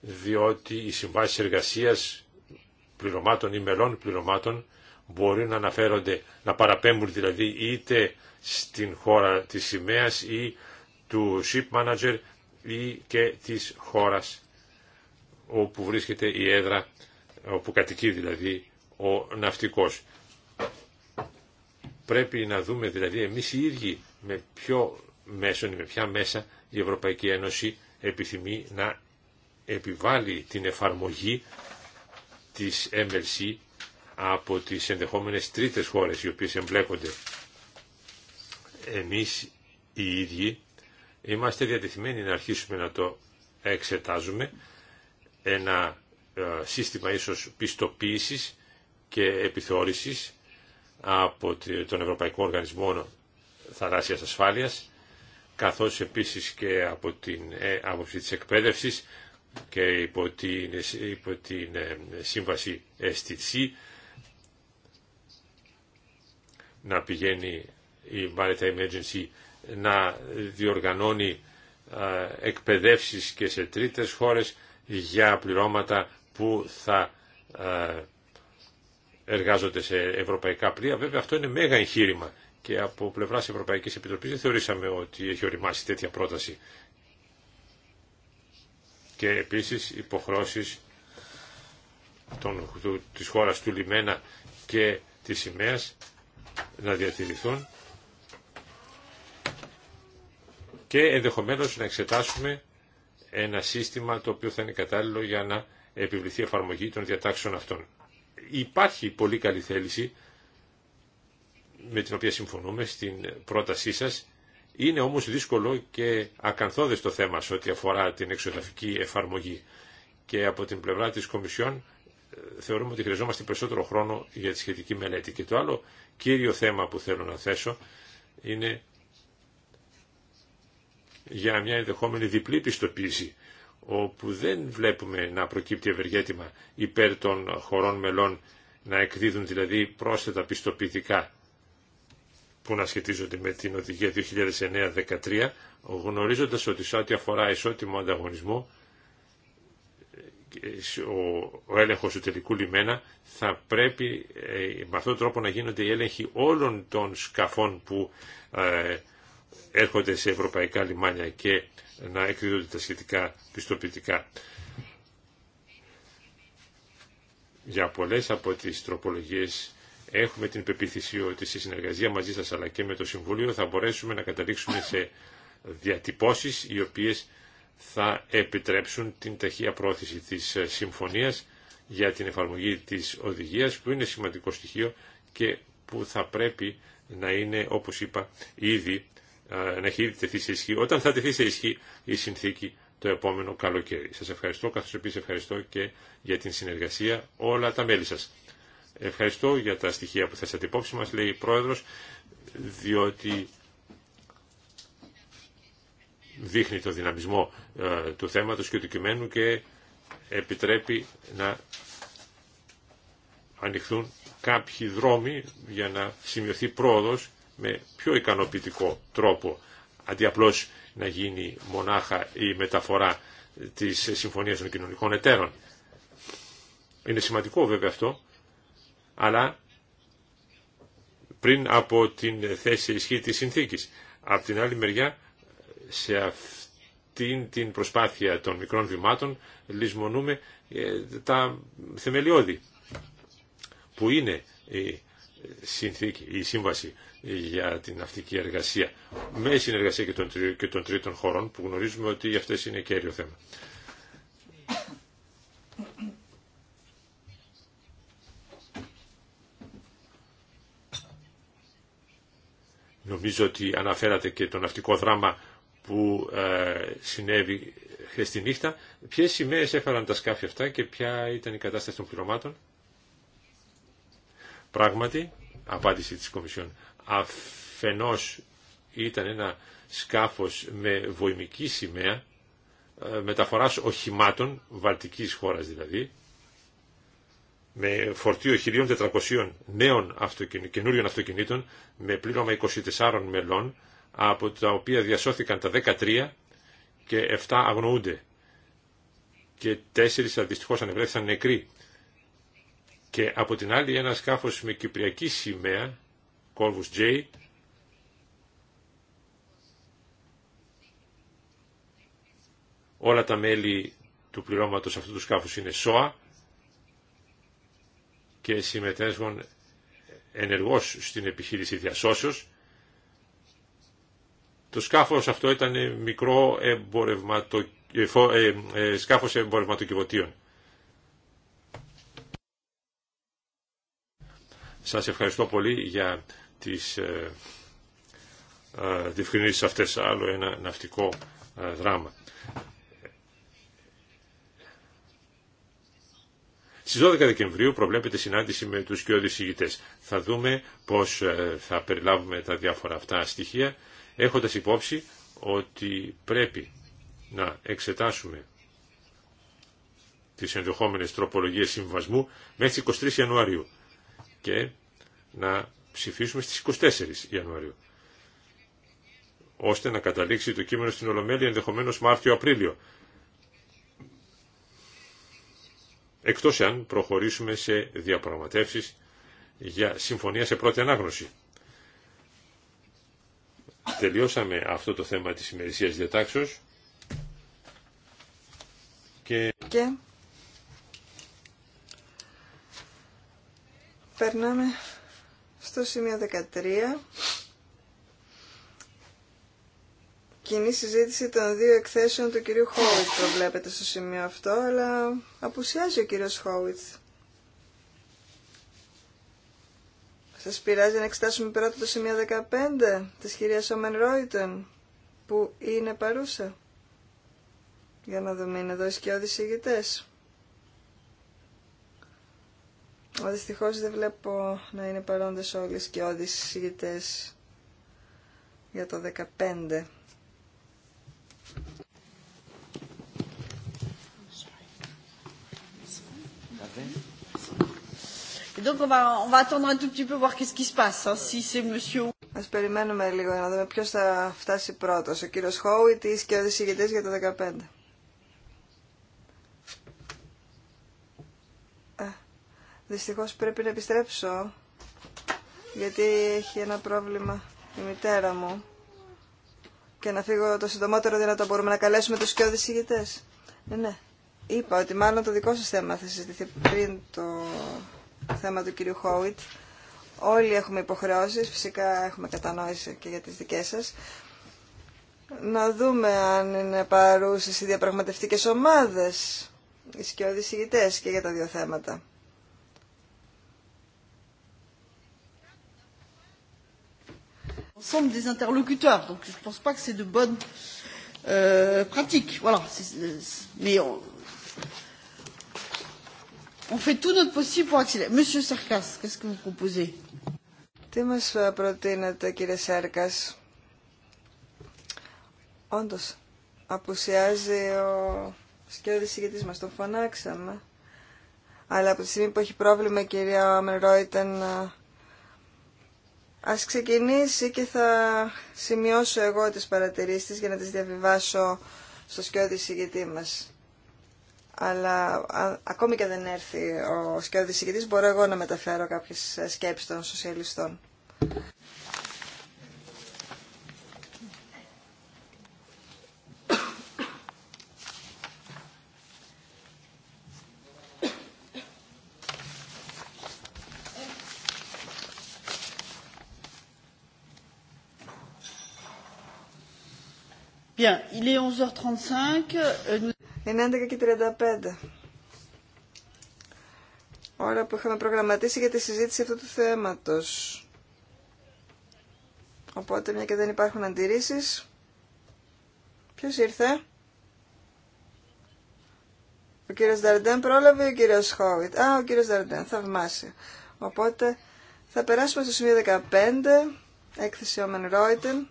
διότι οι συμβάσεις εργασίας πληρωμάτων ή μελών πληρωμάτων μπορεί να αναφέρονται, να παραπέμπουν δηλαδή είτε στην χώρα της σημαία ή του ship manager ή και της χώρας όπου βρίσκεται η έδρα, όπου κατοικεί δηλαδή ο ναυτικός. Πρέπει να δούμε δηλαδή εμείς οι ίδιοι με ποιο μέσο ή με ποια μέσα η Ευρωπαϊκή Ένωση επιθυμεί να επιβάλλει την εφαρμογή της MLC από τις ενδεχόμενες τρίτες χώρες οι οποίες εμπλέκονται. Εμείς οι ίδιοι είμαστε διατεθειμένοι να αρχίσουμε να το εξετάζουμε ένα ε, σύστημα ίσως πιστοποίησης και επιθεώρησης από τον Ευρωπαϊκό Οργανισμό Θαλάσσιας Ασφάλειας καθώς επίσης και από την ε, άποψη της εκπαίδευσης και υπό την, ε, υπό την Σύμβαση STC να πηγαίνει η Maritime Agency να διοργανώνει εκπαιδεύσεις και σε τρίτες χώρες για πληρώματα που θα εργάζονται σε ευρωπαϊκά πλοία. Βέβαια αυτό είναι μέγα εγχείρημα και από πλευράς Ευρωπαϊκής Επιτροπής δεν θεωρήσαμε ότι έχει οριμάσει τέτοια πρόταση. Και επίσης υποχρώσεις των, του, της χώρας του Λιμένα και της σημαίας να διατηρηθούν και ενδεχομένως να εξετάσουμε ένα σύστημα το οποίο θα είναι κατάλληλο για να επιβληθεί εφαρμογή των διατάξεων αυτών. Υπάρχει πολύ καλή θέληση με την οποία συμφωνούμε στην πρότασή σας. Είναι όμως δύσκολο και ακαθόδες το θέμα σε ό,τι αφορά την εξοδαφική εφαρμογή. Και από την πλευρά της Κομισιόν ε, θεωρούμε ότι χρειαζόμαστε περισσότερο χρόνο για τη σχετική μελέτη. Και το άλλο κύριο θέμα που θέλω να θέσω είναι για μια ενδεχόμενη διπλή πιστοποίηση όπου δεν βλέπουμε να προκύπτει ευεργέτημα υπέρ των χωρών μελών να εκδίδουν δηλαδή πρόσθετα πιστοποιητικά που να σχετίζονται με την οδηγία 2009-13 γνωρίζοντας ότι σε ό,τι αφορά ισότιμο ανταγωνισμό ο έλεγχος του τελικού λιμένα θα πρέπει ε, με αυτόν τον τρόπο να γίνονται οι έλεγχοι όλων των σκαφών που ε, έρχονται σε ευρωπαϊκά λιμάνια και να εκδίδονται τα σχετικά πιστοποιητικά. Για πολλές από τις τροπολογίες έχουμε την πεποίθηση ότι στη συνεργασία μαζί σας αλλά και με το Συμβούλιο θα μπορέσουμε να καταλήξουμε σε διατυπώσεις οι οποίες θα επιτρέψουν την ταχεία πρόθεση της ε, συμφωνίας για την εφαρμογή της οδηγίας που είναι σημαντικό στοιχείο και που θα πρέπει να είναι όπως είπα ήδη ε, να έχει ήδη τεθεί σε ισχύ όταν θα τεθεί σε ισχύ η συνθήκη το επόμενο καλοκαίρι. Σας ευχαριστώ καθώς επίσης ευχαριστώ και για την συνεργασία όλα τα μέλη σας. Ευχαριστώ για τα στοιχεία που θέσατε υπόψη μας λέει η Πρόεδρος διότι δείχνει το δυναμισμό ε, του θέματος και του κειμένου και επιτρέπει να ανοιχθούν κάποιοι δρόμοι για να σημειωθεί πρόοδος με πιο ικανοποιητικό τρόπο αντί απλώς να γίνει μονάχα η μεταφορά της Συμφωνίας των Κοινωνικών Εταίρων. Είναι σημαντικό βέβαια αυτό, αλλά πριν από την θέση ισχύ της συνθήκης. Από την άλλη μεριά σε αυτήν την προσπάθεια των μικρών βημάτων λησμονούμε ε, τα θεμελιώδη που είναι η συνθήκη, η σύμβαση για την ναυτική εργασία με συνεργασία και των, τρι, και των τρίτων χωρών που γνωρίζουμε ότι αυτές είναι κέριο θέμα. Νομίζω ότι αναφέρατε και το ναυτικό δράμα που ε, συνέβη χθε τη νύχτα. Ποιε σημαίε έφεραν τα σκάφη αυτά και ποια ήταν η κατάσταση των πληρωμάτων. Πράγματι, απάντηση της Κομισιόν. Αφενός ήταν ένα σκάφος με βοημική σημαία ε, μεταφοράς οχημάτων, βαλτικής χώρας δηλαδή, με φορτίο 1.400 νέων καινούριων αυτοκινήτων, με πλήρωμα 24 μελών, από τα οποία διασώθηκαν τα 13 και 7 αγνοούνται και 4 δυστυχώς ανεβρέθησαν νεκροί. Και από την άλλη ένα σκάφος με κυπριακή σημαία, κόλβους J, όλα τα μέλη του πληρώματος αυτού του σκάφους είναι ΣΟΑ και συμμετέσχουν ενεργώς στην επιχείρηση διασώσεως το σκάφος αυτό ήταν μικρό εμπορευματο... Ε, ε, ε, σκάφος εμπορευματοκιβωτίων. Σας ευχαριστώ πολύ για τις ε, διευκρινήσεις αυτές. Άλλο ένα ναυτικό δράμα. Στις 12 Δεκεμβρίου προβλέπεται συνάντηση με τους κοιόδης ηγητές. Θα δούμε πώς θα περιλάβουμε τα διάφορα αυτά στοιχεία έχοντας υπόψη ότι πρέπει να εξετάσουμε τις ενδεχόμενες τροπολογίες συμβασμού μέχρι τις 23 Ιανουαρίου και να ψηφίσουμε στις 24 Ιανουαρίου ώστε να καταλήξει το κείμενο στην Ολομέλεια ενδεχομένως Μάρτιο-Απρίλιο εκτός αν προχωρήσουμε σε διαπραγματεύσεις για συμφωνία σε πρώτη ανάγνωση. Τελειώσαμε αυτό το θέμα της ημερησίας διατάξεως και... και... περνάμε στο σημείο 13 κοινή συζήτηση των δύο εκθέσεων του κυρίου Χόουιτ προβλέπεται στο σημείο αυτό αλλά απουσιάζει ο κύριος Χόουιτ Σας πειράζει να εξετάσουμε πρώτα το σημείο 15 της κυρίας Όμεν Ρόιτον που είναι παρούσα. Για να δούμε, είναι εδώ οι σκιώδεις ηγητές. Μα δυστυχώς δεν βλέπω να είναι παρόντες όλοι οι σκιώδεις ηγητές για το 15. Ας περιμένουμε λίγο να δούμε ποιος θα φτάσει πρώτος, ο κύριος Χόουιτ ή και ο για το 15. Ε, δυστυχώς πρέπει να επιστρέψω, γιατί έχει ένα πρόβλημα η μητέρα μου και να φύγω το συντομότερο δυνατό. Μπορούμε να καλέσουμε τους και οδησηγητές. Ναι, ε, ναι. Είπα ότι μάλλον το δικό σας θέμα θα συζητηθεί πριν το θέμα του κυρίου Χόουιτ. Όλοι έχουμε υποχρεώσεις, φυσικά έχουμε κατανόηση και για τις δικές σας. Να δούμε αν είναι παρούσες οι διαπραγματευτικές ομάδες, οι σκιώδεις ηγητές και για τα δύο θέματα. Ensemble des interlocuteurs, donc je ne pense pas que c'est de bonnes euh, pratiques. Voilà, mais on, τι μας ε, προτείνετε κύριε Σέρκας. Όντως, απουσιάζει ο σκέδης ηγετής μας, τον φωνάξαμε. Αλλά από τη στιγμή που έχει πρόβλημα κυρία κυρία ήταν ε, ας ξεκινήσει και θα σημειώσω εγώ τις παρατηρήσεις για να τις διαβιβάσω στο σκιώδη ηγετή μας αλλά ακόμη και δεν έρθει ο σκιώδης συγκεκριτής, μπορώ εγώ να μεταφέρω κάποιες ε, σκέψεις των σοσιαλιστών. Bien, il est 11h35. Euh, nous... Είναι 11 και 35. που είχαμε προγραμματίσει για τη συζήτηση αυτού του θέματος. Οπότε, μια και δεν υπάρχουν αντιρρήσεις. Ποιος ήρθε? Ο κύριος Δαρντέν πρόλαβε ή ο κύριος Χόβιτ. Α, ο κύριος Δαρντέν, θαυμάσια. Οπότε, θα περάσουμε στο σημείο 15, έκθεση ο Ρόιτεν.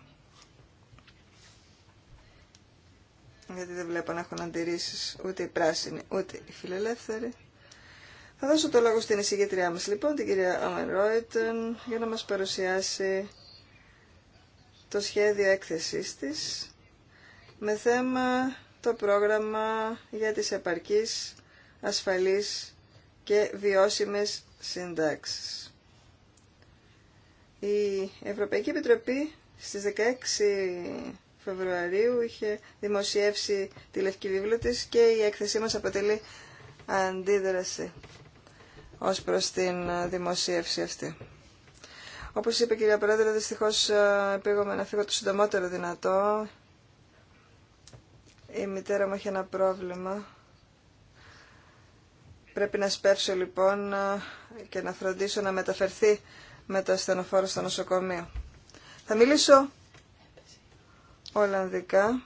γιατί δεν βλέπω να έχουν αντιρρήσει ούτε οι πράσινοι ούτε οι φιλελεύθεροι. Θα δώσω το λόγο στην εισηγήτριά μας λοιπόν, την κυρία Όμεν Ρόιτεν, για να μας παρουσιάσει το σχέδιο έκθεσής της με θέμα το πρόγραμμα για τις επαρκείς, ασφαλείς και βιώσιμες συντάξεις. Η Ευρωπαϊκή Επιτροπή στις 16 Φεβρουαρίου είχε δημοσιεύσει τη Λευκή Βίβλο της και η έκθεσή μας αποτελεί αντίδραση ως προς την δημοσίευση αυτή. Όπως είπε κυρία Πρόεδρε, δυστυχώς πήγαμε να φύγω το συντομότερο δυνατό. Η μητέρα μου έχει ένα πρόβλημα. Πρέπει να σπεύσω λοιπόν ε, και να φροντίσω να μεταφερθεί με το ασθενοφόρο στο νοσοκομείο. Θα μιλήσω Ολλανδικά.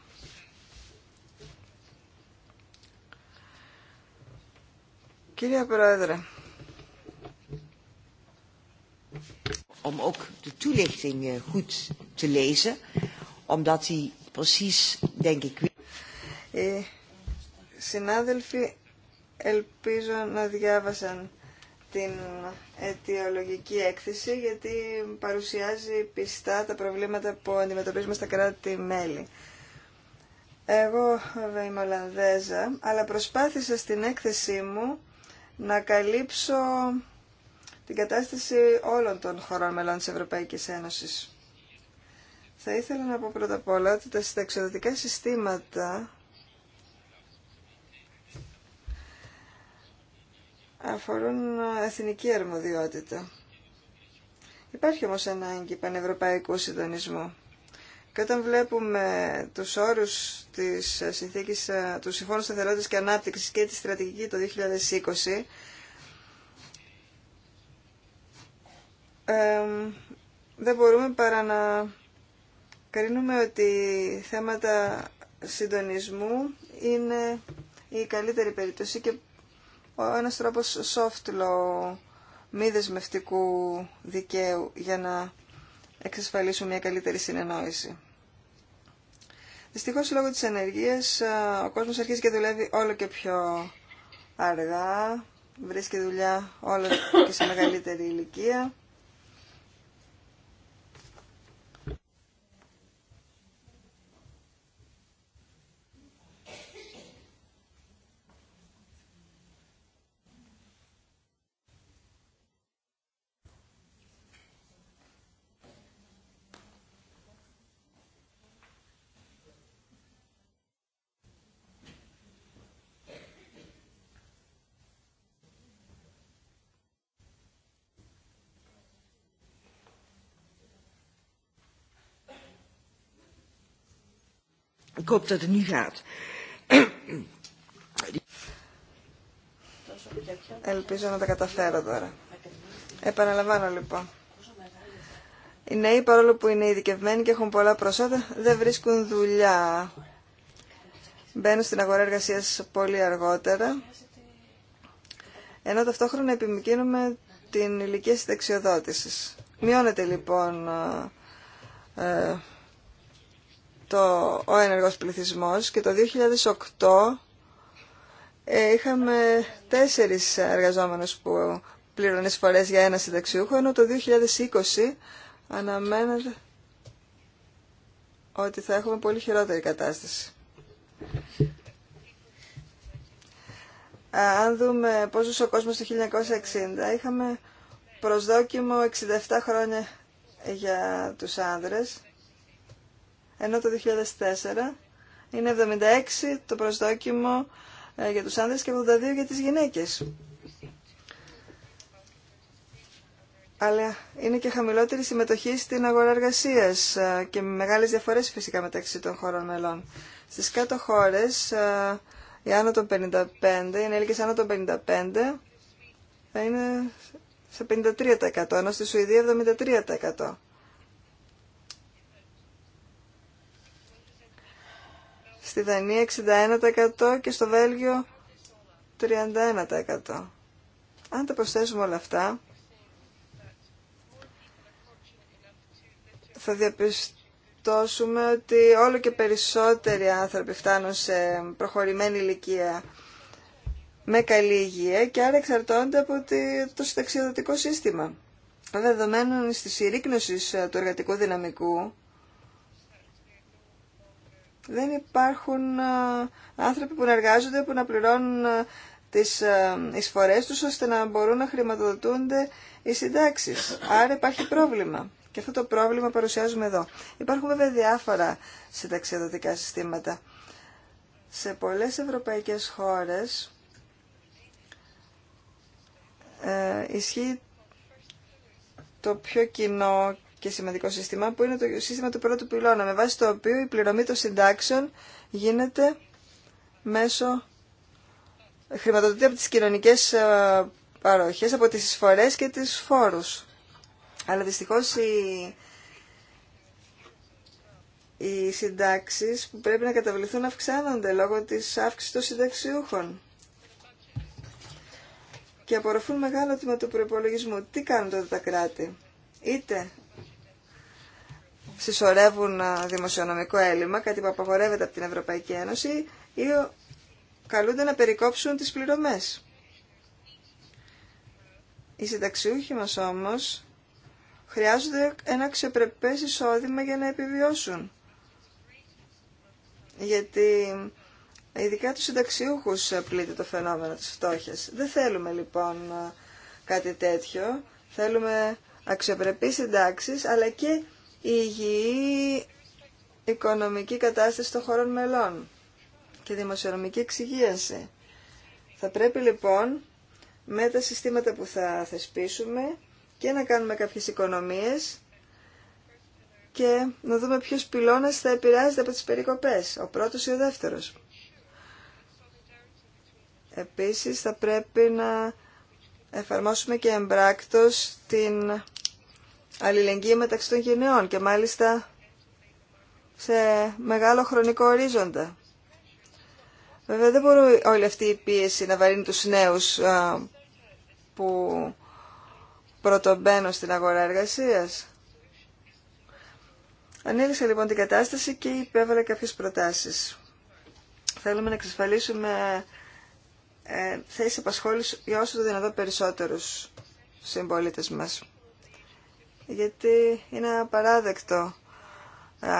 Κύριε Πρόεδρε. Om ook de toelichting goed te lezen, omdat hij precies, denk ik. Οι συνάδελφοι ελπίζω να διάβασαν την αιτιολογική έκθεση γιατί παρουσιάζει πιστά τα προβλήματα που αντιμετωπίζουμε στα κράτη-μέλη. Εγώ βέβαια είμαι Ολλανδέζα, αλλά προσπάθησα στην έκθεσή μου να καλύψω την κατάσταση όλων των χωρών μελών της Ευρωπαϊκής Ένωσης. Θα ήθελα να πω πρώτα απ' όλα ότι τα συνταξιοδοτικά συστήματα αφορούν εθνική αρμοδιότητα. Υπάρχει όμως ανάγκη πανευρωπαϊκού συντονισμού. Και όταν βλέπουμε τους όρους της συνθήκης, του Συμφώνου Σταθερότητας και Ανάπτυξης και τη στρατηγική το 2020, δεν μπορούμε παρά να κρίνουμε ότι θέματα συντονισμού είναι η καλύτερη περίπτωση και ένας τρόπος soft law, μη δεσμευτικού δικαίου για να εξασφαλίσουν μια καλύτερη συνεννόηση. Δυστυχώ λόγω της ενεργείας, ο κόσμος αρχίζει και δουλεύει όλο και πιο αργά, βρίσκει δουλειά όλο και σε μεγαλύτερη ηλικία Ik hoop Ελπίζω να τα καταφέρω τώρα. Επαναλαμβάνω λοιπόν. Οι νέοι παρόλο που είναι ειδικευμένοι και έχουν πολλά προσόντα δεν βρίσκουν δουλειά. Μπαίνουν στην αγορά εργασία πολύ αργότερα. Ενώ ταυτόχρονα επιμηκύνουμε την ηλικία συνταξιοδότηση. Μειώνεται λοιπόν ε, το, ο ενεργός πληθυσμός και το 2008 ε, είχαμε τέσσερις εργαζόμενους που πλήρωνε φορές για ένα συνταξιούχο, ενώ το 2020 αναμένεται ότι θα έχουμε πολύ χειρότερη κατάσταση. Αν δούμε πόσο ο κόσμος το 1960, είχαμε προσδόκιμο 67 χρόνια για τους άνδρες ενώ το 2004 είναι 76 το προσδόκιμο ε, για τους άνδρες και 82 για τις γυναίκες. Αλλά είναι και χαμηλότερη συμμετοχή στην αγορά εργασίας ε, και με μεγάλες διαφορές φυσικά μεταξύ των χωρών μελών. Στις κάτω χώρες, ε, οι άνω των 55, οι άνω των 55, θα είναι σε 53%, ενώ στη Σουηδία 73%. στη Δανία 61% και στο Βέλγιο 31%. Αν τα προσθέσουμε όλα αυτά, θα διαπιστώσουμε ότι όλο και περισσότεροι άνθρωποι φτάνουν σε προχωρημένη ηλικία με καλή υγεία και άρα εξαρτώνται από το συνταξιοδοτικό σύστημα. Δεδομένων στη συρρήκνωση του εργατικού δυναμικού, δεν υπάρχουν ε, άνθρωποι που να εργάζονται, που να πληρώνουν ε, τις ε, εισφορές τους, ώστε να μπορούν να χρηματοδοτούνται οι συντάξεις. Άρα υπάρχει πρόβλημα. Και αυτό το πρόβλημα παρουσιάζουμε εδώ. Υπάρχουν βέβαια διάφορα συνταξιοδοτικά συστήματα. Σε πολλές ευρωπαϊκές χώρες ε, ισχύει το πιο κοινό και σημαντικό σύστημα που είναι το σύστημα του πρώτου πυλώνα με βάση το οποίο η πληρωμή των συντάξεων γίνεται μέσω χρηματοδοτή από τις κοινωνικές ε, παροχές, από τις εισφορές και τις φόρους. Αλλά δυστυχώς οι, οι συντάξεις που πρέπει να καταβληθούν αυξάνονται λόγω της αύξησης των συνταξιούχων και απορροφούν μεγάλο τμήμα του προπολογισμού. Τι κάνουν τότε τα κράτη. Είτε συσσωρεύουν δημοσιονομικό έλλειμμα, κάτι που απαγορεύεται από την Ευρωπαϊκή Ένωση, ή καλούνται να περικόψουν τις πληρωμές. Οι συνταξιούχοι μας όμως χρειάζονται ένα ξεπρεπές εισόδημα για να επιβιώσουν. Γιατί ειδικά τους συνταξιούχους πλήττει το φαινόμενο της φτώχειας. Δεν θέλουμε λοιπόν κάτι τέτοιο. Θέλουμε αξιοπρεπείς συντάξεις αλλά και η υγιή οικονομική κατάσταση των χωρών μελών και δημοσιονομική εξυγίαση. Θα πρέπει λοιπόν με τα συστήματα που θα θεσπίσουμε και να κάνουμε κάποιες οικονομίες και να δούμε ποιος πυλώνας θα επηρεάζεται από τις περικοπές, ο πρώτος ή ο δεύτερος. Επίσης θα πρέπει να εφαρμόσουμε και εμπράκτος την αλληλεγγύη μεταξύ των γενεών και μάλιστα σε μεγάλο χρονικό ορίζοντα. Βέβαια δεν μπορεί όλη αυτή η πίεση να βαρύνει τους νέους που πρωτομπαίνουν στην αγορά εργασίας. Ανέλησα λοιπόν την κατάσταση και υπέβαλα κάποιες προτάσεις. Θέλουμε να εξασφαλίσουμε ε, θέσεις απασχόλησης για όσο το δυνατόν περισσότερους συμπολίτες μας γιατί είναι απαράδεκτο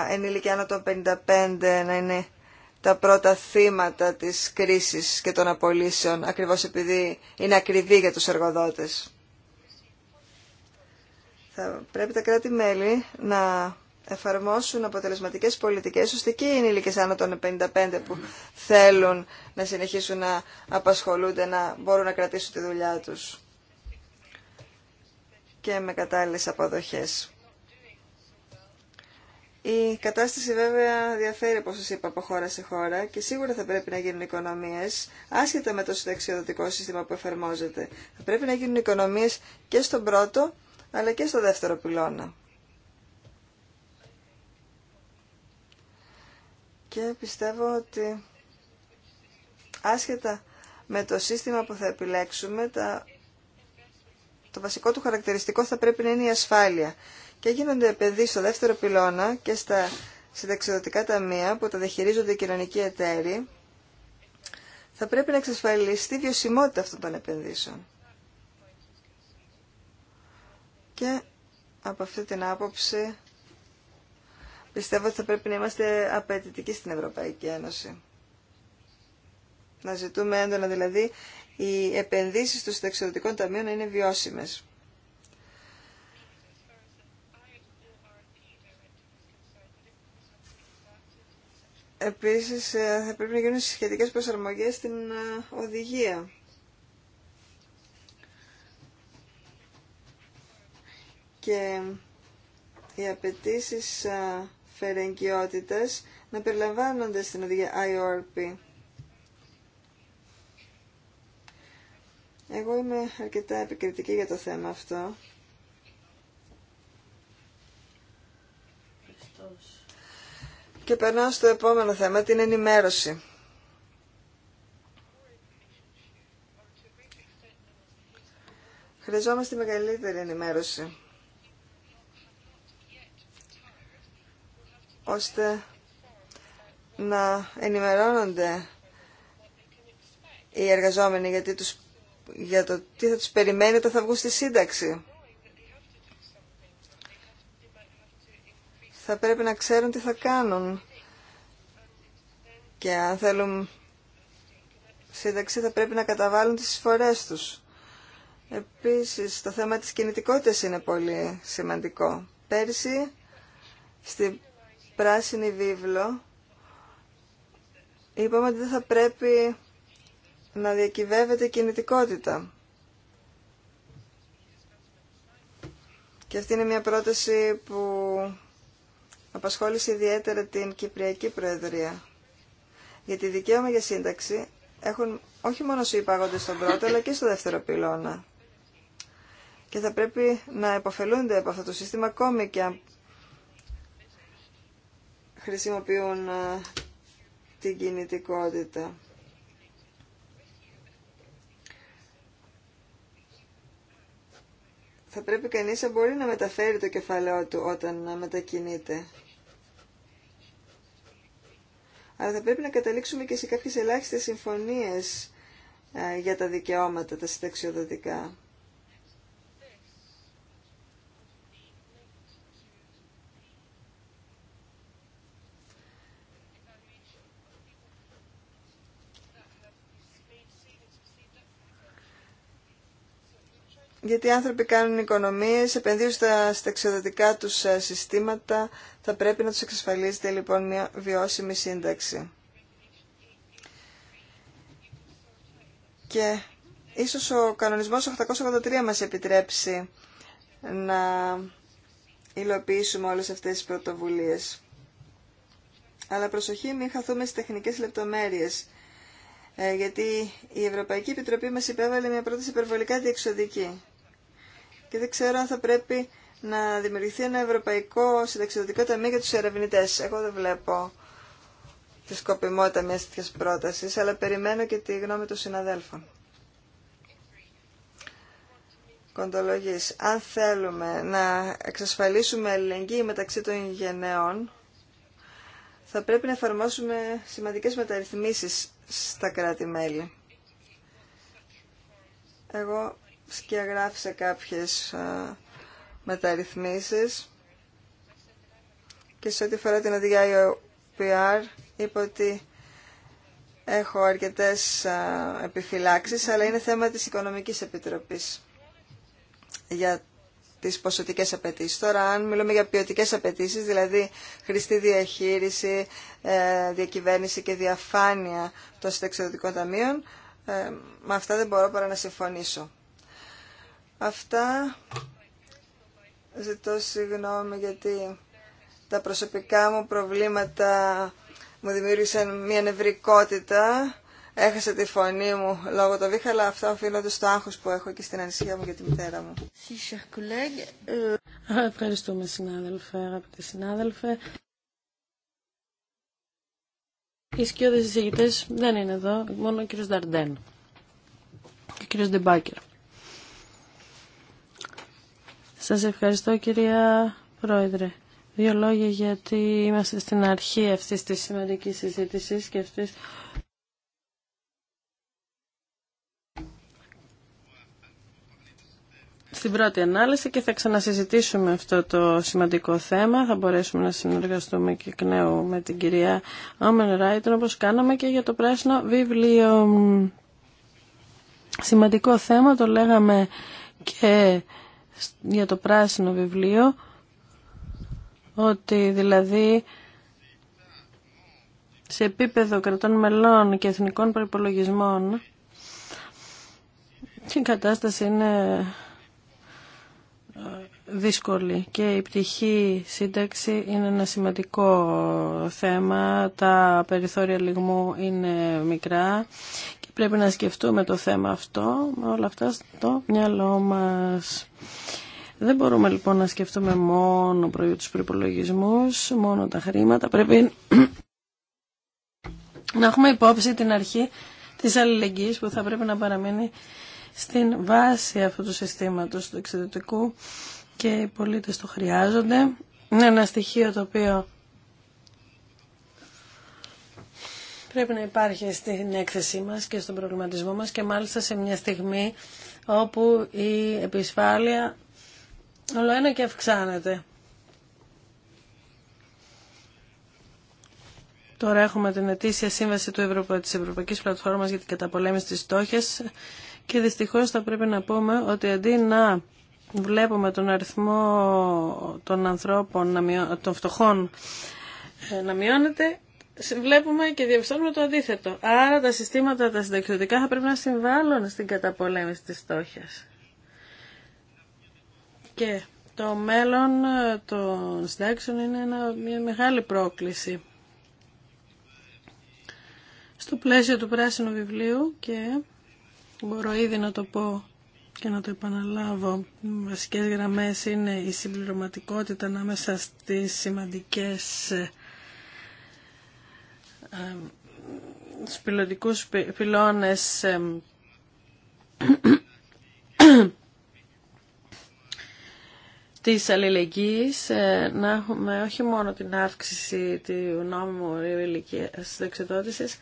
ενήλικοι άνω των 55 να είναι τα πρώτα θύματα της κρίσης και των απολύσεων, ακριβώς επειδή είναι ακριβή για τους εργοδότες. Θα πρέπει τα κράτη-μέλη να εφαρμόσουν αποτελεσματικές πολιτικές, ώστε και οι ενήλικες άνω των 55 που θέλουν να συνεχίσουν να απασχολούνται, να μπορούν να κρατήσουν τη δουλειά τους και με κατάλληλες αποδοχές. Η κατάσταση βέβαια διαφέρει, όπως σας είπα, από χώρα σε χώρα και σίγουρα θα πρέπει να γίνουν οικονομίες, άσχετα με το συνταξιοδοτικό σύστημα που εφαρμόζεται. Θα πρέπει να γίνουν οικονομίες και στον πρώτο, αλλά και στο δεύτερο πυλώνα. Και πιστεύω ότι άσχετα με το σύστημα που θα επιλέξουμε, τα το βασικό του χαρακτηριστικό θα πρέπει να είναι η ασφάλεια. Και γίνονται επενδύσεις στο δεύτερο πυλώνα και στα συνταξιδοτικά ταμεία που τα διαχειρίζονται οι κοινωνικοί εταίροι, θα πρέπει να εξασφαλιστεί η βιωσιμότητα αυτών των επενδύσεων. Και από αυτή την άποψη πιστεύω ότι θα πρέπει να είμαστε απαιτητικοί στην Ευρωπαϊκή Ένωση. Να ζητούμε έντονα δηλαδή οι επενδύσεις των συνταξιδοτικών ταμείων είναι βιώσιμες. Επίσης, ε, θα πρέπει να γίνουν σχετικές προσαρμογές στην ε, οδηγία. Και οι απαιτήσει ε, φερεγγιότητας να περιλαμβάνονται στην οδηγία IORP. Εγώ είμαι αρκετά επικριτική για το θέμα αυτό. Και περνάω στο επόμενο θέμα, την ενημέρωση. Χρειαζόμαστε μεγαλύτερη ενημέρωση. ώστε να ενημερώνονται οι εργαζόμενοι γιατί τους για το τι θα τους περιμένει όταν θα βγουν στη σύνταξη. Θα πρέπει να ξέρουν τι θα κάνουν. Και αν θέλουν σύνταξη θα πρέπει να καταβάλουν τις φορές τους. Επίσης, το θέμα της κινητικότητας είναι πολύ σημαντικό. Πέρσι, στη Πράσινη Βίβλο, είπαμε ότι δεν θα πρέπει να διακυβεύεται κινητικότητα. Και αυτή είναι μια πρόταση που απασχόλησε ιδιαίτερα την Κυπριακή Προεδρία. Γιατί δικαίωμα για σύνταξη έχουν όχι μόνο οι στον πρώτο αλλά και στο δεύτερο πυλώνα. Και θα πρέπει να υποφελούνται από αυτό το σύστημα ακόμη και αν χρησιμοποιούν ε, την κινητικότητα. θα πρέπει κανείς να μπορεί να μεταφέρει το κεφαλαίο του όταν μετακινείται. Αλλά θα πρέπει να καταλήξουμε και σε κάποιες ελάχιστες συμφωνίες ε, για τα δικαιώματα, τα συνταξιοδοτικά. γιατί οι άνθρωποι κάνουν οικονομίες, επενδύουν στα, στα εξοδοτικά τους ε, συστήματα, θα πρέπει να τους εξασφαλίζεται λοιπόν μια βιώσιμη σύνταξη. Και ίσως ο κανονισμός 883 μας επιτρέψει να υλοποιήσουμε όλες αυτές τις πρωτοβουλίες. Αλλά προσοχή μην χαθούμε στις τεχνικές λεπτομέρειες, ε, γιατί η Ευρωπαϊκή Επιτροπή μας υπέβαλε μια πρόταση υπερβολικά διεξοδική και δεν ξέρω αν θα πρέπει να δημιουργηθεί ένα ευρωπαϊκό συνταξιδοτικό ταμείο για τους ερευνητές. Εγώ δεν βλέπω τη σκοπιμότητα μιας τέτοια πρότασης, αλλά περιμένω και τη γνώμη των συναδέλφων. Κοντολογής. Αν θέλουμε να εξασφαλίσουμε αλληλεγγύη μεταξύ των γενναιών, θα πρέπει να εφαρμόσουμε σημαντικές μεταρρυθμίσεις στα κράτη-μέλη. Εγώ σκιαγράφησε κάποιες μεταρρυθμίσεις και σε ό,τι φορά την οδηγία IOPR είπε ότι έχω αρκετές επιφυλάξεις αλλά είναι θέμα της Οικονομικής Επιτροπής για τις ποσοτικές απαιτήσει. Τώρα αν μιλούμε για ποιοτικέ απαιτήσει, δηλαδή χρηστή διαχείριση, ε, διακυβέρνηση και διαφάνεια των συνταξιδοτικών ταμείων, ε, με αυτά δεν μπορώ παρά να συμφωνήσω. Αυτά ζητώ συγγνώμη γιατί τα προσωπικά μου προβλήματα μου δημιούργησαν μια νευρικότητα. Έχασα τη φωνή μου λόγω το βήχα, αλλά αυτά οφείλονται στο άγχος που έχω και στην ανησυχία μου για τη μητέρα μου. Ε, ευχαριστούμε συνάδελφε, αγαπητοί συνάδελφε. Οι σκιώδες εισηγητές δεν είναι εδώ, μόνο ο κύριος Νταρντέν και ο κύριος Ντεμπάκερ. Σας ευχαριστώ κυρία Πρόεδρε. Δύο λόγια γιατί είμαστε στην αρχή αυτής της σημαντικής συζήτησης και αυτής στην πρώτη ανάλυση και θα ξανασυζητήσουμε αυτό το σημαντικό θέμα. Θα μπορέσουμε να συνεργαστούμε και εκ νέου με την κυρία Όμεν Ράιτον όπως κάναμε και για το πράσινο βιβλίο. Σημαντικό θέμα το λέγαμε και για το πράσινο βιβλίο ότι δηλαδή σε επίπεδο κρατών μελών και εθνικών προϋπολογισμών η κατάσταση είναι ε, δύσκολη και η πτυχή σύνταξη είναι ένα σημαντικό θέμα. Τα περιθώρια λιγμού είναι μικρά Πρέπει να σκεφτούμε το θέμα αυτό με όλα αυτά στο μυαλό μας. Δεν μπορούμε λοιπόν να σκεφτούμε μόνο προϊόν τους προϋπολογισμούς, μόνο τα χρήματα. Πρέπει να έχουμε υπόψη την αρχή της αλληλεγγύης που θα πρέπει να παραμείνει στην βάση αυτού του συστήματος του εξαιρετικού και οι πολίτες το χρειάζονται. Είναι ένα στοιχείο το οποίο πρέπει να υπάρχει στην έκθεσή μας και στον προβληματισμό μας και μάλιστα σε μια στιγμή όπου η επισφάλεια όλο ένα και αυξάνεται. Τώρα έχουμε την ετήσια σύμβαση του της Ευρωπαϊκής Πλατφόρμας για την καταπολέμηση της στόχης και δυστυχώς θα πρέπει να πούμε ότι αντί να βλέπουμε τον αριθμό των ανθρώπων, των φτωχών ε, να μειώνεται, βλέπουμε και διαπιστώνουμε το αντίθετο. Άρα τα συστήματα τα συνταξιδοτικά θα πρέπει να συμβάλλουν στην καταπολέμηση της στόχιας. Και το μέλλον των συντάξεων είναι μια μεγάλη πρόκληση. Στο πλαίσιο του πράσινου βιβλίου και μπορώ ήδη να το πω και να το επαναλάβω, οι βασικές γραμμές είναι η συμπληρωματικότητα ανάμεσα στις σημαντικές τους πυλωτικούς πυλώνες της αλληλεγγύης ε, να έχουμε όχι μόνο την αύξηση του νόμου ηλικίας δεξιδότησης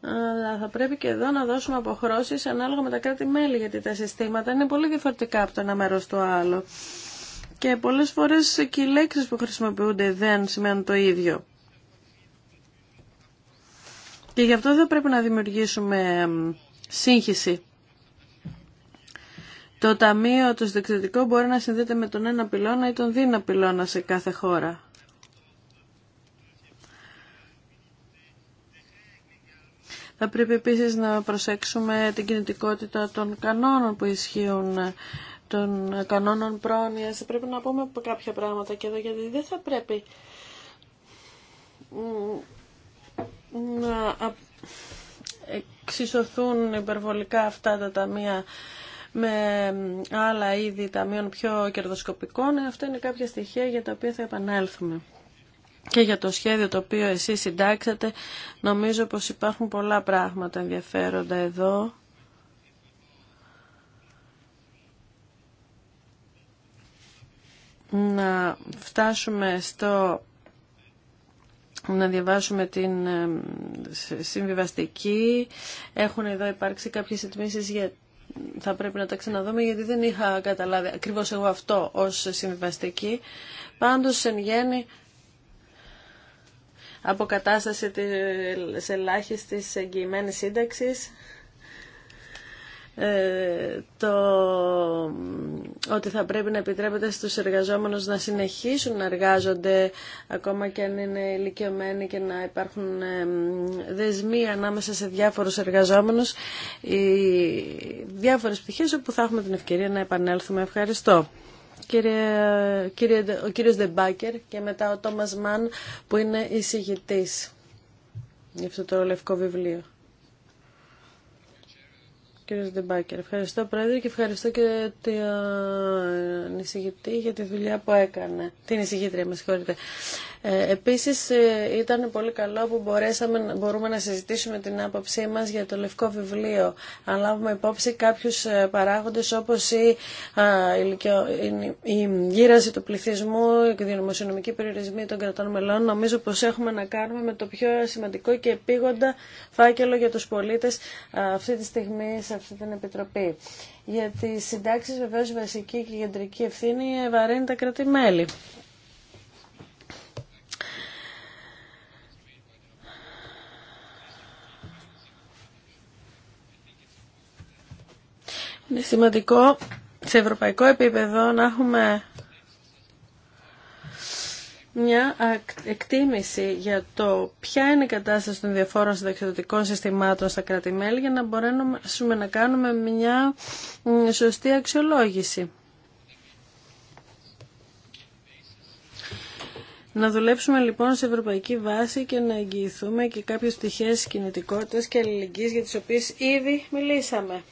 αλλά θα πρέπει και εδώ να δώσουμε αποχρώσεις ανάλογα με τα κράτη-μέλη γιατί τα συστήματα είναι πολύ διαφορετικά από το ένα μέρος στο άλλο και πολλές φορές και οι λέξεις που χρησιμοποιούνται δεν σημαίνουν το ίδιο. Και γι' αυτό δεν πρέπει να δημιουργήσουμε σύγχυση. Το ταμείο, το συνδεξιωτικό μπορεί να συνδέεται με τον ένα πυλώνα ή τον δύο πυλώνα σε κάθε χώρα. Θα πρέπει επίσης να προσέξουμε την κινητικότητα των κανόνων που ισχύουν, των κανόνων πρόνοιας. Πρέπει να πούμε κάποια πράγματα και εδώ, γιατί δεν θα πρέπει να εξισωθούν υπερβολικά αυτά τα ταμεία με άλλα είδη ταμείων πιο κερδοσκοπικών. Ε, αυτά είναι κάποια στοιχεία για τα οποία θα επανέλθουμε. Και για το σχέδιο το οποίο εσείς συντάξατε, νομίζω πως υπάρχουν πολλά πράγματα ενδιαφέροντα εδώ. Να φτάσουμε στο να διαβάσουμε την συμβιβαστική. Έχουν εδώ υπάρξει κάποιες ετοιμήσεις για θα πρέπει να τα ξαναδούμε γιατί δεν είχα καταλάβει ακριβώς εγώ αυτό ως συμβιβαστική. Πάντως εν γέννη αποκατάσταση της ελάχιστης εγγυημένης σύνταξης ε, το ότι θα πρέπει να επιτρέπεται στους εργαζόμενους να συνεχίσουν να εργάζονται ακόμα και αν είναι ηλικιωμένοι και να υπάρχουν δεσμοί ανάμεσα σε διάφορους εργαζόμενους οι διάφορες πτυχές όπου θα έχουμε την ευκαιρία να επανέλθουμε. Ευχαριστώ. Κύριε, ο κύριος Δεμπάκερ και μετά ο Τόμας Μαν που είναι εισηγητής για αυτό το λευκό βιβλίο. Κύριε Ντεμπάκερ. Ευχαριστώ πρόεδρε και ευχαριστώ και την εισηγητή για τη δουλειά που έκανε. Την εισηγήτρια, με συγχωρείτε. Ε, επίσης ε, ήταν πολύ καλό που μπορέσαμε, μπορούμε να συζητήσουμε την άποψή μας για το λευκό βιβλίο. Αν λάβουμε υπόψη κάποιους ε, παράγοντες όπως η, η γύραση του πληθυσμού, η δημοσιονομική περιορισμή των κρατών μελών, νομίζω πως έχουμε να κάνουμε με το πιο σημαντικό και επίγοντα φάκελο για τους πολίτες αυτή τη στιγμή σε αυτή την Επιτροπή. Για τις συντάξεις βεβαίως βασική και κεντρική ευθύνη βαραίνει τα κρατη Είναι σημαντικό σε ευρωπαϊκό επίπεδο να έχουμε μια εκτίμηση για το ποια είναι η κατάσταση των διαφόρων συνταξιδοτικών συστημάτων στα κράτη-μέλη για να μπορέσουμε να κάνουμε μια σωστή αξιολόγηση. Να δουλέψουμε λοιπόν σε ευρωπαϊκή βάση και να εγγυηθούμε και κάποιες πτυχές κινητικότητας και αλληλεγγύης για τις οποίες ήδη μιλήσαμε.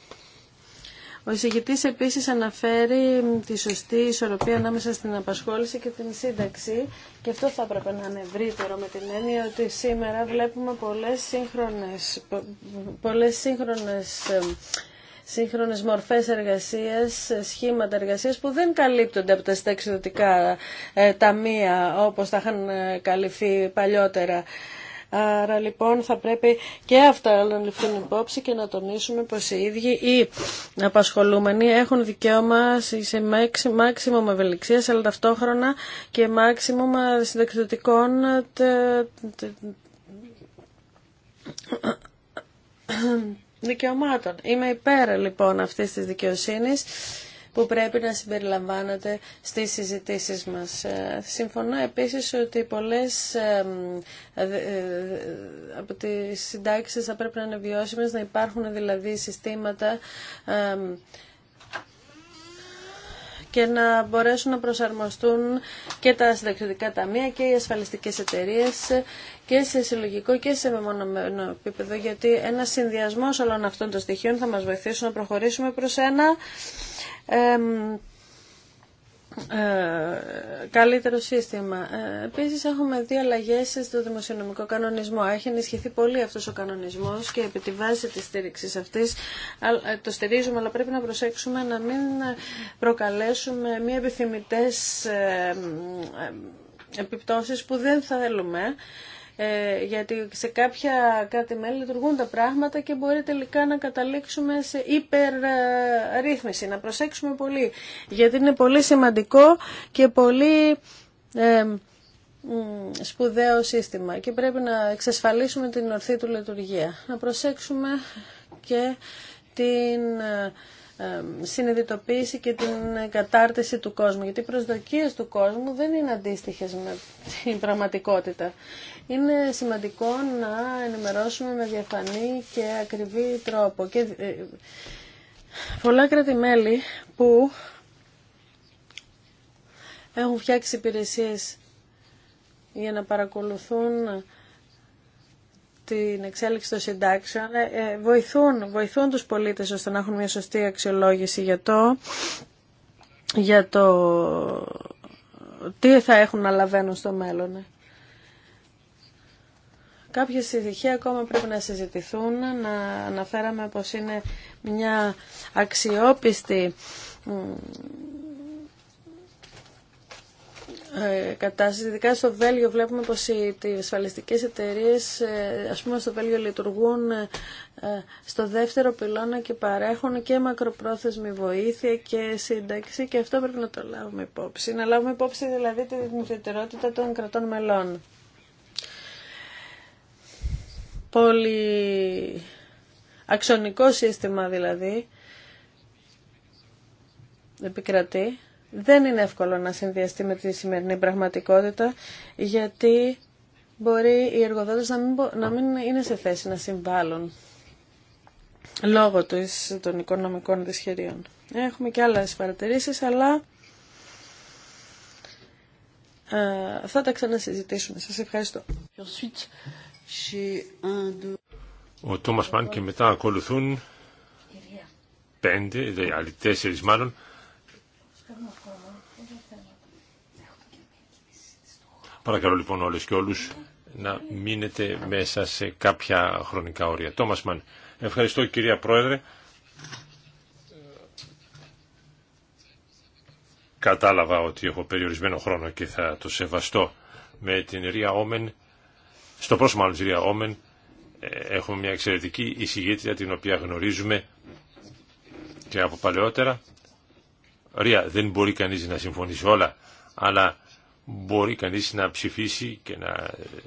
Ο εισηγητής επίσης αναφέρει τη σωστή ισορροπία ανάμεσα στην απασχόληση και την σύνταξη και αυτό θα έπρεπε να είναι ευρύτερο με την έννοια ότι σήμερα βλέπουμε πολλές σύγχρονες, πολλές σύγχρονες σύγχρονες μορφές εργασίας, σχήματα εργασίας που δεν καλύπτονται από τα στεξιδοτικά ε, ταμεία όπως τα είχαν ε, καλυφθεί παλιότερα. Άρα λοιπόν θα πρέπει και αυτά να ληφθούν υπόψη και να τονίσουμε πως οι ίδιοι οι απασχολούμενοι έχουν δικαίωμα σε μάξιμο ευελιξία, αλλά ταυτόχρονα και μάξιμο ε, συνταξιδοτικών ε, δικαιωμάτων. Είμαι υπέρ λοιπόν αυτής της δικαιοσύνης που πρέπει να συμπεριλαμβάνονται στις συζητήσεις μας. Ε, συμφωνώ επίσης ότι πολλές ε, ε, από τις συντάξεις θα πρέπει να είναι βιώσιμες, να υπάρχουν δηλαδή συστήματα και να μπορέσουν να προσαρμοστούν και τα συνταξιδικά ταμεία και οι ασφαλιστικές εταιρείες και σε συλλογικό και σε μεμονωμένο επίπεδο γιατί ένα συνδυασμό όλων αυτών των στοιχείων θα μας βοηθήσουν να προχωρήσουμε προς ένα ε, καλύτερο σύστημα. Ε, Επίση, έχουμε δύο αλλαγέ στο δημοσιονομικό κανονισμό. Έχει ενισχυθεί πολύ αυτό ο κανονισμό και επί τη βάση τη στήριξη αυτή ε, το στηρίζουμε, αλλά πρέπει να προσέξουμε να μην προκαλέσουμε μη επιθυμητέ επιπτώσεις που δεν θέλουμε ε, γιατί σε κάποια κάτι μέλη λειτουργούν τα πράγματα και μπορεί τελικά να καταλήξουμε σε υπερρύθμιση. Να προσέξουμε πολύ, γιατί είναι πολύ σημαντικό και πολύ ε, σπουδαίο σύστημα και πρέπει να εξασφαλίσουμε την ορθή του λειτουργία. Να προσέξουμε και την ε, συνειδητοποίηση και την κατάρτιση του κόσμου. Γιατί οι προσδοκίες του κόσμου δεν είναι αντίστοιχες με την πραγματικότητα. Είναι σημαντικό να ενημερώσουμε με διαφανή και ακριβή τρόπο. Και ε, πολλά κράτη-μέλη που έχουν φτιάξει υπηρεσίες για να παρακολουθούν την εξέλιξη των συντάξεων ε, ε, βοηθούν, βοηθούν τους πολίτες ώστε να έχουν μια σωστή αξιολόγηση για το, για το τι θα έχουν να λαβαίνουν στο μέλλον. Κάποια στοιχεία ακόμα πρέπει να συζητηθούν, να αναφέραμε πως είναι μια αξιόπιστη ε, κατάσταση. Ειδικά στο Βέλγιο βλέπουμε πως οι, οι ασφαλιστικές εταιρείες, ε, ας πούμε στο Βέλγιο λειτουργούν ε, στο δεύτερο πυλώνα και παρέχουν και μακροπρόθεσμη βοήθεια και σύνταξη και αυτό πρέπει να το λάβουμε υπόψη. Να λάβουμε υπόψη δηλαδή την ιδιαιτερότητα των κρατών μελών. Πολύ αξονικό σύστημα δηλαδή επικρατεί δεν είναι εύκολο να συνδυαστεί με τη σημερινή πραγματικότητα γιατί μπορεί οι εργοδότες να μην, να μην είναι σε θέση να συμβάλλουν λόγω των οικονομικών δυσχερίων. Έχουμε και άλλες παρατηρήσεις, αλλά ε, θα τα ξανασυζητήσουμε. Σας ευχαριστώ. Ο Τόμας Μαν και μετά ακολουθούν πέντε, δηλαδή τέσσερις μάλλον, Παρακαλώ λοιπόν όλες και όλους να μείνετε μέσα σε κάποια χρονικά όρια. Τόμας ευχαριστώ κυρία Πρόεδρε. Κατάλαβα ότι έχω περιορισμένο χρόνο και θα το σεβαστώ με την Ρία Όμεν, στο πρόσωπο μάλλον Ρία Όμεν, ε, έχουμε μια εξαιρετική εισηγήτρια την οποία γνωρίζουμε και από παλαιότερα. Ρία, δεν μπορεί κανείς να συμφωνήσει όλα, αλλά μπορεί κανείς να ψηφίσει και να ε,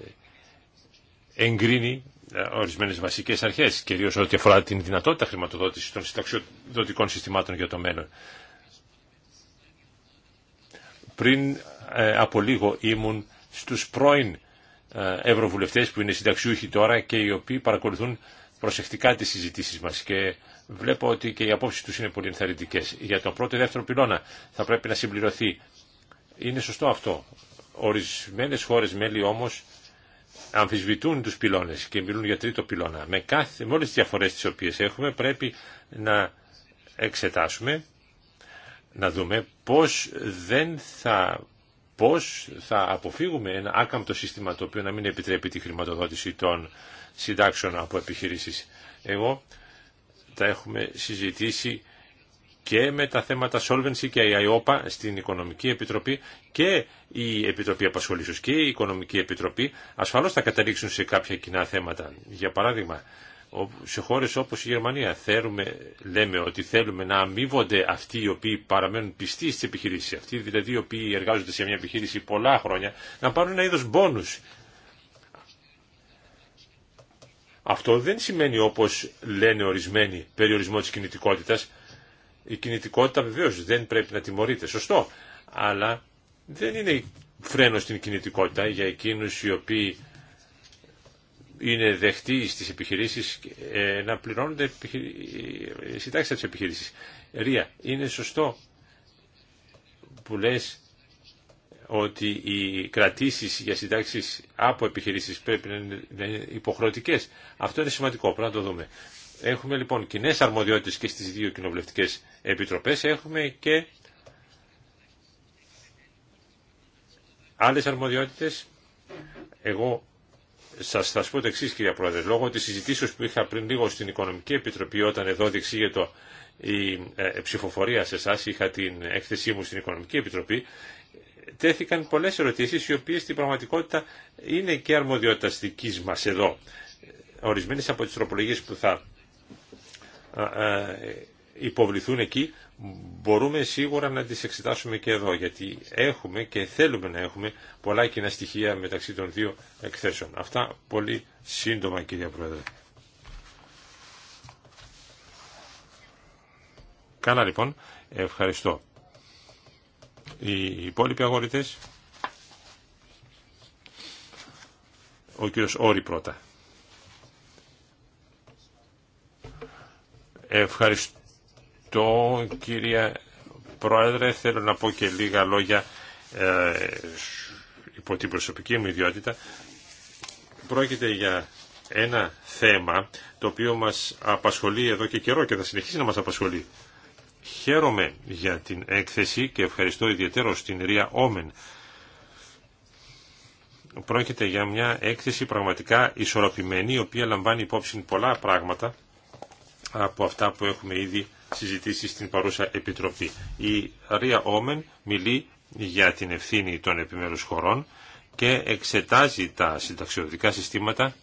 εγκρίνει ε, ορισμένες βασικές αρχές, κυρίως ό,τι αφορά την δυνατότητα χρηματοδότησης των συνταξιοδοτικών συστημάτων για το μέλλον. Πριν ε, από λίγο ήμουν στους πρώην ευρωβουλευτές που είναι συνταξιούχοι τώρα και οι οποίοι παρακολουθούν προσεκτικά τις συζητήσεις μας και βλέπω ότι και οι απόψεις τους είναι πολύ ενθαρρυντικές. Για τον πρώτο ή δεύτερο πυλώνα θα πρέπει να συμπληρωθεί είναι σωστό αυτό. Ορισμένες χώρες μέλη όμως αμφισβητούν τους πυλώνες και μιλούν για τρίτο πυλώνα. Με, κάθε, με όλες τις διαφορές τις οποίες έχουμε πρέπει να εξετάσουμε, να δούμε πώς, δεν θα, πώς θα αποφύγουμε ένα άκαμπτο σύστημα το οποίο να μην επιτρέπει τη χρηματοδότηση των συντάξεων από επιχειρήσεις. Εγώ τα έχουμε συζητήσει και με τα θέματα Solvency και η στην Οικονομική Επιτροπή και η Επιτροπή Απασχολήσεως και η Οικονομική Επιτροπή ασφαλώς θα καταλήξουν σε κάποια κοινά θέματα. Για παράδειγμα, σε χώρες όπως η Γερμανία θέλουμε, λέμε ότι θέλουμε να αμείβονται αυτοί οι οποίοι παραμένουν πιστοί στις επιχειρήσεις, αυτοί δηλαδή οι οποίοι εργάζονται σε μια επιχείρηση πολλά χρόνια, να πάρουν ένα είδος μπόνους. Αυτό δεν σημαίνει όπως λένε ορισμένοι περιορισμό της κινητικότητας, η κινητικότητα βεβαίω δεν πρέπει να τιμωρείται, σωστό, αλλά δεν είναι φρένο στην κινητικότητα για εκείνους οι οποίοι είναι δεχτοί στις επιχειρήσεις ε, να πληρώνονται οι ε, συντάξεις από τι επιχειρήσεις. Ρία, είναι σωστό που λε ότι οι κρατήσεις για συντάξεις από επιχειρήσεις πρέπει να είναι υποχρεωτικές. Αυτό είναι σημαντικό, πρέπει να το δούμε. Έχουμε λοιπόν κοινέ αρμοδιότητε και στι δύο κοινοβουλευτικέ επιτροπέ, Έχουμε και άλλε αρμοδιότητε, Εγώ σα θα πω το εξή, κυρία Πρόεδρε, λόγω τη συζητήσεω που είχα πριν λίγο στην Οικονομική Επιτροπή όταν εδώ διεξήγεται η ε, ε, ψηφοφορία σε εσά, είχα την έκθεσή μου στην Οικονομική Επιτροπή, τέθηκαν πολλέ ερωτήσει, οι οποίε στην πραγματικότητα είναι και αρμοδιότητα δική μα εδώ. ορισμένε από τι τροπολογίε που θα ε, ε, υποβληθούν εκεί, μπορούμε σίγουρα να τις εξετάσουμε και εδώ, γιατί έχουμε και θέλουμε να έχουμε πολλά κοινά στοιχεία μεταξύ των δύο εκθέσεων. Αυτά πολύ σύντομα, κύριε Πρόεδρε. Καλά λοιπόν, ευχαριστώ. Οι υπόλοιποι αγορητές, ο κύριος Όρη πρώτα. Ευχαριστώ κυρία Πρόεδρε. Θέλω να πω και λίγα λόγια ε, υπό την προσωπική μου ιδιότητα. Πρόκειται για ένα θέμα το οποίο μας απασχολεί εδώ και καιρό και θα συνεχίσει να μας απασχολεί. Χαίρομαι για την έκθεση και ευχαριστώ ιδιαίτερο στην Ρία Όμεν. Πρόκειται για μια έκθεση πραγματικά ισορροπημένη η οποία λαμβάνει υπόψη πολλά πράγματα από αυτά που έχουμε ήδη συζητήσει στην παρούσα Επιτροπή. Η Ρία Όμεν μιλεί για την ευθύνη των επιμέρους χωρών και εξετάζει τα συνταξιωτικά συστήματα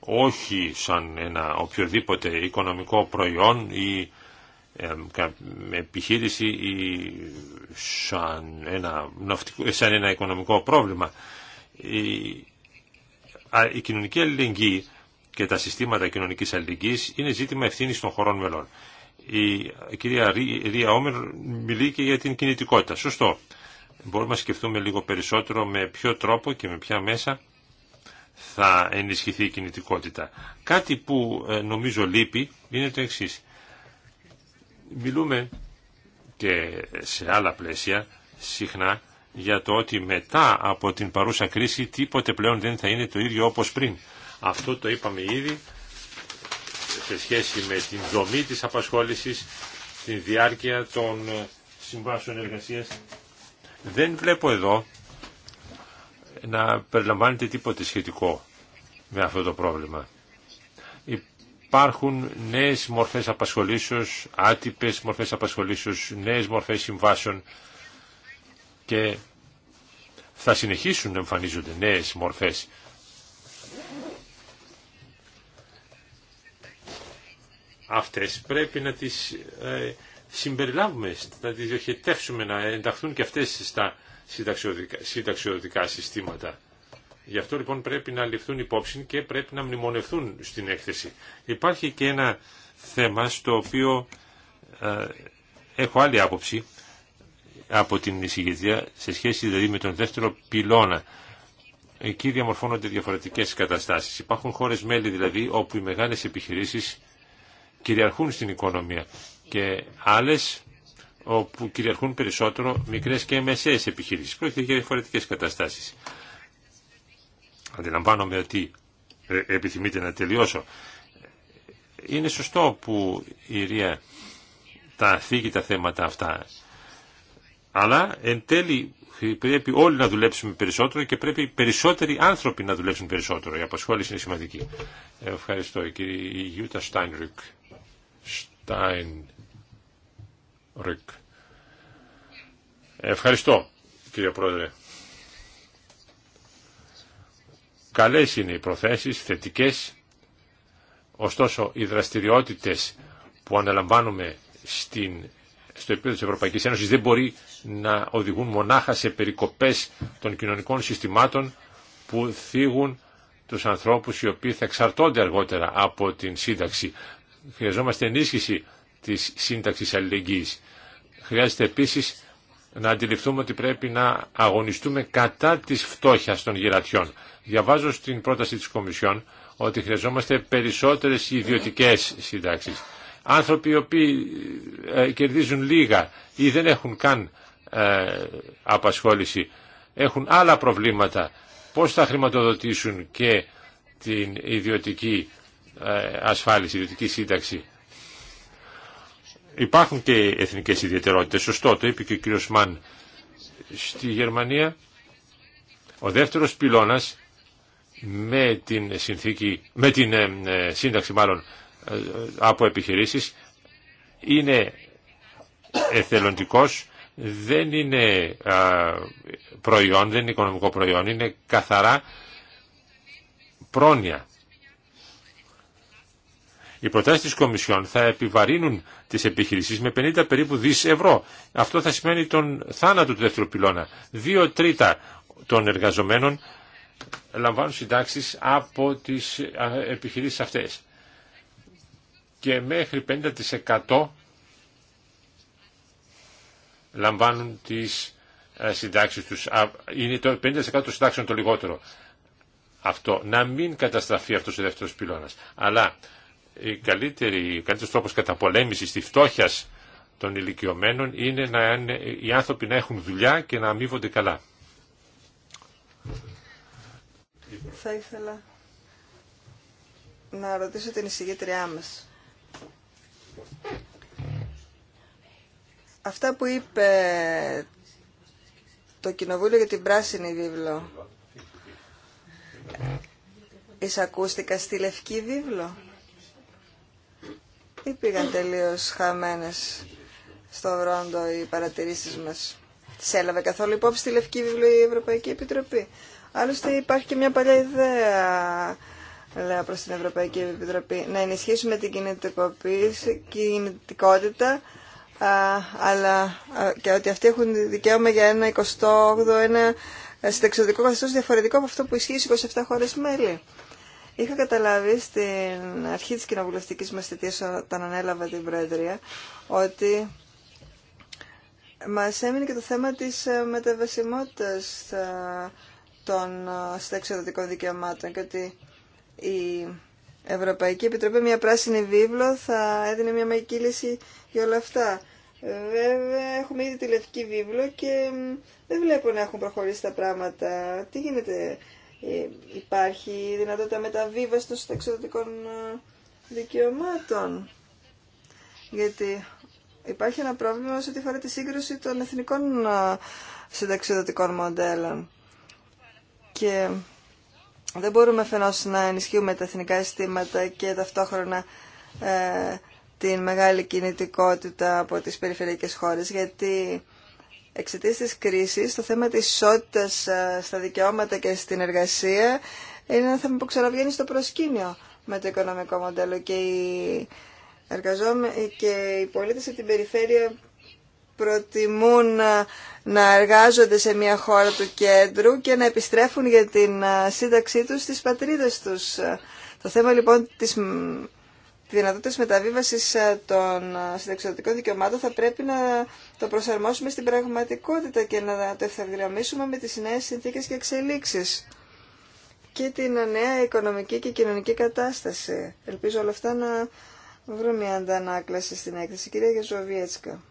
όχι σαν ένα οποιοδήποτε οικονομικό προϊόν ή επιχείρηση ή σαν ένα, σαν ένα οικονομικό πρόβλημα. Η, η κοινωνική αλληλεγγύη και τα συστήματα κοινωνική αλληλεγγύη είναι ζήτημα ευθύνη των χωρών μελών. Η κυρία Ρία Όμερ μιλεί και για την κινητικότητα. Σωστό. Μπορούμε να σκεφτούμε λίγο περισσότερο με ποιο τρόπο και με ποια μέσα θα ενισχυθεί η κινητικότητα. Κάτι που ε, νομίζω λείπει είναι το εξή. Μιλούμε και σε άλλα πλαίσια συχνά για το ότι μετά από την παρούσα κρίση τίποτε πλέον δεν θα είναι το ίδιο όπως πριν. Αυτό το είπαμε ήδη σε σχέση με την δομή της απασχόλησης, τη διάρκεια των ε, συμβάσεων εργασίας. Δεν βλέπω εδώ να περιλαμβάνεται τίποτε σχετικό με αυτό το πρόβλημα. Υπάρχουν νέες μορφές απασχολήσεως, άτυπες μορφές απασχολήσεως, νέες μορφές συμβάσεων και θα συνεχίσουν να εμφανίζονται νέες μορφές αυτές πρέπει να τις ε, συμπεριλάβουμε, να τις διοχετεύσουμε, να ενταχθούν και αυτές στα συνταξιωτικά, συστήματα. Γι' αυτό λοιπόν πρέπει να ληφθούν υπόψη και πρέπει να μνημονευθούν στην έκθεση. Υπάρχει και ένα θέμα στο οποίο ε, έχω άλλη άποψη από την εισηγητρία σε σχέση δηλαδή με τον δεύτερο πυλώνα. Εκεί διαμορφώνονται διαφορετικές καταστάσεις. Υπάρχουν χώρες μέλη δηλαδή όπου οι μεγάλες επιχειρήσεις κυριαρχούν στην οικονομία και άλλες όπου κυριαρχούν περισσότερο μικρές και μεσαίες επιχειρήσεις. Πρόκειται για διαφορετικές καταστάσεις. Αντιλαμβάνομαι ότι ε, επιθυμείτε να τελειώσω. Είναι σωστό που η Ρία τα θίγει τα θέματα αυτά. Αλλά εν τέλει πρέπει όλοι να δουλέψουμε περισσότερο και πρέπει περισσότεροι άνθρωποι να δουλέψουν περισσότερο. Η απασχόληση είναι σημαντική. Ευχαριστώ. Κύριε Γιούτα Στάινρουκ. Ευχαριστώ, κύριε Πρόεδρε. Καλές είναι οι προθέσεις, θετικές, ωστόσο οι δραστηριότητες που αναλαμβάνουμε στην, στο επίπεδο της Ευρωπαϊκής Ένωσης δεν μπορεί να οδηγούν μονάχα σε περικοπές των κοινωνικών συστημάτων που θίγουν τους ανθρώπους οι οποίοι θα εξαρτώνται αργότερα από την σύνταξη. Χρειαζόμαστε ενίσχυση της σύνταξης αλληλεγγύης. Χρειάζεται επίσης να αντιληφθούμε ότι πρέπει να αγωνιστούμε κατά της φτώχειας των γυρατιών. Διαβάζω στην πρόταση της Κομισιόν ότι χρειαζόμαστε περισσότερες ιδιωτικές συντάξεις. Άνθρωποι οι οποίοι ε, κερδίζουν λίγα ή δεν έχουν καν ε, απασχόληση, έχουν άλλα προβλήματα. Πώς θα χρηματοδοτήσουν και την ιδιωτική ε, ασφάλιση, ιδιωτική σύνταξη. Υπάρχουν και εθνικές ιδιαιτερότητες. Σωστό, το είπε και ο κ. Μαν. Στη Γερμανία ο δεύτερος πυλώνας με την, συνθήκη, με την ε, ε, σύνταξη μάλλον από επιχειρήσεις είναι εθελοντικός, δεν είναι προϊόν, δεν είναι οικονομικό προϊόν, είναι καθαρά πρόνοια. Οι προτάσεις τη Κομισιόν θα επιβαρύνουν τις επιχειρήσεις με 50 περίπου δις ευρώ. Αυτό θα σημαίνει τον θάνατο του δεύτερου πυλώνα. Δύο τρίτα των εργαζομένων λαμβάνουν συντάξεις από τις επιχειρήσεις αυτές. Και μέχρι 50% λαμβάνουν τις ε, συντάξεις τους. Είναι το 50% των συντάξεων το λιγότερο. Αυτό. Να μην καταστραφεί αυτός ο δεύτερος πυλώνας. Αλλά η καλύτερη, ο καλύτερος τρόπος καταπολέμησης τη φτώχειας των ηλικιωμένων είναι να οι άνθρωποι να έχουν δουλειά και να αμείβονται καλά. Θα ήθελα να ρωτήσω την εισηγήτριά μας. Αυτά που είπε το Κοινοβούλιο για την Πράσινη Βίβλο εισακούστηκα στη Λευκή Βίβλο ή πήγαν τελείως χαμένες στο Ρόντο οι παρατηρήσεις μας. Τις έλαβε καθόλου υπόψη τη Λευκή Βιβλία η Ευρωπαϊκή Επιτροπή. Άλλωστε υπάρχει και μια παλιά ιδέα λέω προς την Ευρωπαϊκή Επιτροπή να ενισχύσουμε την κινητικότητα αλλά και ότι αυτοί έχουν δικαίωμα για ένα 28ο, ένα συνταξιδικό καθεστώ διαφορετικό από αυτό που ισχύει στι 27 χώρε μέλη. Είχα καταλάβει στην αρχή της κοινοβουλευτικής μας θητείας όταν ανέλαβα την Προεδρία ότι μας έμεινε και το θέμα της ε, μεταβασιμότητας ε, των ε, συνταξιοδοτικών δικαιωμάτων και ότι η Ευρωπαϊκή Επιτροπή, μια πράσινη βίβλο, θα έδινε μια μαγική λύση για όλα αυτά. Βέβαια, έχουμε ήδη τη λευκή βίβλο και δεν βλέπω να έχουν προχωρήσει τα πράγματα. Τι γίνεται ε, υπάρχει δυνατότητα μεταβίβασης των συνταξιδοτικών ε, δικαιωμάτων. Γιατί υπάρχει ένα πρόβλημα σε ό,τι αφορά τη σύγκρουση των εθνικών ε, συνταξιδοτικών μοντέλων. Και δεν μπορούμε φαινώς να ενισχύουμε τα εθνικά αισθήματα και ταυτόχρονα ε, την μεγάλη κινητικότητα από τις περιφερειακές χώρες, γιατί εξαιτίας της κρίσης το θέμα της ισότητας ε, στα δικαιώματα και στην εργασία είναι ένα θέμα που ξαναβγαίνει στο προσκήνιο με το οικονομικό μοντέλο και οι, εργαζόμενοι και οι πολίτες από την περιφέρεια προτιμούν ε, να εργάζονται σε μια χώρα του κέντρου και να επιστρέφουν για την ε, σύνταξή τους στις πατρίδες τους. Το θέμα λοιπόν της τη δυνατότητα μεταβίβασης ε, των ε, συνταξιδοτικών δικαιωμάτων θα πρέπει να το προσαρμόσουμε στην πραγματικότητα και να το ευθαγραμμίσουμε με τις νέες συνθήκες και εξελίξεις και την νέα οικονομική και κοινωνική κατάσταση. Ελπίζω όλα αυτά να βρουν μια αντανάκλαση στην έκθεση. Κυρία Γεζοβιέτσκα.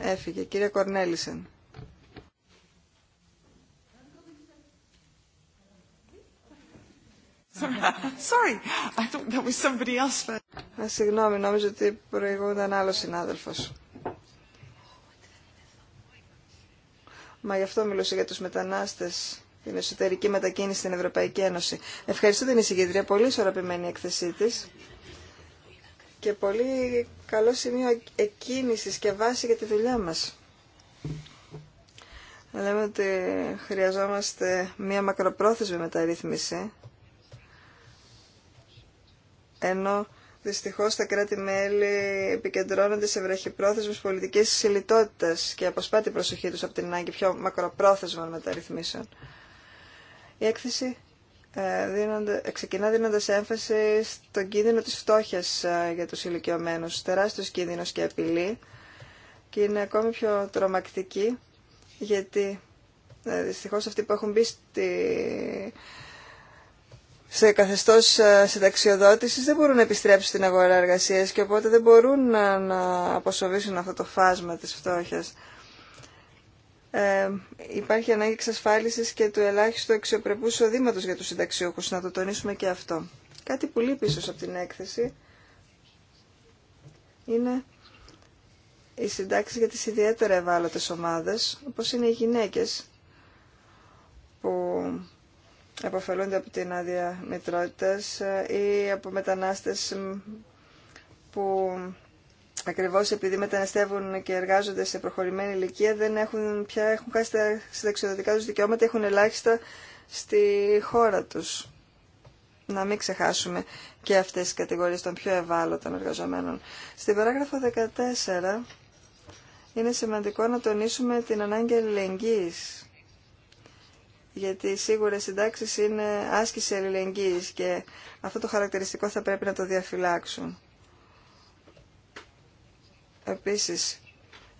Έφυγε. Κύριε Κορνέλισεν. Sorry, I thought that was somebody συγγνώμη, νόμιζα ότι προηγούνταν άλλος συνάδελφος. Μα γι' αυτό μιλούσε για τους μετανάστες, την εσωτερική μετακίνηση στην Ευρωπαϊκή Ένωση. Ευχαριστώ την εισηγητρία, πολύ ισορροπημένη η έκθεσή τη. και πολύ καλό σημείο εκκίνησης και βάση για τη δουλειά μας. Λέμε ότι χρειαζόμαστε μία μακροπρόθεσμη μεταρρύθμιση ενώ δυστυχώς τα κράτη-μέλη επικεντρώνονται σε βραχυπρόθεσμες πολιτικές συλλητότητας και αποσπά την προσοχή τους από την ανάγκη πιο μακροπρόθεσμων μεταρρυθμίσεων. Η έκθεση ε, δίνοντα, ε, ξεκινά δίνοντας έμφαση στον κίνδυνο της φτώχειας ε, για τους ηλικιωμένους, τεράστιος κίνδυνος και απειλή και είναι ακόμη πιο τρομακτική γιατί δυστυχώς αυτοί που έχουν μπει στη σε καθεστώς ε, συνταξιοδότηση δεν μπορούν να επιστρέψουν στην αγορά εργασία και οπότε δεν μπορούν να, να αποσοβήσουν αυτό το φάσμα τη φτώχειας. Ε, υπάρχει ανάγκη εξασφάλιση και του ελάχιστου αξιοπρεπού εισοδήματο για τους συνταξιούχου, να το τονίσουμε και αυτό. Κάτι που λείπει ίσω από την έκθεση είναι η συντάξει για τις ιδιαίτερα ευάλωτε ομάδε, όπω είναι οι γυναίκε που αποφελούνται από την άδεια μητρότητας ε, ή από μετανάστες που ακριβώς επειδή μεταναστεύουν και εργάζονται σε προχωρημένη ηλικία δεν έχουν πια έχουν χάσει τα συνταξιοδοτικά τους δικαιώματα, έχουν ελάχιστα στη χώρα τους. Να μην ξεχάσουμε και αυτές τις κατηγορίες των πιο ευάλωτων εργαζομένων. Στην παράγραφο 14 είναι σημαντικό να τονίσουμε την ανάγκη αλληλεγγύης γιατί σίγουρα οι συντάξει είναι άσκηση αλληλεγγύης και αυτό το χαρακτηριστικό θα πρέπει να το διαφυλάξουν. Επίσης,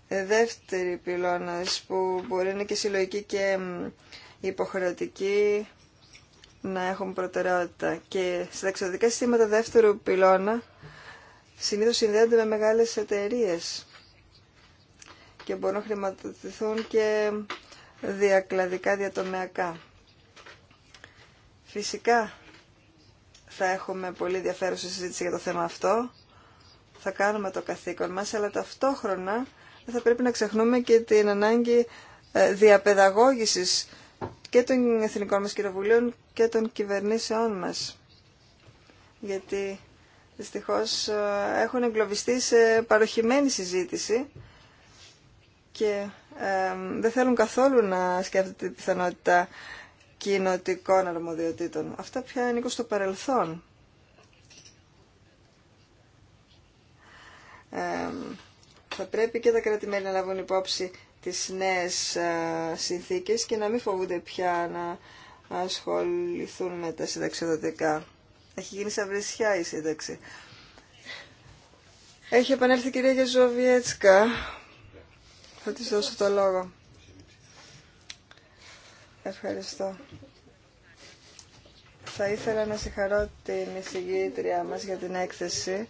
ε, δεύτερη πυλώνας που μπορεί να είναι και συλλογική και υποχρεωτική να έχουν προτεραιότητα. Και στα εξωτικά συστήματα δεύτερου πυλώνα συνήθως συνδέονται με μεγάλες εταιρείες και μπορούν να χρηματοδοτηθούν και διακλαδικά, διατομεακά. Φυσικά θα έχουμε πολύ ενδιαφέρουσα συζήτηση για το θέμα αυτό. Θα κάνουμε το καθήκον μας, αλλά ταυτόχρονα θα πρέπει να ξεχνούμε και την ανάγκη ε, διαπαιδαγώγησης και των εθνικών μας κοινοβουλίων και των κυβερνήσεών μας. Γιατί δυστυχώς ε, έχουν εγκλωβιστεί σε παροχημένη συζήτηση και δεν θέλουν καθόλου να σκέφτεται τη πιθανότητα κοινοτικών αρμοδιοτήτων. Αυτά πια ανήκουν στο παρελθόν. Ε, θα πρέπει και τα κράτη-μέλη να λάβουν υπόψη τις νέες ε, συνθήκες και να μην φοβούνται πια να ασχοληθούν με τα συνταξιοδοτικά. Έχει γίνει σαν η σύνταξη. Έχει επανέλθει η κυρία Γεζοβιέτσκα θα της δώσω το λόγο. Ευχαριστώ. Θα ήθελα να συγχαρώ την εισηγήτριά μας για την έκθεση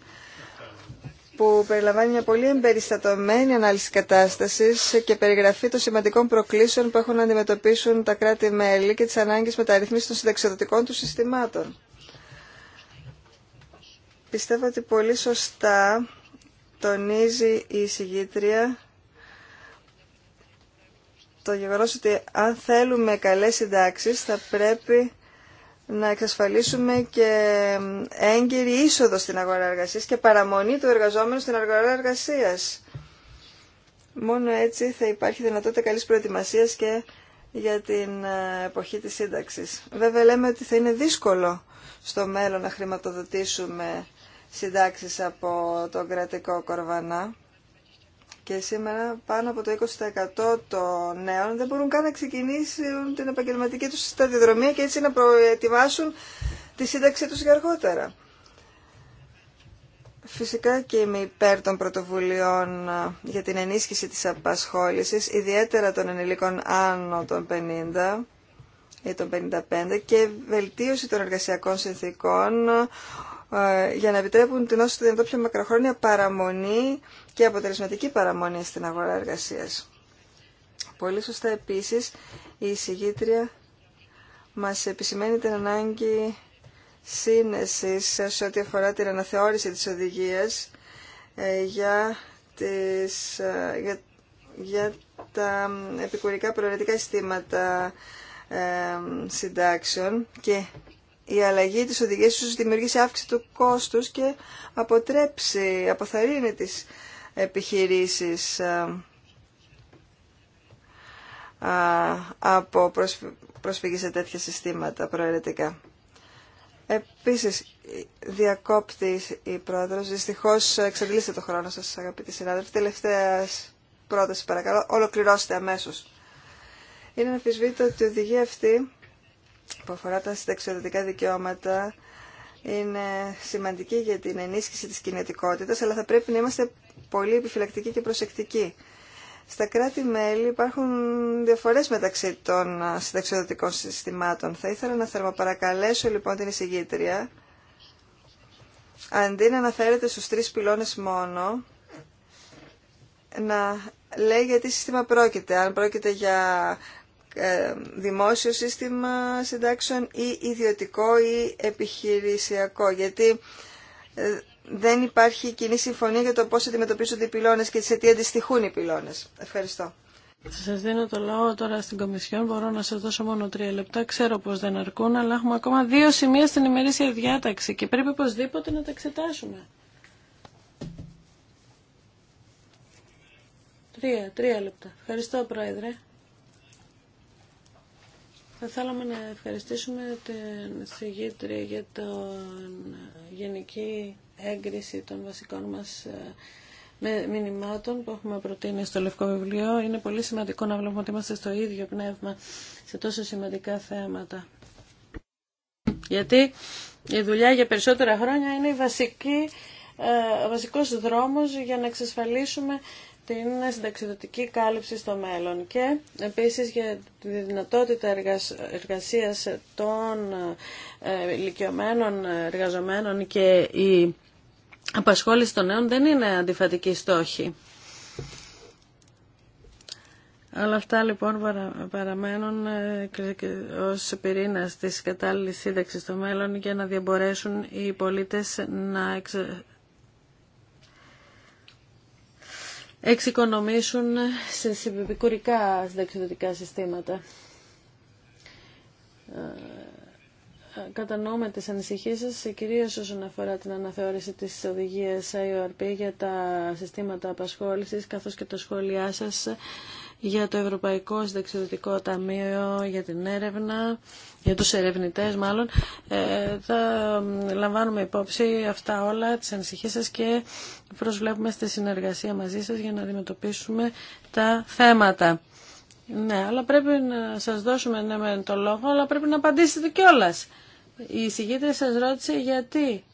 που περιλαμβάνει μια πολύ εμπεριστατωμένη ανάλυση κατάστασης και περιγραφή των σημαντικών προκλήσεων που έχουν να αντιμετωπίσουν τα κράτη-μέλη και τις ανάγκες μεταρρυθμίσεων των συνταξιδοτικών του συστημάτων. Πιστεύω ότι πολύ σωστά τονίζει η εισηγήτρια το γεγονός ότι αν θέλουμε καλές συντάξει θα πρέπει να εξασφαλίσουμε και έγκυρη είσοδο στην αγορά εργασίας και παραμονή του εργαζόμενου στην αγορά εργασίας. Μόνο έτσι θα υπάρχει δυνατότητα καλής προετοιμασίας και για την ε, εποχή της σύνταξης. Βέβαια λέμε ότι θα είναι δύσκολο στο μέλλον να χρηματοδοτήσουμε συντάξεις από τον κρατικό κορβανά και σήμερα πάνω από το 20% των νέων δεν μπορούν καν να ξεκινήσουν την επαγγελματική τους σταδιοδρομία και έτσι να προετοιμάσουν τη σύνταξή τους για αργότερα. Φυσικά και είμαι υπέρ των πρωτοβουλειών ε, για την ενίσχυση της απασχόλησης, ιδιαίτερα των ενηλίκων άνω των 50 ή των 55 και βελτίωση των εργασιακών συνθήκων ε, για να επιτρέπουν την όσο δυνατόν πιο μακροχρόνια παραμονή και αποτελεσματική παραμονή στην αγορά εργασίας. Πολύ σωστά επίσης η εισηγήτρια μας επισημαίνει την ανάγκη σύνεση σε ό,τι αφορά την αναθεώρηση της οδηγίας ε, για, τις, ε, για, για τα επικουρικά προαιρετικά συστήματα συντάξεων και η αλλαγή της οδηγίας ίσως δημιουργήσει αύξηση του κόστους και αποτρέψει, αποθαρρύνει τις επιχειρήσεις ε, ε, από προσφυγή σε τέτοια συστήματα προαιρετικά. Επίσης, διακόπτη η πρόεδρος. Δυστυχώς εξαντλήσετε το χρόνο σας, αγαπητοί συνάδελφοι. Τελευταία πρόταση, παρακαλώ. Ολοκληρώστε αμέσως. Είναι αφισβήτητο ότι η οδηγία αυτή που αφορά τα συνταξιοδοτικά δικαιώματα είναι σημαντική για την ενίσχυση της κινητικότητας, αλλά θα πρέπει να είμαστε πολύ επιφυλακτικοί και προσεκτικοί. Στα κράτη-μέλη υπάρχουν διαφορές μεταξύ των συνταξιοδοτικών συστημάτων. Θα ήθελα να θερμοπαρακαλέσω λοιπόν την εισηγήτρια, αντί να αναφέρεται στους τρεις πυλώνες μόνο, να λέει για τι σύστημα πρόκειται. Αν πρόκειται για ε, δημόσιο σύστημα συντάξεων ή ιδιωτικό ή επιχειρησιακό. Γιατί ε, δεν υπάρχει κοινή συμφωνία για το πώς αντιμετωπίζονται οι πυλώνες και σε τι αντιστοιχούν οι πυλώνες. Ευχαριστώ. Σα δίνω το λόγο τώρα στην Κομισιόν. Μπορώ να σα δώσω μόνο τρία λεπτά. Ξέρω πω δεν αρκούν, αλλά έχουμε ακόμα δύο σημεία στην ημερήσια διάταξη και πρέπει οπωσδήποτε να τα εξετάσουμε. Τρία, τρία λεπτά. Ευχαριστώ, Πρόεδρε. Θα θέλαμε να ευχαριστήσουμε την συγγήτρια για την γενική έγκριση των βασικών μας ε, με μηνυμάτων που έχουμε προτείνει στο Λευκό Βιβλίο. Είναι πολύ σημαντικό να βλέπουμε ότι είμαστε στο ίδιο πνεύμα σε τόσο σημαντικά θέματα. Γιατί η δουλειά για περισσότερα χρόνια είναι βασική, ε, ο βασικός δρόμος για να εξασφαλίσουμε την συνταξιδοτική κάλυψη στο μέλλον και επίσης για τη δυνατότητα εργασίας των ε, ηλικιωμένων εργαζομένων και η απασχόληση των νέων δεν είναι αντιφατική στόχη. Όλα αυτά λοιπόν παραμένουν ε, ως πυρήνας της κατάλληλης σύνταξης στο μέλλον για να διαμπορέσουν οι πολίτες να εξοικονομήσουν σε συμπεπικουρικά δεξιδοτικά συστήματα. Ε, κατανοούμε τις ανησυχίες σας, κυρίως όσον αφορά την αναθεώρηση της οδηγίας IORP για τα συστήματα απασχόλησης, καθώς και τα σχόλιά σας για το Ευρωπαϊκό Συνταξιδοτικό Ταμείο για την έρευνα, για τους ερευνητές μάλλον. Ε, θα λαμβάνουμε υπόψη αυτά όλα, τις ανησυχίες σας και προσβλέπουμε στη συνεργασία μαζί σας για να αντιμετωπίσουμε τα θέματα. Ναι, αλλά πρέπει να σας δώσουμε ναι, με το λόγο, αλλά πρέπει να απαντήσετε κιόλας. Η συγκίτρια σας ρώτησε γιατί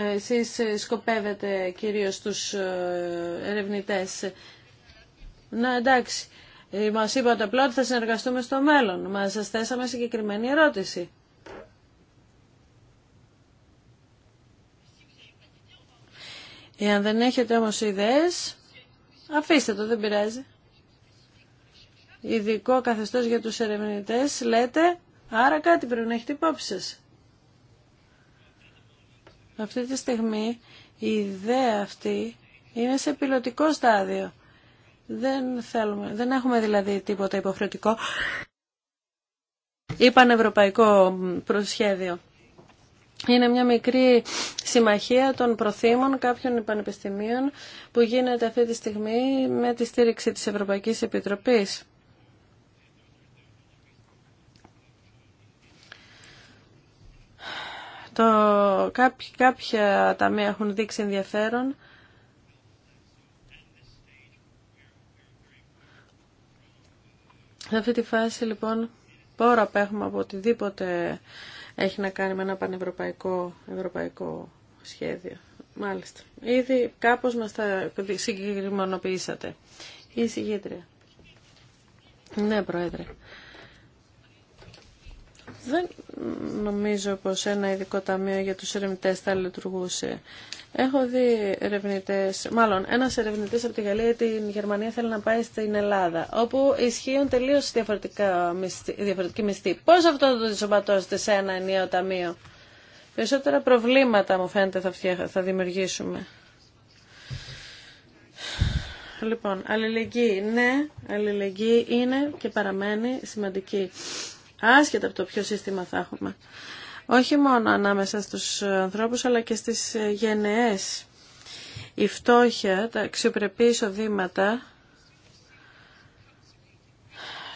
εσείς σκοπεύετε κυρίως τους ε, ερευνητές. Να εντάξει, ε, μας είπατε απλά ότι θα συνεργαστούμε στο μέλλον. Μα σας θέσαμε συγκεκριμένη ερώτηση. Εάν δεν έχετε όμως ιδέες, αφήστε το, δεν πειράζει. Ειδικό καθεστώς για τους ερευνητές, λέτε, άρα κάτι πρέπει να έχετε υπόψη αυτή τη στιγμή η ιδέα αυτή είναι σε πιλωτικό στάδιο. Δεν, θέλουμε, δεν έχουμε δηλαδή τίποτα υποχρεωτικό ή πανευρωπαϊκό προσχέδιο. Είναι μια μικρή συμμαχία των προθήμων κάποιων πανεπιστημίων που γίνεται αυτή τη στιγμή με τη στήριξη της Ευρωπαϊκής Επιτροπής. το, κάποια, κάποια ταμεία έχουν δείξει ενδιαφέρον. Σε αυτή τη φάση λοιπόν πόρα απέχουμε από οτιδήποτε έχει να κάνει με ένα πανευρωπαϊκό ευρωπαϊκό σχέδιο. Μάλιστα. Ήδη κάπως μας τα συγκεκριμονοποιήσατε. Η συγγήτρια. Ναι, Πρόεδρε. Δεν νομίζω πως ένα ειδικό ταμείο για τους ερευνητέ θα λειτουργούσε. Έχω δει ερευνητέ, μάλλον ένα ερευνητή από τη Γαλλία ή την Γερμανία θέλει να πάει στην Ελλάδα, όπου ισχύουν τελείω διαφορετικοί μισθοί. Πώ αυτό το σωματώσετε σε ένα ενιαίο ταμείο, Περισσότερα προβλήματα μου φαίνεται θα, θα δημιουργήσουμε. Λοιπόν, αλληλεγγύη, ναι, αλληλεγγύη είναι και παραμένει σημαντική άσχετα από το ποιο σύστημα θα έχουμε. Όχι μόνο ανάμεσα στους ανθρώπους, αλλά και στις γενναίες. Η φτώχεια, τα αξιοπρεπή εισοδήματα,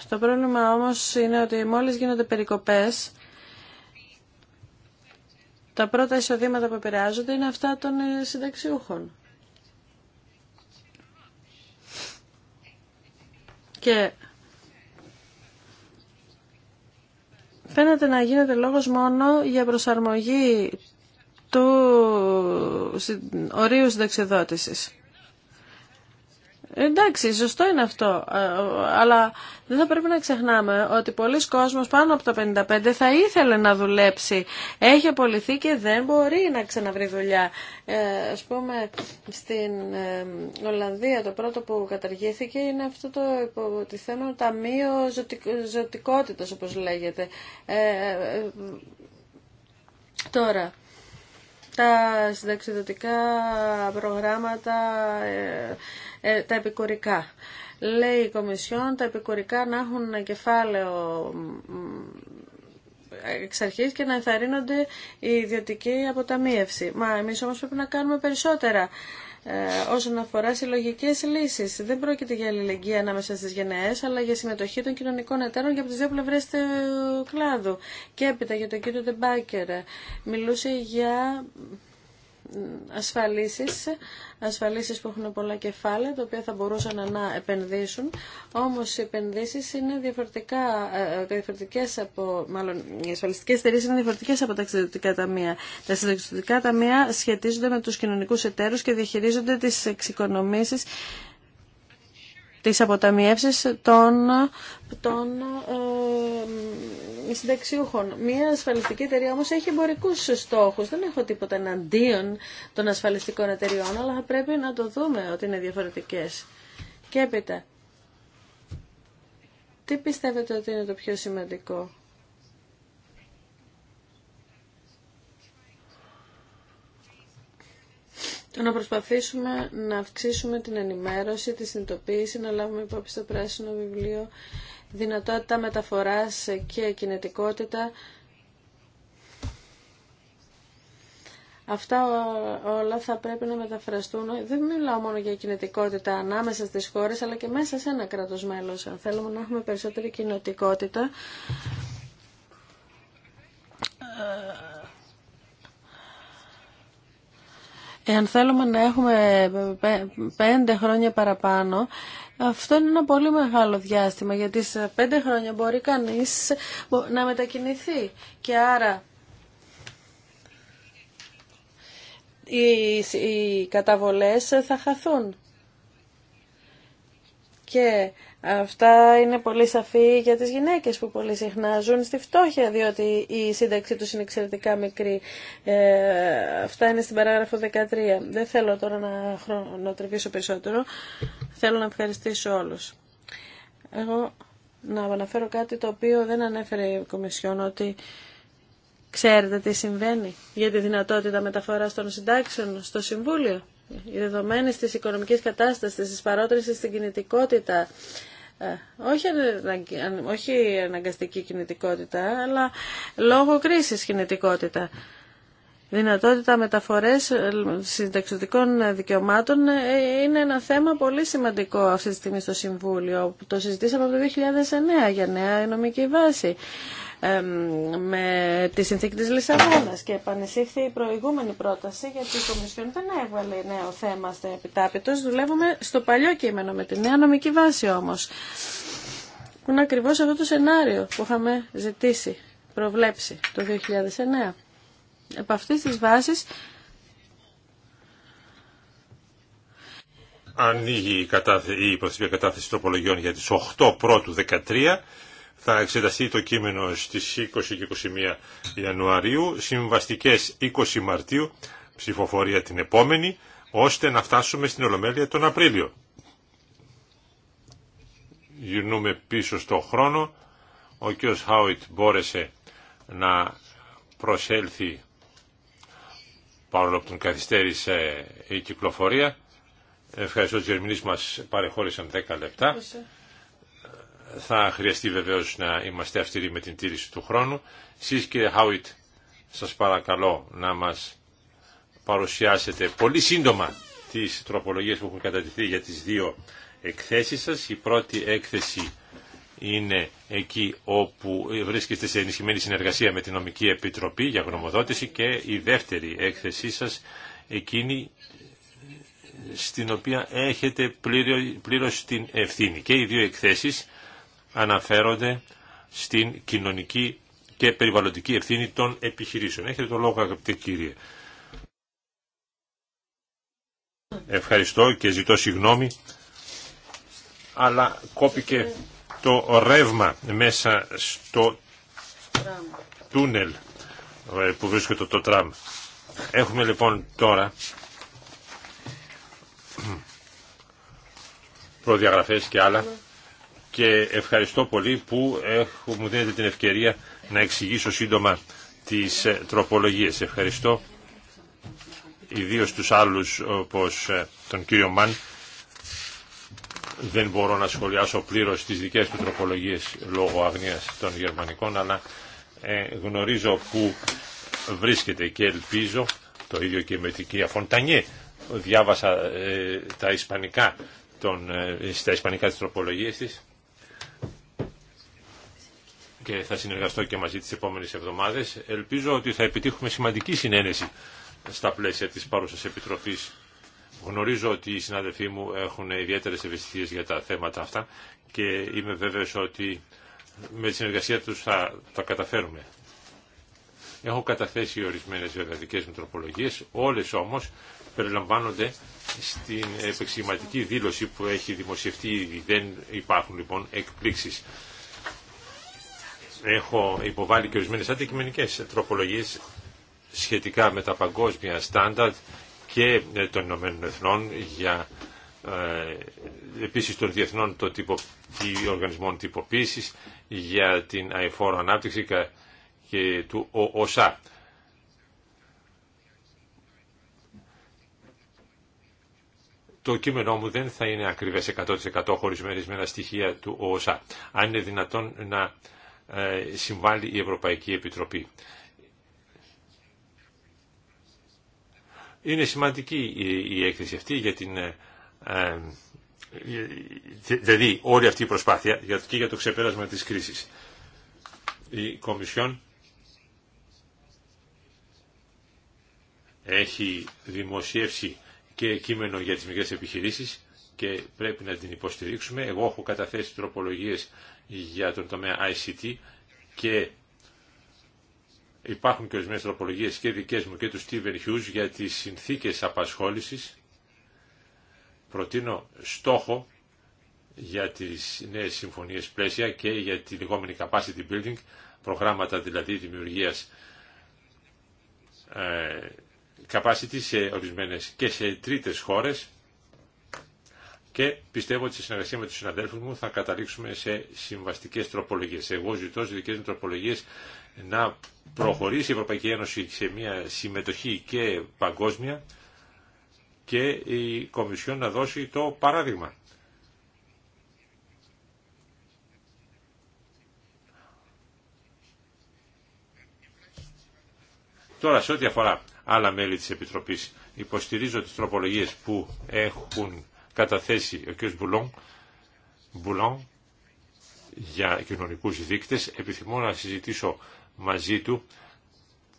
το πρόβλημα όμως είναι ότι μόλις γίνονται περικοπές, τα πρώτα εισοδήματα που επηρεάζονται είναι αυτά των συνταξιούχων. Και Φαίνεται να γίνεται λόγος μόνο για προσαρμογή του ορίου συνταξιδότησης. Εντάξει, σωστό είναι αυτό, ε, αλλά δεν θα πρέπει να ξεχνάμε ότι πολλοί κόσμος πάνω από τα 55 θα ήθελε να δουλέψει. Έχει απολυθεί και δεν μπορεί να ξαναβρει δουλειά. Ε, ας πούμε, στην ε, Ολλανδία το πρώτο που καταργήθηκε είναι αυτό το υποτιθέμενο ταμείο ζωτικ, ζωτικότητας, όπως λέγεται. Ε, τώρα, τα συνταξιδοτικά προγράμματα, ε, ε, τα επικουρικά. Λέει η Κομισιόν τα επικουρικά να έχουν κεφάλαιο εξ αρχής και να ενθαρρύνονται η ιδιωτική αποταμίευση. Μα εμείς όμως πρέπει να κάνουμε περισσότερα ε, όσον αφορά συλλογικέ λύσει. Δεν πρόκειται για αλληλεγγύη ανάμεσα στι γενναίε, αλλά για συμμετοχή των κοινωνικών εταίρων και από τι δύο πλευρέ του κλάδου. Και έπειτα για τον κύριο Τεμπάκερ. Μιλούσε για ασφαλίσεις, ασφαλίσεις που έχουν πολλά κεφάλαια, τα οποία θα μπορούσαν να επενδύσουν. Όμως οι επενδύσεις είναι διαφορετικά, ε, ε, διαφορετικές από, μάλλον οι ασφαλιστικές εταιρείε είναι διαφορετικές από τα εξαιρετικά ταμεία. Τα εξαιρετικά ταμεία σχετίζονται με τους κοινωνικούς εταίρους και διαχειρίζονται τις εξοικονομήσεις τις αποταμιεύσεις των, των ε, συνταξιούχων. Μία ασφαλιστική εταιρεία όμως έχει εμπορικού στόχους. Δεν έχω τίποτα εναντίον των ασφαλιστικών εταιριών, αλλά θα πρέπει να το δούμε ότι είναι διαφορετικές. Και έπειτα, τι πιστεύετε ότι είναι το πιο σημαντικό να προσπαθήσουμε να αυξήσουμε την ενημέρωση, τη συνειδητοποίηση, να λάβουμε υπόψη στο πράσινο βιβλίο, δυνατότητα μεταφοράς και κινητικότητα. Αυτά όλα θα πρέπει να μεταφραστούν. Δεν μιλάω μόνο για κινητικότητα ανάμεσα στις χώρες, αλλά και μέσα σε ένα κράτος μέλος. Αν θέλουμε να έχουμε περισσότερη κινητικότητα, Εάν θέλουμε να έχουμε πέντε χρόνια παραπάνω, αυτό είναι ένα πολύ μεγάλο διάστημα, γιατί σε πέντε χρόνια μπορεί κανείς να μετακινηθεί. Και άρα οι, οι καταβολές θα χαθούν. Και αυτά είναι πολύ σαφή για τις γυναίκες που πολύ συχνά ζουν στη φτώχεια, διότι η σύνταξή τους είναι εξαιρετικά μικρή. Ε, αυτά είναι στην παράγραφο 13. Δεν θέλω τώρα να τριβήσω περισσότερο. Θέλω να ευχαριστήσω όλους. Εγώ να αναφέρω κάτι το οποίο δεν ανέφερε η Κομισιόν, ότι ξέρετε τι συμβαίνει για τη δυνατότητα μεταφοράς των συντάξεων στο Συμβούλιο οι δεδομένες της οικονομικής κατάστασης, της παρότρησης στην κινητικότητα, ε, όχι, όχι αναγκαστική κινητικότητα, αλλά λόγω κρίσης κινητικότητα. Δυνατότητα μεταφορές ε, συνταξιωτικών δικαιωμάτων ε, είναι ένα θέμα πολύ σημαντικό αυτή τη στιγμή στο Συμβούλιο. Το συζητήσαμε από το 2009 για νέα νομική βάση με τη συνθήκη της Λισαβόνας και επανεσύχθη η προηγούμενη πρόταση γιατί η Κομισιόν δεν έβαλε νέο θέμα στο επιτάπητος. Δουλεύουμε στο παλιό κείμενο με τη νέα νομική βάση όμως. Που είναι ακριβώς αυτό το σενάριο που είχαμε ζητήσει, προβλέψει το 2009. Επ' αυτής της βάσης ανοίγει η, κατάθε... κατάθεση τροπολογιών για τις 8 πρώτου 13 θα εξεταστεί το κείμενο στις 20 και 21 Ιανουαρίου, συμβαστικές 20 Μαρτίου, ψηφοφορία την επόμενη, ώστε να φτάσουμε στην Ολομέλεια τον Απρίλιο. Γυρνούμε πίσω στο χρόνο. Ο κ. Χάουιτ μπόρεσε να προσέλθει παρόλο που τον καθυστέρησε η κυκλοφορία. Ευχαριστώ τους Γερμινείς μας παρεχώρησαν 10 λεπτά. Θα χρειαστεί βεβαίως να είμαστε αυστηροί με την τήρηση του χρόνου. Εσείς κύριε Χάουιτ, σας παρακαλώ να μας παρουσιάσετε πολύ σύντομα τις τροπολογίες που έχουν κατατηθεί για τις δύο εκθέσεις σας. Η πρώτη έκθεση είναι εκεί όπου βρίσκεστε σε ενισχυμένη συνεργασία με την Νομική Επιτροπή για γνωμοδότηση και η δεύτερη έκθεσή σας εκείνη στην οποία έχετε πλήρω την ευθύνη. Και οι δύο εκθέσεις αναφέρονται στην κοινωνική και περιβαλλοντική ευθύνη των επιχειρήσεων. Έχετε το λόγο αγαπητέ κύριε. Ευχαριστώ και ζητώ συγγνώμη, αλλά κόπηκε το ρεύμα μέσα στο τούνελ ε, που βρίσκεται το τραμ. Έχουμε λοιπόν τώρα προδιαγραφές και άλλα και ευχαριστώ πολύ που έχω, μου δίνετε την ευκαιρία να εξηγήσω σύντομα τις ε, τροπολογίες. Ευχαριστώ ιδίως τους άλλους όπως ε, τον κύριο Μαν. Δεν μπορώ να σχολιάσω πλήρως τις δικές του τροπολογίες λόγω αγνίας των γερμανικών, αλλά ε, γνωρίζω που βρίσκεται και ελπίζω, το ίδιο και με την κυρία Φοντανιέ, διάβασα τα ισπανικά των, στα ισπανικά της τροπολογίας της και θα συνεργαστώ και μαζί τις επόμενες εβδομάδες. Ελπίζω ότι θα επιτύχουμε σημαντική συνένεση στα πλαίσια της παρούσας επιτροφής. Γνωρίζω ότι οι συνάδελφοί μου έχουν ιδιαίτερες ευαισθησίες για τα θέματα αυτά και είμαι βέβαιος ότι με τη συνεργασία τους θα τα καταφέρουμε. Έχω καταθέσει ορισμένες εργατικές μετροπολογίες, όλες όμως περιλαμβάνονται στην επεξηγηματική δήλωση που έχει δημοσιευτεί ήδη. Δεν υπάρχουν λοιπόν εκπλήξεις έχω υποβάλει και ορισμένε αντικειμενικέ τροπολογίε σχετικά με τα παγκόσμια στάνταρτ και ε, των Ηνωμένων Εθνών για ε, επίσης των διεθνών το τυπο, οργανισμών τυποποίησης για την αεφόρο ανάπτυξη και του ΟΣΑ. Το κείμενό μου δεν θα είναι ακριβές 100% με τα στοιχεία του ΟΟΣΑ. Αν είναι δυνατόν να ε, συμβάλλει η Ευρωπαϊκή Επιτροπή. Είναι σημαντική η έκθεση αυτή για την... Δηλαδή όλη αυτή η προσπάθεια και για το ξεπέρασμα της κρίσης. Η Κομισιόν έχει δημοσιεύσει και κείμενο για τις μικρές επιχειρήσεις και πρέπει να την υποστηρίξουμε. Εγώ έχω καταθέσει τροπολογίες για τον τομέα ICT και υπάρχουν και ορισμένε τροπολογίε και δικέ μου και του Steven Hughes για τι συνθήκε απασχόληση. Προτείνω στόχο για τις νέες συμφωνίες πλαίσια και για τη λεγόμενη capacity building, προγράμματα δηλαδή δημιουργίας ε, capacity σε ορισμένες και σε τρίτες χώρες και πιστεύω ότι στη συνεργασία με τους συναδέλφους μου θα καταλήξουμε σε συμβαστικές τροπολογίες. Εγώ ζητώ στις δικές μου τροπολογίες να προχωρήσει η Ευρωπαϊκή Ένωση σε μια συμμετοχή και παγκόσμια και η Κομισιόν να δώσει το παράδειγμα. Τώρα σε ό,τι αφορά άλλα μέλη της Επιτροπής υποστηρίζω τις τροπολογίες που έχουν καταθέσει ο κ. Μπουλόν, για κοινωνικούς δείκτες. Επιθυμώ να συζητήσω μαζί του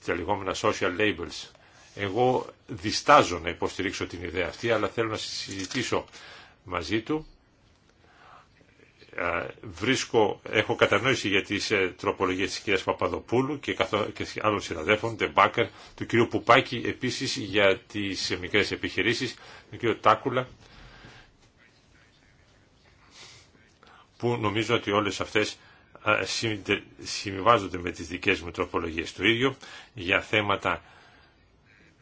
τα λεγόμενα social labels. Εγώ διστάζω να υποστηρίξω την ιδέα αυτή, αλλά θέλω να συζητήσω μαζί του. Βρίσκω, έχω κατανόηση για τις ε, τροπολογίες της κ. Παπαδοπούλου και, και άλλων συναδέφων, τον του κ. Πουπάκη, επίσης για τις ε, μικρές επιχειρήσεις, τον κ. Τάκουλα, που νομίζω ότι όλες αυτές συμβιβάζονται με τις δικές μου τροπολογίες του ίδιου για θέματα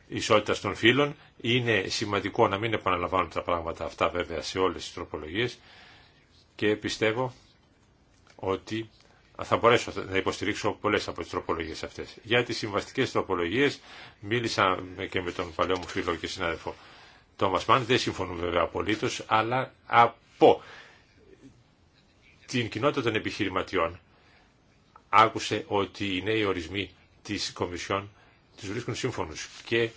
ισότητας των φύλων. Είναι σημαντικό να μην επαναλαμβάνω τα πράγματα αυτά βέβαια σε όλες τις τροπολογίες και πιστεύω ότι θα μπορέσω να υποστηρίξω πολλές από τις τροπολογίες αυτές. Για τις συμβαστικές τροπολογίες μίλησα και με τον παλαιό μου φίλο και συνάδελφο Τόμας Μάν. Δεν συμφωνούμε βέβαια απολύτως, αλλά από την κοινότητα των επιχειρηματιών άκουσε ότι οι νέοι ορισμοί της Κομισιόν τους βρίσκουν σύμφωνους και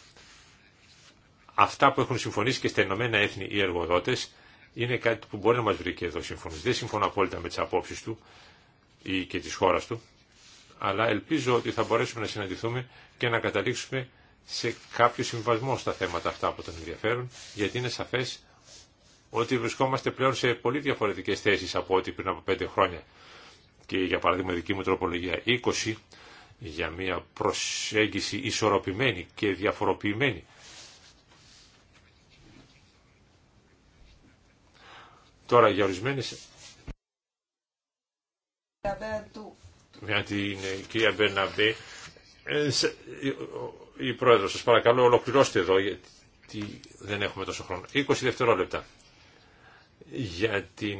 αυτά που έχουν συμφωνήσει και στα Ηνωμένα Έθνη οι εργοδότες είναι κάτι που μπορεί να μας βρει και εδώ σύμφωνος. Δεν συμφωνώ απόλυτα με τις απόψεις του ή και της χώρας του, αλλά ελπίζω ότι θα μπορέσουμε να συναντηθούμε και να καταλήξουμε σε κάποιο συμβασμό στα θέματα αυτά που τον ενδιαφέρουν, γιατί είναι σαφές ότι βρισκόμαστε πλέον σε πολύ διαφορετικές θέσεις από ό,τι πριν από πέντε χρόνια. Και για παράδειγμα δική μου τροπολογία 20 για μια προσέγγιση ισορροπημένη και διαφοροποιημένη. Τώρα για ορισμένες... Για την ε, κυρία Μπερναμπέ, ε, ε, η Πρόεδρο, σας παρακαλώ ολοκληρώστε εδώ γιατί δεν έχουμε τόσο χρόνο. 20 δευτερόλεπτα για την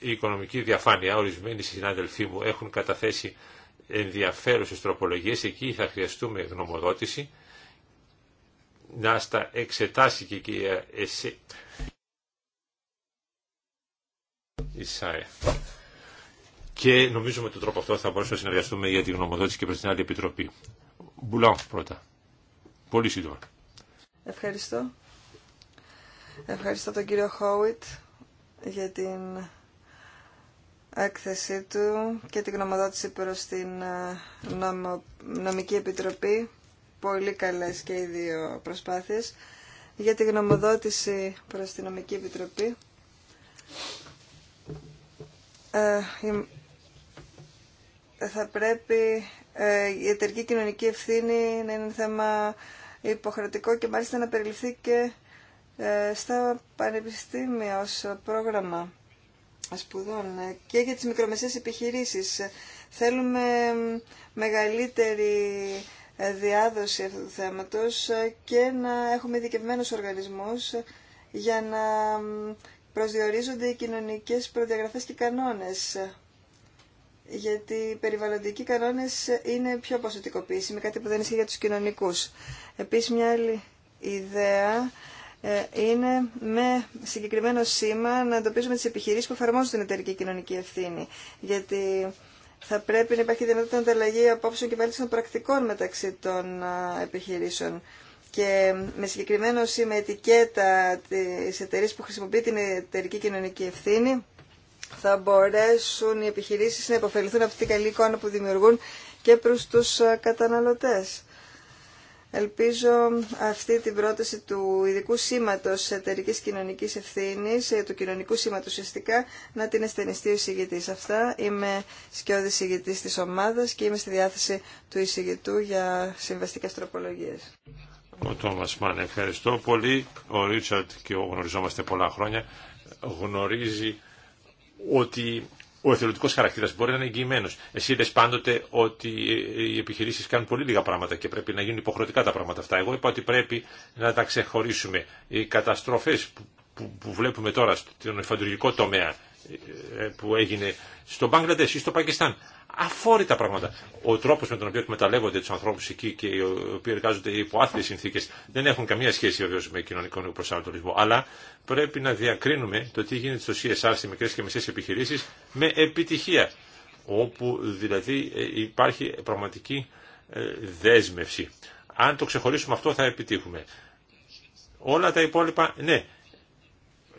οικονομική διαφάνεια. Ορισμένοι συνάδελφοί μου έχουν καταθέσει ενδιαφέρουσες τροπολογίες. Εκεί θα χρειαστούμε γνωμοδότηση να στα εξετάσει και η κυρία Εσέ. Και Και με τον τρόπο αυτό θα μπορούσαμε να συνεργαστούμε για την γνωμοδότηση και προς την άλλη επιτροπή. Μπουλάν πρώτα. Πολύ σύντομα. Ευχαριστώ. Ευχαριστώ τον κύριο Χόουιτ για την έκθεσή του και την γνωμοδότηση προς την ε, Νομική Επιτροπή. Πολύ καλές και οι δύο προσπάθειες. Για την γνωμοδότηση προς την Νομική Επιτροπή. Ε, θα πρέπει ε, η εταιρική κοινωνική ευθύνη να είναι θέμα υποχρεωτικό και μάλιστα να περιληφθεί και ε, στα πανεπιστήμια ως πρόγραμμα σπουδών ε, και για τις μικρομεσαίες επιχειρήσεις. Ε, θέλουμε μεγαλύτερη διάδοση αυτού του θέματος και να έχουμε ειδικευμένους οργανισμούς για να προσδιορίζονται οι κοινωνικές προδιαγραφές και κανόνες. Γιατί οι περιβαλλοντικοί κανόνες είναι πιο ποσοτικοποιήσιμοι, κάτι που δεν ισχύει για τους κοινωνικούς. Επίσης μια άλλη ιδέα ε, είναι με συγκεκριμένο σήμα να εντοπίζουμε τις επιχειρήσεις που εφαρμόζουν την εταιρική κοινωνική ευθύνη. Γιατί θα πρέπει να υπάρχει δυνατότητα ανταλλαγή απόψεων και βάλτιστων των πρακτικών μεταξύ των επιχειρήσεων. Και με συγκεκριμένο σήμα ετικέτα της εταιρεία που χρησιμοποιεί την εταιρική κοινωνική ευθύνη θα μπορέσουν οι επιχειρήσεις να υποφεληθούν από την καλή εικόνα που δημιουργούν και προς τους καταναλωτές. Ελπίζω αυτή την πρόταση του ειδικού σήματο εταιρική κοινωνικής ευθύνης, ε, του κοινωνικού σήματο ουσιαστικά, να την ασθενιστεί ο εισηγητή. Αυτά είμαι σκιώδη εισηγητή τη ομάδα και είμαι στη διάθεση του εισηγητού για συμβαστικέ τροπολογίε. Ο Τόμας Μάν, ευχαριστώ πολύ. Ο Ρίτσαρτ και γνωριζόμαστε πολλά χρόνια. Γνωρίζει ότι ο εθελοντικό χαρακτήρα μπορεί να είναι εγγυημένο. Εσύ λε πάντοτε ότι οι επιχειρήσει κάνουν πολύ λίγα πράγματα και πρέπει να γίνουν υποχρεωτικά τα πράγματα αυτά. Εγώ είπα ότι πρέπει να τα ξεχωρίσουμε. Οι καταστροφέ που, που, βλέπουμε τώρα στον εφαντουργικό τομέα ε, που έγινε στο Μπαγκλαντέ ή στο Πακιστάν. Αφόρητα πράγματα. Ο τρόπο με τον οποίο εκμεταλλεύονται του ανθρώπου εκεί και οι οποίοι εργάζονται υπό άθλιε συνθήκε δεν έχουν καμία σχέση βεβαίω με κοινωνικό προσανατολισμό. Αλλά πρέπει να διακρίνουμε το τι γίνεται στο CSR στις μικρέ και μεσέ επιχειρήσει με επιτυχία. Όπου δηλαδή ε, υπάρχει πραγματική ε, δέσμευση. Αν το ξεχωρίσουμε αυτό θα επιτύχουμε. Όλα τα υπόλοιπα, ναι,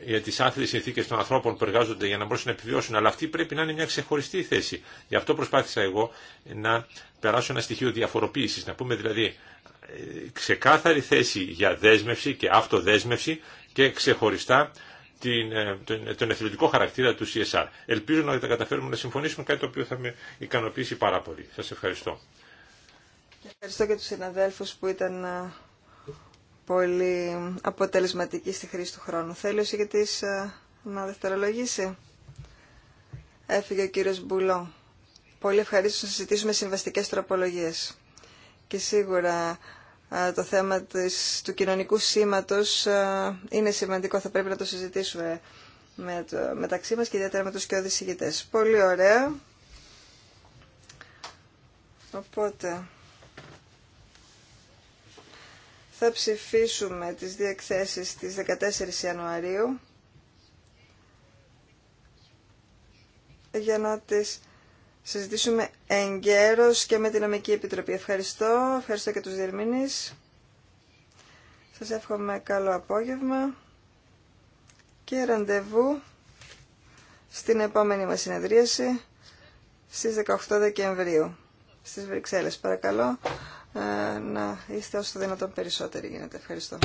για τι άθλιε συνθήκες των ανθρώπων που εργάζονται για να μπορούν να επιβιώσουν, αλλά αυτή πρέπει να είναι μια ξεχωριστή θέση. Γι' αυτό προσπάθησα εγώ να περάσω ένα στοιχείο διαφοροποίηση. να πούμε δηλαδή ε, ξεκάθαρη θέση για δέσμευση και αυτοδέσμευση και ξεχωριστά την, ε, τον, τον εθελοντικό χαρακτήρα του CSR. Ελπίζω να τα καταφέρουμε να συμφωνήσουμε, κάτι το οποίο θα με ικανοποιήσει πάρα πολύ. Σα ευχαριστώ. Ευχαριστώ και τους συναδέλφου που ήταν ε, πολύ αποτελεσματική στη χρήση του χρόνου. Θέλει ο συγκεκριτής ε, να δευτερολογήσει. Έφυγε ο κύριος Μπουλό. Πολύ ευχαρίστω να συζητήσουμε συμβαστικές τροπολογίες. Και σίγουρα ε, το θέμα της, του κοινωνικού σήματος ε, είναι σημαντικό. Θα πρέπει να το συζητήσουμε με το, μεταξύ μας και ιδιαίτερα με τους και ηγητές. Πολύ ωραία. Οπότε... θα ψηφίσουμε τις διεκθέσεις της 14 Ιανουαρίου για να τις συζητήσουμε εγκαίρως και με την Νομική Επιτροπή. Ευχαριστώ, ευχαριστώ και τους διερμηνείς. Σας εύχομαι καλό απόγευμα και ραντεβού στην επόμενη μας συνεδρίαση στις 18 Δεκεμβρίου στις Βρυξέλλες. Παρακαλώ. Ε, να είστε όσο δυνατόν περισσότεροι γίνεται. Ευχαριστώ.